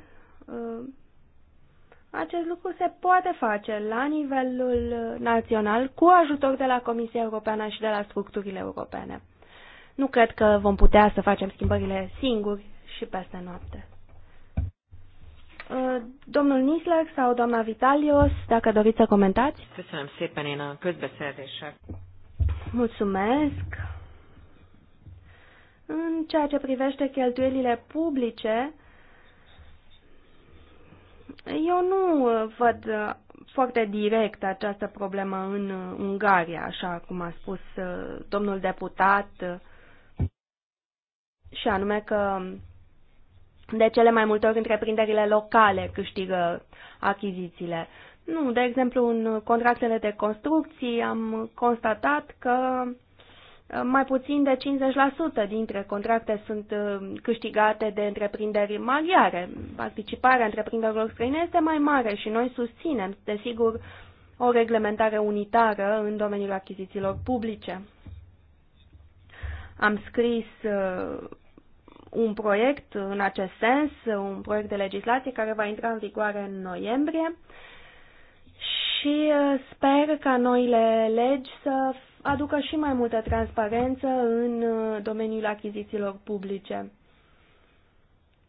acest lucru se poate face la nivelul național cu ajutor de la Comisia Europeană și de la structurile europene. Nu cred că vom putea să facem schimbările singuri și peste noapte. Uh, domnul Nisler sau doamna Vitalios, dacă doriți să comentați. Mulțumesc. În ceea ce privește cheltuielile publice, eu nu uh, văd uh, foarte direct această problemă în uh, Ungaria, așa cum a spus domnul deputat, și anume că de cele mai multe ori întreprinderile locale câștigă achizițiile. Nu, de exemplu, în contractele de construcții am constatat că mai puțin de 50% dintre contracte sunt uh, câștigate de întreprinderi maghiare. Participarea întreprinderilor străine este mai mare și noi susținem, desigur, o reglementare unitară în domeniul achizițiilor publice. Am scris uh, un proiect în acest sens, un proiect de legislație care va intra în vigoare în noiembrie și uh, sper ca noile legi să aducă și mai multă transparență în uh, domeniul achizițiilor publice.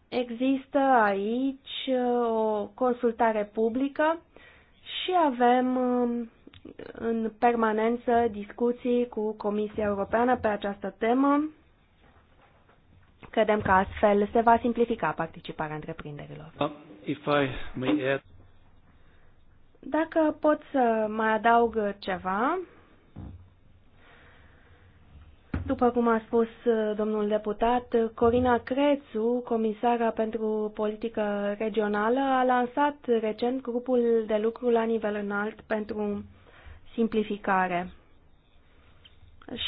Există aici uh, o consultare publică și avem um, în permanență discuții cu Comisia Europeană pe această temă. Credem că astfel se va simplifica participarea întreprinderilor. Uh, Dacă pot să mai adaug ceva, după cum a spus uh, domnul deputat, Corina Crețu, comisara pentru politică regională, a lansat recent grupul de lucru la nivel înalt pentru simplificare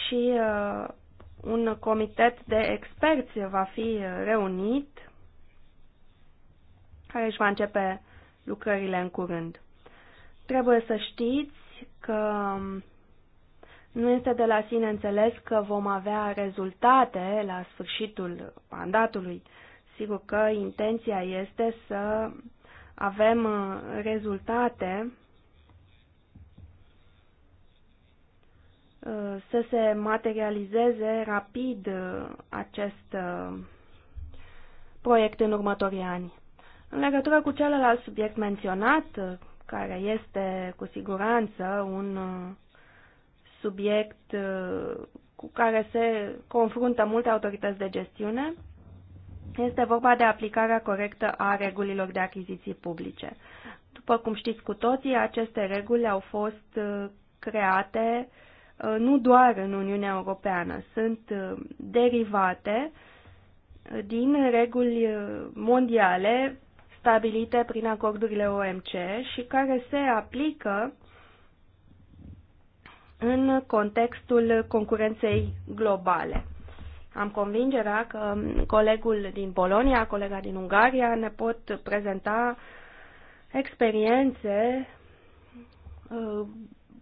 și uh, un comitet de experți va fi reunit care își va începe lucrările în curând. Trebuie să știți că um, nu este de la sine înțeles că vom avea rezultate la sfârșitul mandatului. Sigur că intenția este să avem uh, rezultate uh, să se materializeze rapid uh, acest proiect în următorii ani. În legătură cu celălalt subiect menționat, care este cu siguranță un subiect uh, cu care se confruntă multe autorități de gestiune. Este vorba de aplicarea corectă a regulilor de achiziții publice. După cum știți cu toții, aceste reguli au fost uh, create uh, nu doar în Uniunea Europeană, sunt derivate din reguli mondiale stabilite prin acordurile OMC și care se aplică în contextul concurenței globale. Am convingerea că colegul din Polonia, colega din Ungaria ne pot prezenta experiențe uh,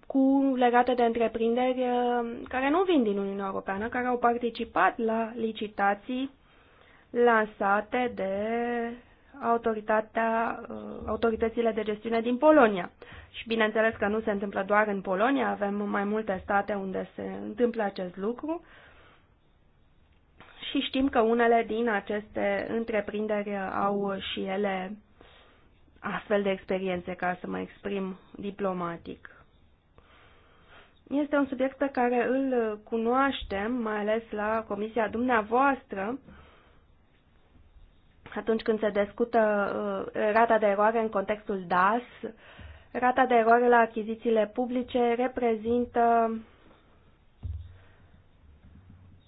cu legate de întreprinderi uh, care nu vin din Uniunea Europeană, care au participat la licitații lansate de autoritatea, uh, autoritățile de gestiune din Polonia. Și bineînțeles că nu se întâmplă doar în Polonia, avem mai multe state unde se întâmplă acest lucru și știm că unele din aceste întreprinderi au și ele astfel de experiențe, ca să mă exprim diplomatic. Este un subiect pe care îl cunoaștem, mai ales la comisia dumneavoastră, atunci când se discută uh, rata de eroare în contextul DAS, rata de eroare la achizițiile publice reprezintă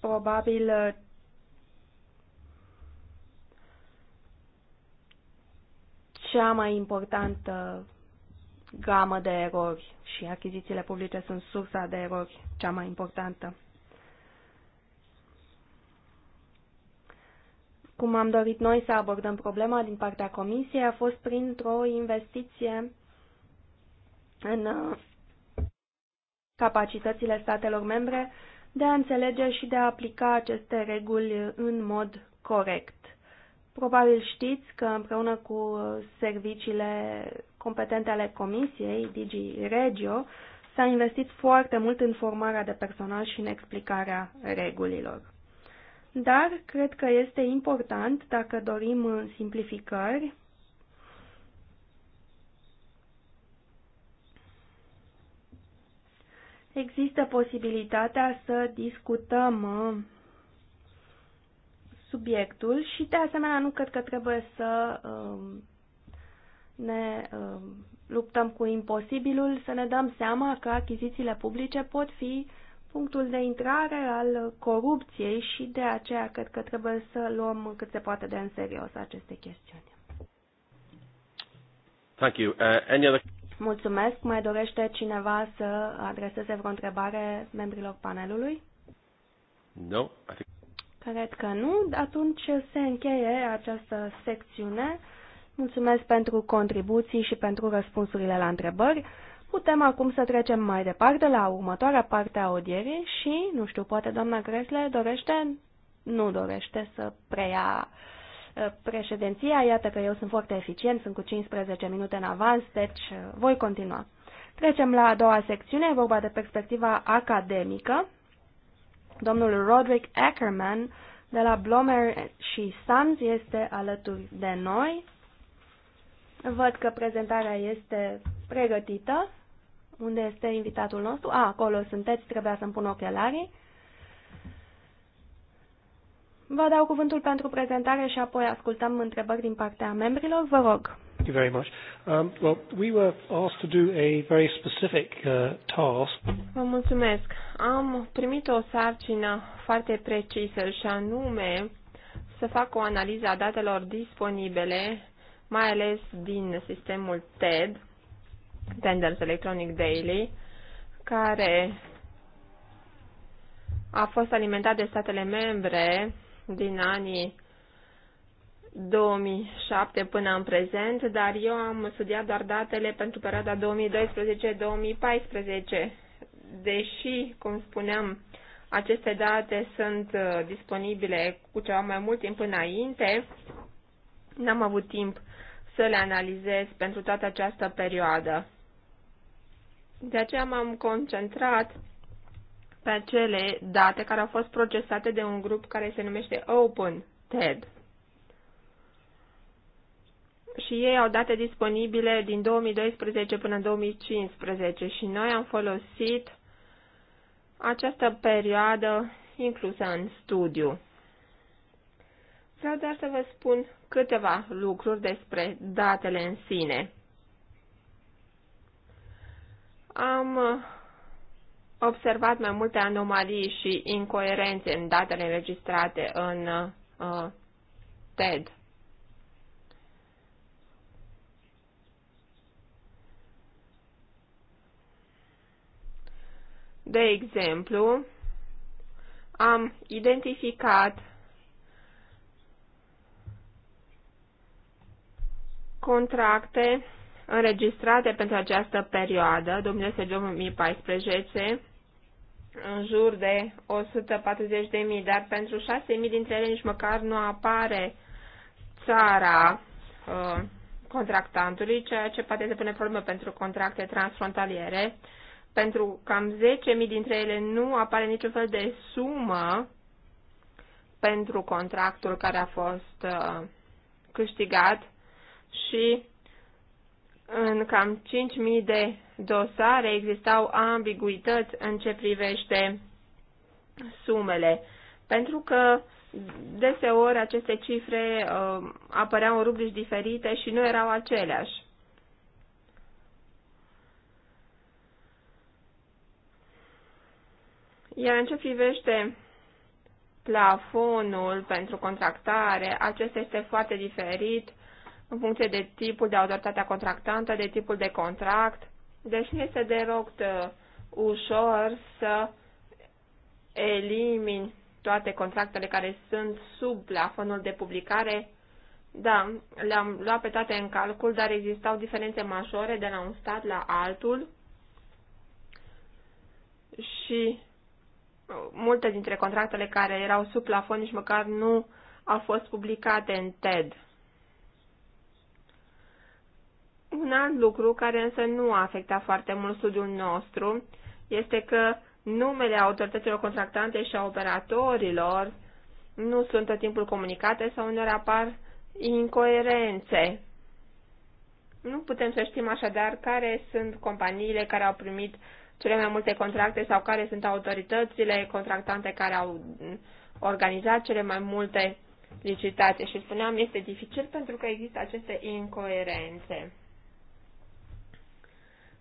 probabil uh, cea mai importantă gamă de erori și achizițiile publice sunt sursa de erori cea mai importantă. cum am dorit noi să abordăm problema din partea Comisiei, a fost printr-o investiție în uh, capacitățile statelor membre de a înțelege și de a aplica aceste reguli în mod corect. Probabil știți că împreună cu serviciile competente ale Comisiei, Digi Regio, s-a investit foarte mult în formarea de personal și în explicarea regulilor dar cred că este important, dacă dorim uh, simplificări, există posibilitatea să discutăm uh, subiectul și de asemenea nu cred că trebuie să um, ne um, luptăm cu imposibilul, să ne dăm seama că achizițiile publice pot fi punctul de intrare al corupției și de aceea cred că trebuie să luăm cât se poate de în serios aceste chestiuni. Thank you. Uh, any other... Mulțumesc. Mai dorește cineva să adreseze vreo întrebare membrilor panelului? No, I think... Cred că nu. Atunci se încheie această secțiune. Mulțumesc pentru contribuții și pentru răspunsurile la întrebări. Putem acum să trecem mai departe la următoarea parte a audierii și, nu știu, poate doamna Gresle dorește, nu dorește să preia uh, președinția. Iată că eu sunt foarte eficient, sunt cu 15 minute în avans, deci uh, voi continua. Trecem la a doua secțiune, e vorba de perspectiva academică. Domnul Roderick Ackerman de la Blomer și Sons este alături de noi. Văd că prezentarea este pregătită. Unde este invitatul nostru? A, acolo sunteți, trebuia să-mi pun ochelarii. Vă dau cuvântul pentru prezentare și apoi ascultăm întrebări din partea membrilor. Vă rog. Thank you very much. Um, well, we were asked to do a very specific uh, task. Vă mulțumesc. Am primit o sarcină foarte precisă și anume să fac o analiză a datelor disponibile, mai ales din sistemul TED, Tenders Electronic Daily, care a fost alimentat de statele membre din anii 2007 până în prezent, dar eu am studiat doar datele pentru perioada 2012-2014. Deși, cum spuneam, aceste date sunt uh, disponibile cu ceva mai mult timp înainte, n-am avut timp să le analizez pentru toată această perioadă. De aceea m-am concentrat pe acele date care au fost procesate de un grup care se numește Open TED. Și ei au date disponibile din 2012 până 2015 și noi am folosit această perioadă inclusă în studiu. Vreau doar să vă spun câteva lucruri despre datele în sine. Am uh, observat mai multe anomalii și incoerențe în datele înregistrate în uh, uh TED. De exemplu, am identificat contracte înregistrate pentru această perioadă, 2014, în jur de 140.000, dar pentru 6.000 dintre ele nici măcar nu apare țara uh, contractantului, ceea ce poate să pune probleme pentru contracte transfrontaliere. Pentru cam 10.000 dintre ele nu apare niciun fel de sumă pentru contractul care a fost uh, câștigat și în cam 5.000 de dosare existau ambiguități în ce privește sumele, pentru că deseori aceste cifre uh, apăreau în rubrici diferite și nu erau aceleași. Iar în ce privește plafonul pentru contractare, acesta este foarte diferit în funcție de tipul de autoritatea contractantă, de tipul de contract. Deci nu este deloc uh, ușor să elimini toate contractele care sunt sub plafonul de publicare. Da, le-am luat pe toate în calcul, dar existau diferențe majore de la un stat la altul și uh, multe dintre contractele care erau sub plafon nici măcar nu au fost publicate în TED. un alt lucru care însă nu a afectat foarte mult studiul nostru este că numele autorităților contractante și a operatorilor nu sunt tot timpul comunicate sau uneori apar incoerențe. Nu putem să știm așadar care sunt companiile care au primit cele mai multe contracte sau care sunt autoritățile contractante care au organizat cele mai multe licitații. Și spuneam, este dificil pentru că există aceste incoerențe.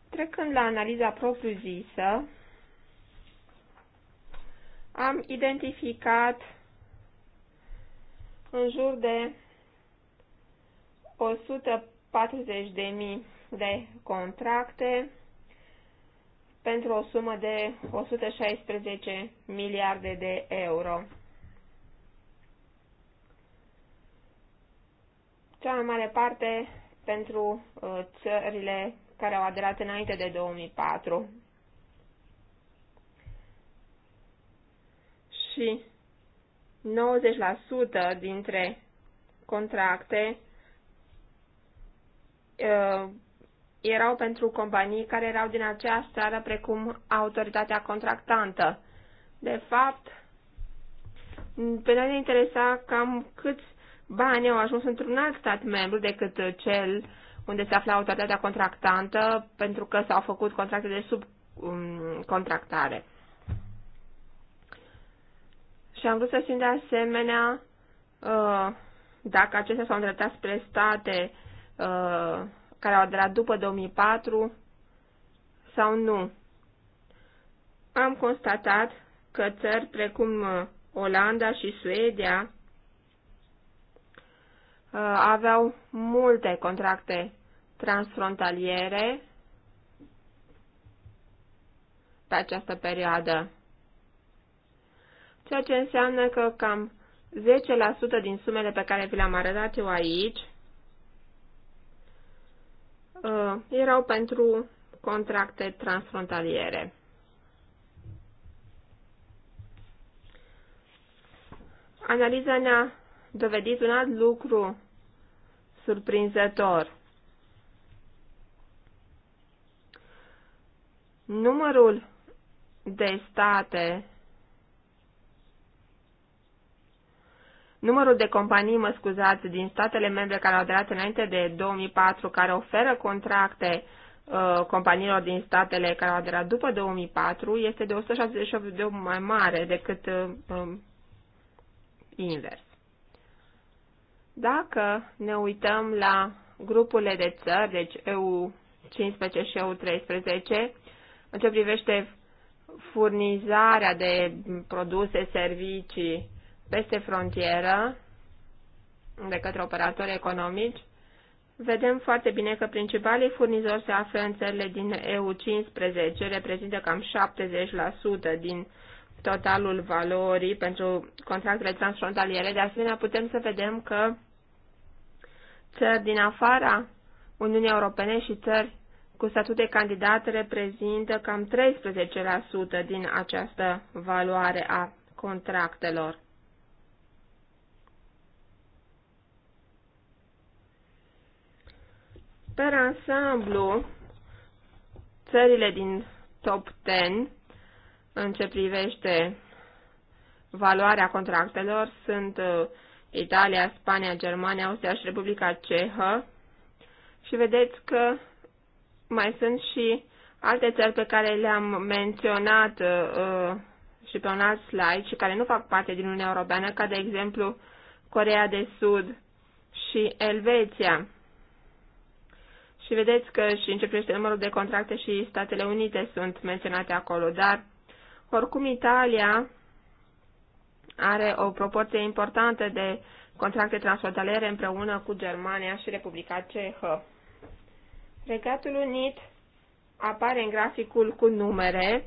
Trecând la analiza propriu-zisă, am identificat în jur de 140.000 de contracte pentru o sumă de 116 miliarde de euro. Cea mai mare parte pentru uh, țările care au aderat înainte de 2004. Și 90% dintre contracte uh, erau pentru companii care erau din aceeași țară precum autoritatea contractantă. De fapt, pe noi ne interesa cam câți bani au ajuns într-un alt stat membru decât cel unde se afla autoritatea contractantă pentru că s-au făcut contracte de subcontractare. Um, și am vrut să simt de asemenea uh, dacă acestea s-au îndreptat spre state uh, care au aderat după 2004 sau nu. Am constatat că țări precum uh, Olanda și Suedia aveau multe contracte transfrontaliere pe această perioadă, ceea ce înseamnă că cam 10% din sumele pe care vi le-am arătat eu aici uh, erau pentru contracte transfrontaliere. Analiza ne-a dovedit un alt lucru surprinzător. Numărul de state, numărul de companii, mă scuzați, din statele membre care au aderat înainte de 2004, care oferă contracte uh, companiilor din statele care au aderat după 2004, este de 168 de mai mare decât uh, um, invers. Dacă ne uităm la grupurile de țări, deci EU 15 și EU 13, în ce privește furnizarea de produse, servicii peste frontieră de către operatori economici, vedem foarte bine că principalii furnizori se află în țările din EU15, reprezintă cam 70% din totalul valorii pentru contractele transfrontaliere. De asemenea, putem să vedem că țări din afara Uniunii Europene și țări cu statut de candidat reprezintă cam 13% din această valoare a contractelor. Per ansamblu, țările din top 10 în ce privește valoarea contractelor sunt uh, Italia, Spania, Germania, Austria și Republica Cehă și vedeți că mai sunt și alte țări pe care le-am menționat uh, uh, și pe un alt slide și care nu fac parte din Uniunea Europeană, ca de exemplu Corea de Sud și Elveția. Și vedeți că și începește numărul de contracte și Statele Unite sunt menționate acolo, dar oricum Italia are o proporție importantă de contracte transfrontaliere împreună cu Germania și Republica Cehă. Regatul Unit apare în graficul cu numere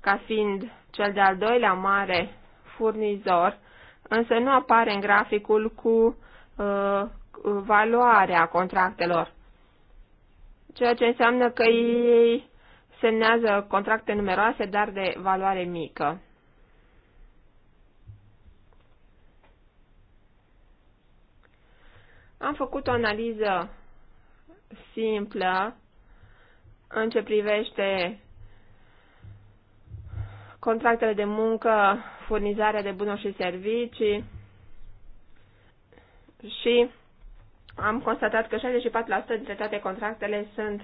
ca fiind cel de-al doilea mare furnizor, însă nu apare în graficul cu uh, valoarea contractelor, ceea ce înseamnă că ei semnează contracte numeroase, dar de valoare mică. Am făcut o analiză simplă în ce privește contractele de muncă, furnizarea de bunuri și servicii și am constatat că 64% dintre toate contractele sunt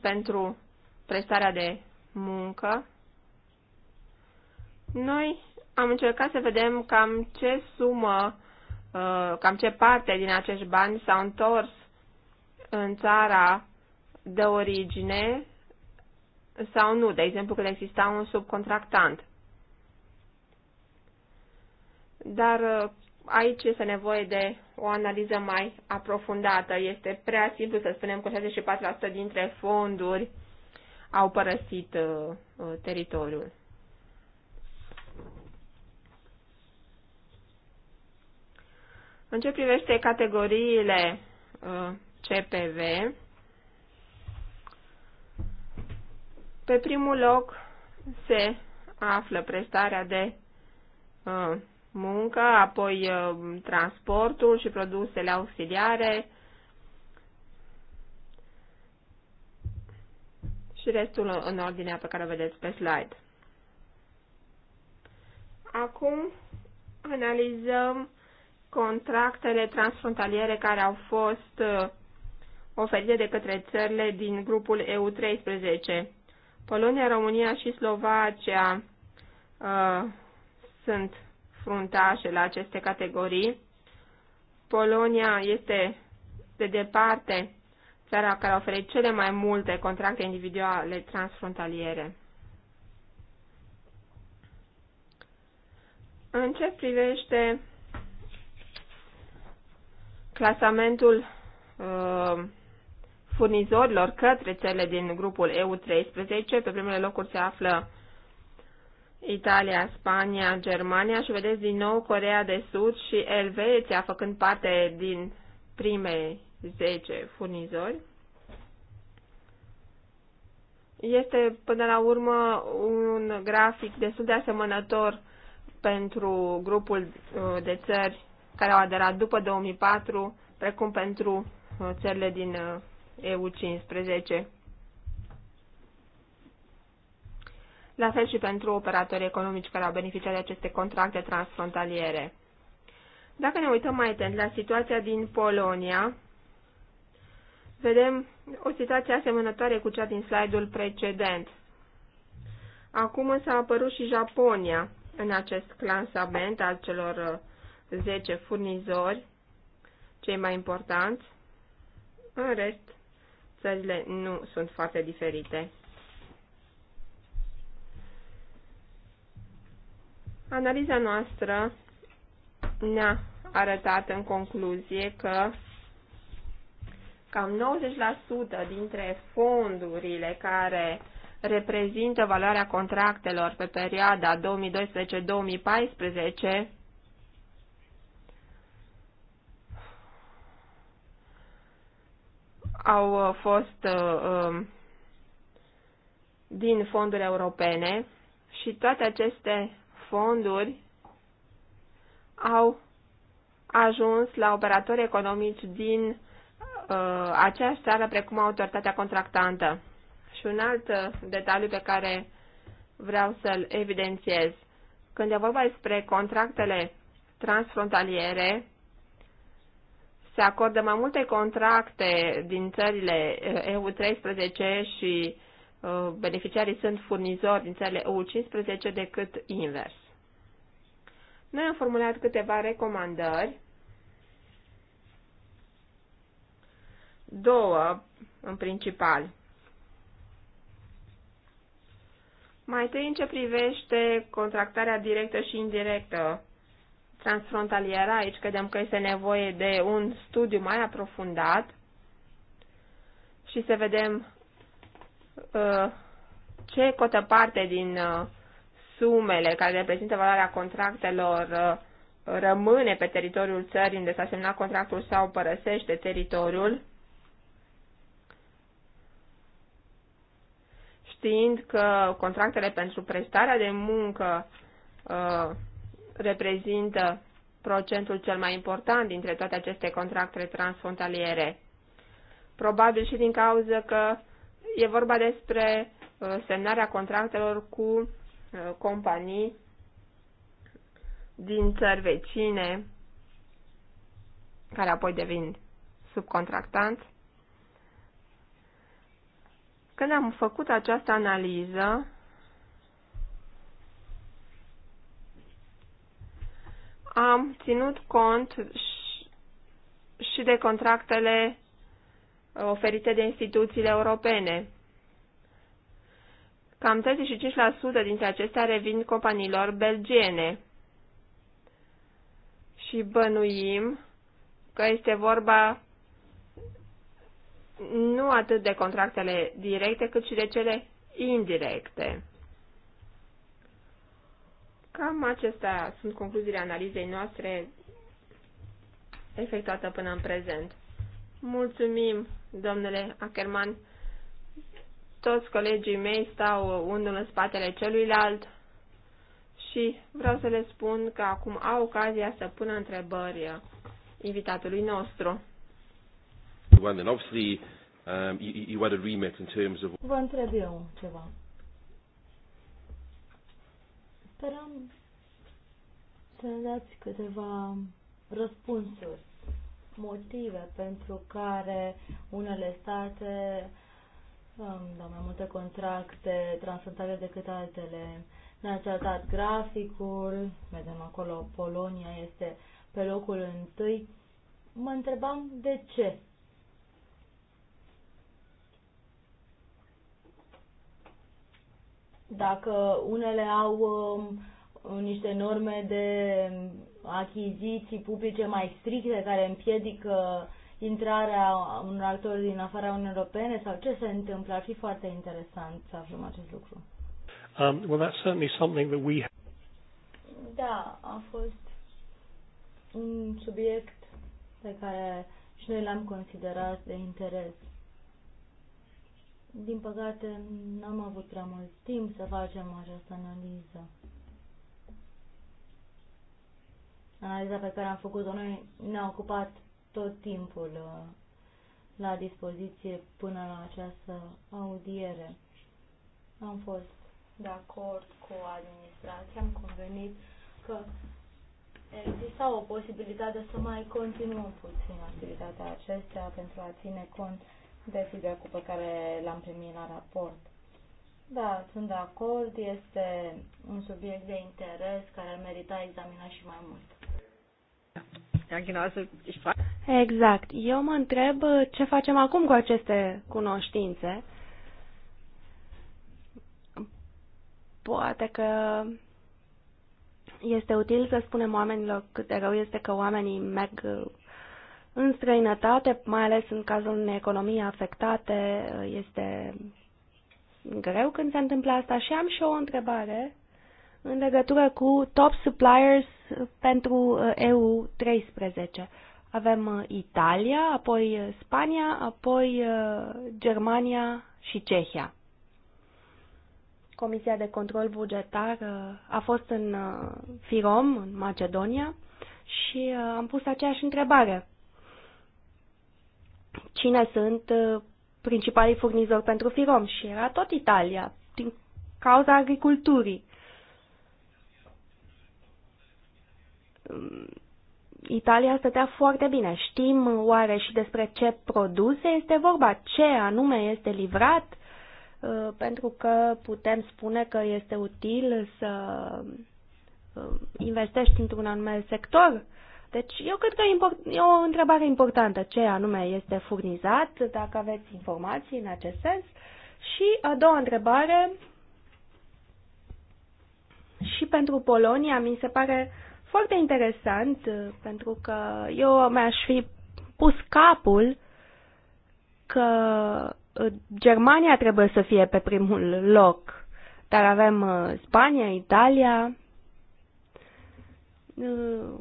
pentru prestarea de muncă. Noi am încercat să vedem cam ce sumă, uh, cam ce parte din acești bani s-au întors în țara de origine sau nu, de exemplu când exista un subcontractant. Dar uh, aici este nevoie de o analiză mai aprofundată. Este prea simplu să spunem că 64% dintre fonduri au părăsit uh, uh, teritoriul. În ce privește categoriile uh, CPV. Pe primul loc se află prestarea de uh, muncă, apoi uh, transportul și produsele auxiliare și restul în ordinea pe care o vedeți pe slide. Acum analizăm contractele transfrontaliere care au fost uh, oferite de către țările din grupul EU13. Polonia, România și Slovacia uh, sunt fruntașe la aceste categorii. Polonia este de departe țara care oferă cele mai multe contracte individuale transfrontaliere. În ce privește clasamentul uh, furnizorilor către cele din grupul EU13. Pe primele locuri se află Italia, Spania, Germania și vedeți din nou Corea de Sud și Elveția făcând parte din primei 10 furnizori. Este până la urmă un grafic destul de asemănător pentru grupul uh, de țări care au aderat după 2004, precum pentru uh, țările din uh, EU15. La fel și pentru operatorii economici care au beneficiat de aceste contracte transfrontaliere. Dacă ne uităm mai atent la situația din Polonia, vedem o situație asemănătoare cu cea din slide-ul precedent. Acum însă a apărut și Japonia în acest clansament al celor 10 uh, furnizori, cei mai importanți. În rest, țările nu sunt foarte diferite. Analiza noastră ne-a arătat în concluzie că cam 90% dintre fondurile care reprezintă valoarea contractelor pe perioada 2012-2014 au uh, fost uh, um, din fonduri europene și toate aceste fonduri au ajuns la operatori economici din uh, aceeași țară precum autoritatea contractantă. Și un alt detaliu pe care vreau să-l evidențiez. Când e vorba despre contractele transfrontaliere, se acordă mai multe contracte din țările EU13 eh, și eh, beneficiarii sunt furnizori din țările EU15 decât invers. Noi am formulat câteva recomandări, două în principal. Mai întâi în ce privește contractarea directă și indirectă transfrontalieră. Aici credem că este nevoie de un studiu mai aprofundat și să vedem uh, ce cotă parte din uh, sumele care reprezintă valoarea contractelor uh, rămâne pe teritoriul țării unde s-a semnat contractul sau părăsește teritoriul, știind că contractele pentru prestarea de muncă uh, reprezintă procentul cel mai important dintre toate aceste contracte transfrontaliere. Probabil și din cauza că e vorba despre uh, semnarea contractelor cu uh, companii din țări vecine, care apoi devin subcontractanți. Când am făcut această analiză, am ținut cont și de contractele uh, oferite de instituțiile europene. Cam 35% dintre acestea revin companiilor belgiene. Și bănuim că este vorba nu atât de contractele directe, cât și de cele indirecte. Cam acestea sunt concluziile analizei noastre efectuată până în prezent. Mulțumim, domnule Ackerman. Toți colegii mei stau unul în spatele celuilalt și vreau să le spun că acum au ocazia să pună întrebări invitatului nostru. Um, Vă întreb eu ceva sperăm să ne dați câteva răspunsuri, motive pentru care unele state dau mai multe contracte transfrontale decât altele. Ne-ați arătat graficul, vedem acolo Polonia este pe locul întâi. Mă întrebam de ce Dacă unele au um, niște norme de achiziții publice mai stricte care împiedică intrarea unor actori din afara Uniunii Europene sau ce se întâmplă, ar fi foarte interesant să aflăm acest lucru. Um, well, that's certainly something that we Da, a fost un subiect pe care și noi l-am considerat de interes. Din păcate, n-am avut prea mult timp să facem această analiză. Analiza pe care am făcut-o noi ne-a ocupat tot timpul uh, la dispoziție până la această audiere. Am fost de acord cu administrația, am convenit că exista o posibilitate să mai continuăm puțin activitatea acestea pentru a ține cont de feedback-ul pe care l-am primit la raport. Da, sunt de acord, este un subiect de interes care ar merita examinat și mai mult. Exact. Eu mă întreb uh, ce facem acum cu aceste cunoștințe. Poate că este util să spunem oamenilor cât de rău este că oamenii merg uh, în străinătate, mai ales în cazul unei economii afectate, este greu când se întâmplă asta și am și o întrebare în legătură cu top suppliers pentru uh, EU13. Avem uh, Italia, apoi uh, Spania, apoi Germania și Cehia. Comisia de control bugetar a fost în Firom, în Macedonia, și am pus aceeași întrebare cine sunt uh, principalii furnizori pentru Firom și era tot Italia, din cauza agriculturii. Mm, Italia stătea foarte bine. Știm oare și despre ce produse este vorba, ce anume este livrat, uh, pentru că putem spune că este util să uh, investești într-un anume sector deci eu cred că e, o întrebare importantă ce anume este furnizat, dacă aveți informații în acest sens. Și a doua întrebare, și pentru Polonia, mi se pare foarte interesant, pentru că eu mi-aș fi pus capul că uh, Germania trebuie să fie pe primul loc, dar avem uh, Spania, Italia, uh,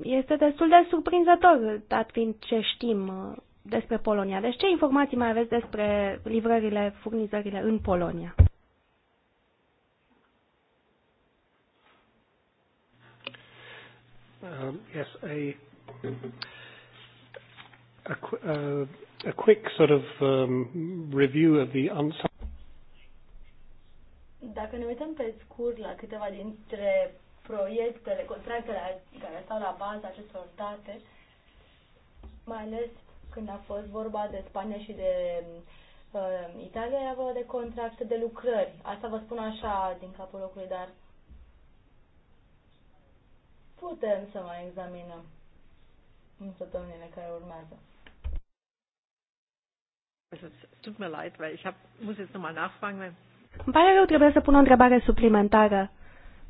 este destul de surprinzător, dat fiind ce știm uh, despre Polonia. Deci ce informații mai aveți despre livrările, furnizările în Polonia? Um, yes, a, a, uh, a quick sort of um, review of the Dacă ne uităm pe scurt la câteva dintre proiectele, contractele care stau la baza acestor date, mai ales când a fost vorba de Spania și de uh, Italia, era vorba de contracte de lucrări. Asta vă spun așa din capul locului, dar putem să mai examinăm în săptămânile care urmează. Îmi pare rău, trebuie să pun o întrebare suplimentară.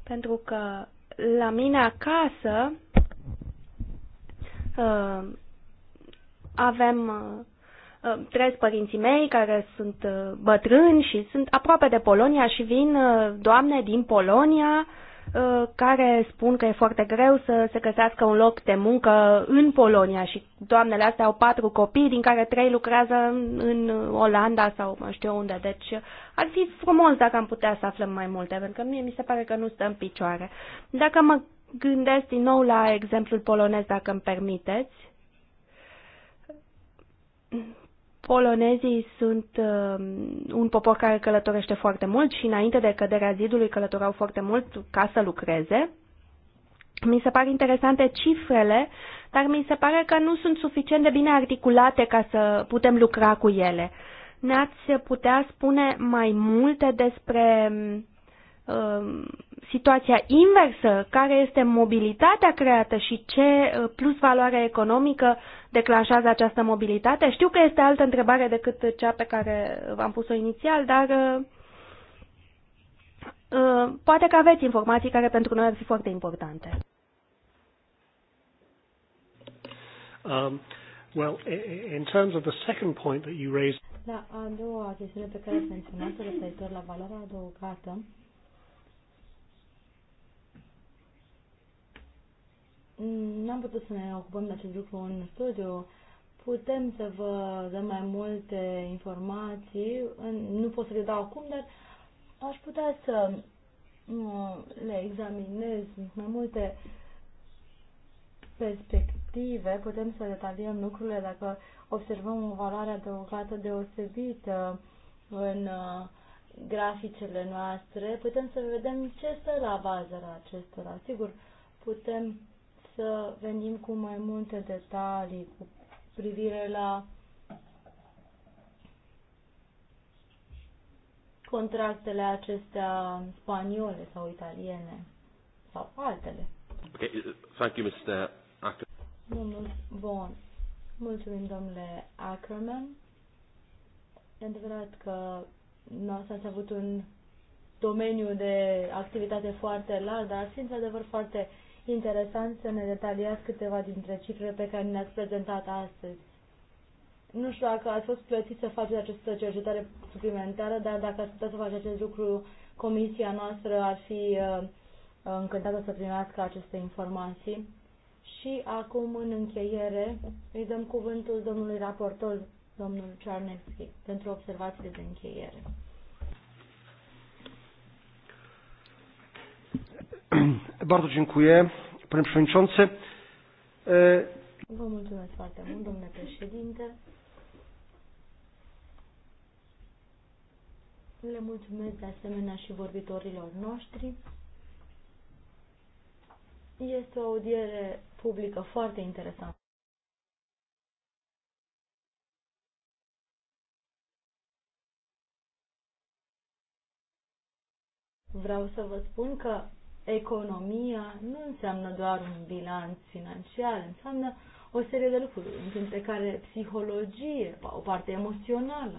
Pentru că la mine acasă uh, avem uh, trei părinții mei care sunt uh, bătrâni și sunt aproape de Polonia și vin uh, doamne din Polonia uh, Uh, care spun că e foarte greu să se găsească un loc de muncă în Polonia și doamnele astea au patru copii, din care trei lucrează în Olanda sau mă știu unde. Deci ar fi frumos dacă am putea să aflăm mai multe, pentru că mie mi se pare că nu stă în picioare. Dacă mă gândesc din nou la exemplul polonez, dacă îmi permiteți, Polonezii sunt uh, un popor care călătorește foarte mult și înainte de căderea zidului călătorau foarte mult ca să lucreze. Mi se par interesante cifrele, dar mi se pare că nu sunt suficient de bine articulate ca să putem lucra cu ele. Ne-ați putea spune mai multe despre uh, Um, situația inversă, care este mobilitatea creată și ce uh, plus valoare economică declanșează această mobilitate. Știu că este altă întrebare decât cea pe care v-am pus-o inițial, dar uh, uh, poate că aveți informații care pentru noi ar fi foarte importante. Um, well, in terms of the second point that you raised... La da, a doua chestiune pe care ați menționat-o referitor la valoarea adăugată, Mm, n-am putut să ne ocupăm de acest lucru în studiu. Putem să vă dăm mai multe informații, nu pot să le dau acum, dar aș putea să mm, le examinez mai multe perspective, putem să detaliem lucrurile dacă observăm o valoare adăugată deosebită în uh, graficele noastre, putem să vedem ce stă la bază la acestora. Sigur, putem să venim cu mai multe detalii cu privire la contractele acestea spaniole sau italiene sau altele. Okay, thank you, Mr. Ackerman. Domnul Bon, mulțumim, domnule Ackerman. E adevărat că noastră a avut un domeniu de activitate foarte larg, dar simt adevăr foarte interesant să ne detaliați câteva dintre cifrele pe care ne-ați prezentat astăzi. Nu știu dacă ați fost plătit să faceți această cercetare suplimentară, dar dacă ați putea să faceți acest lucru, comisia noastră ar fi uh, încântată să primească aceste informații. Și acum, în încheiere, îi dăm cuvântul domnului raportor, domnul Czarnecki, pentru observațiile de încheiere. Bardzo dziękuję, panie przewodniczący. Vă mulțumesc foarte mult, domnule președinte. Le mulțumesc de asemenea și vorbitorilor noștri. Este o audiere publică foarte interesantă. Vreau să vă spun că economia nu înseamnă doar un bilanț financiar, înseamnă o serie de lucruri, între care psihologie, o parte emoțională.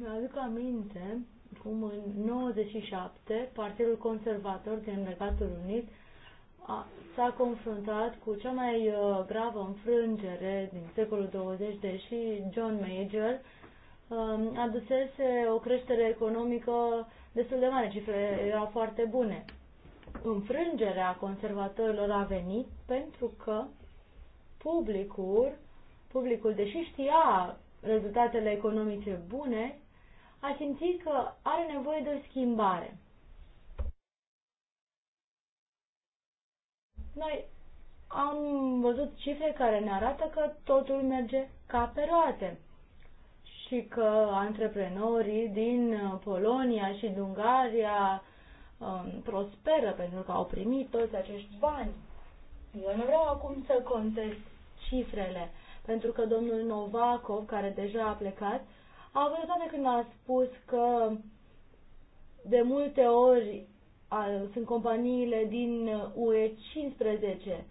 Mi-aduc aminte cum în 97 Partidul Conservator din Regatul Unit s-a confruntat cu cea mai uh, gravă înfrângere din secolul 20, deși John Major um, adusese o creștere economică destul de mare, cifre erau foarte bune. Înfrângerea conservatorilor a venit pentru că publicul, publicul deși știa rezultatele economice bune, a simțit că are nevoie de o schimbare. Noi am văzut cifre care ne arată că totul merge ca pe roate și că antreprenorii din Polonia și din Ungaria um, prosperă pentru că au primit toți acești bani. Eu nu vreau acum să contest cifrele, pentru că domnul Novakov, care deja a plecat, a văzut de când a spus că de multe ori sunt companiile din UE 15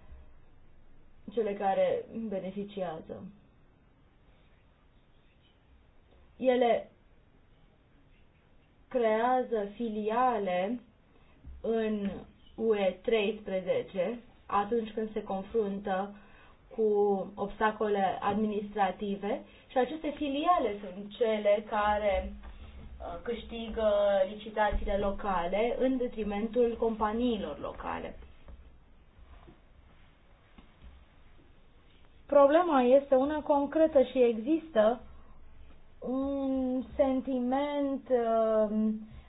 cele care beneficiază. Ele creează filiale în UE 13 atunci când se confruntă cu obstacole administrative și aceste filiale sunt cele care Uh, câștigă licitațiile locale în detrimentul companiilor locale. Problema este una concretă și există un sentiment uh,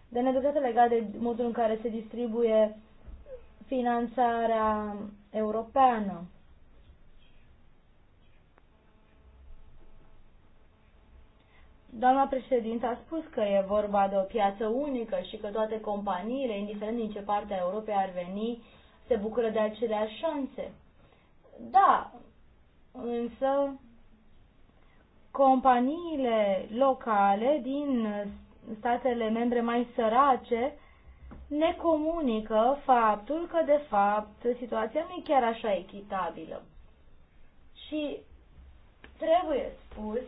de nedreptate legat de modul în care se distribuie finanțarea europeană. Doamna președintă a spus că e vorba de o piață unică și că toate companiile, indiferent din ce parte a Europei ar veni, se bucură de aceleași șanse. Da, însă companiile locale din statele membre mai sărace ne comunică faptul că, de fapt, situația nu e chiar așa echitabilă. Și trebuie spus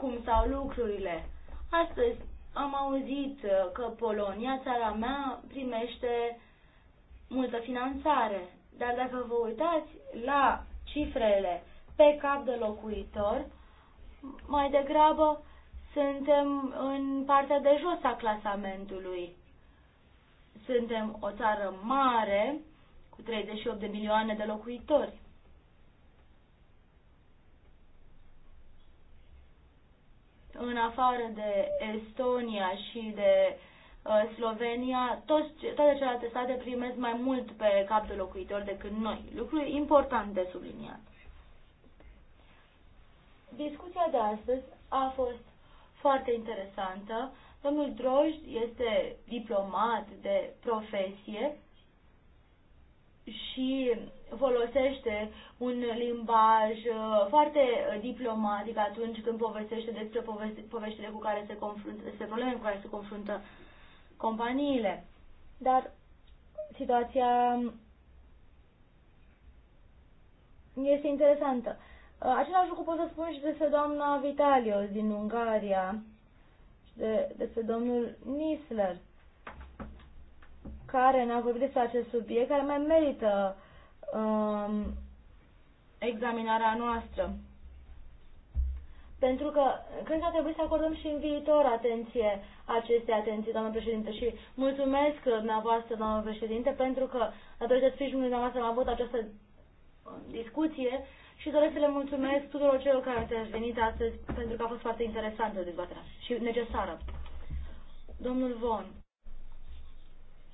cum stau lucrurile. Astăzi am auzit uh, că Polonia, țara mea, primește multă finanțare. Dar dacă vă uitați la cifrele pe cap de locuitor, mai degrabă suntem în partea de jos a clasamentului. Suntem o țară mare, cu 38 de milioane de locuitori. în afară de Estonia și de uh, Slovenia, toți, toate celelalte state primesc mai mult pe cap de locuitor decât noi. Lucru important de subliniat. Discuția de astăzi a fost foarte interesantă. Domnul Drojd este diplomat de profesie și folosește un limbaj uh, foarte uh, diplomatic atunci când povestește despre poveștile cu care se confruntă, despre probleme cu care se confruntă companiile. Dar situația este interesantă. Uh, același lucru pot să spun și despre doamna Vitalios din Ungaria și de, despre domnul Nisler, care ne-a vorbit despre acest subiect, care mai merită uh, uh, examinarea noastră. Pentru că cred că ar trebui să acordăm și în viitor atenție aceste atenții, doamnă președinte. Și mulțumesc dumneavoastră, doamnă președinte, pentru că toate sprijinului dumneavoastră am avut această discuție și doresc să le mulțumesc tuturor celor care ați venit astăzi pentru că a fost foarte interesantă dezbaterea și necesară. Domnul Von,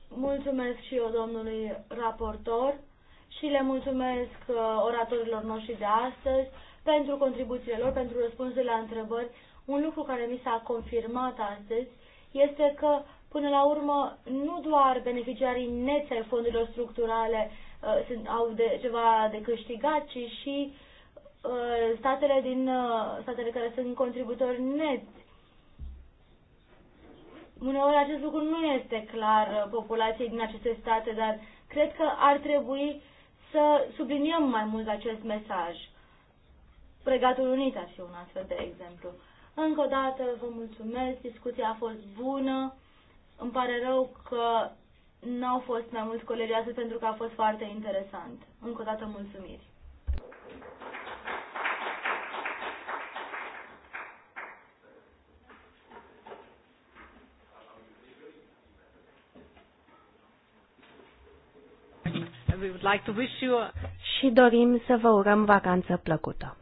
mulțumesc și eu domnului raportor și le mulțumesc uh, oratorilor noștri de astăzi pentru contribuțiile lor, pentru răspunsurile la întrebări. Un lucru care mi s-a confirmat astăzi este că, până la urmă, nu doar beneficiarii neți ai fondurilor structurale uh, sunt, au de, ceva de câștigat, ci și uh, statele, din, uh, statele care sunt contributori neți. Uneori acest lucru nu este clar uh, populației din aceste state, dar cred că ar trebui uh, să subliniem mai mult acest mesaj. Pregatul Unit ar fi un astfel de exemplu. Încă o dată vă mulțumesc, discuția a fost bună. Îmi pare rău că n-au fost mai mulți colegi astăzi pentru că a fost foarte interesant. Încă o dată mulțumiri. would like to wish you a... Și dorim să vă urăm vacanță plăcută.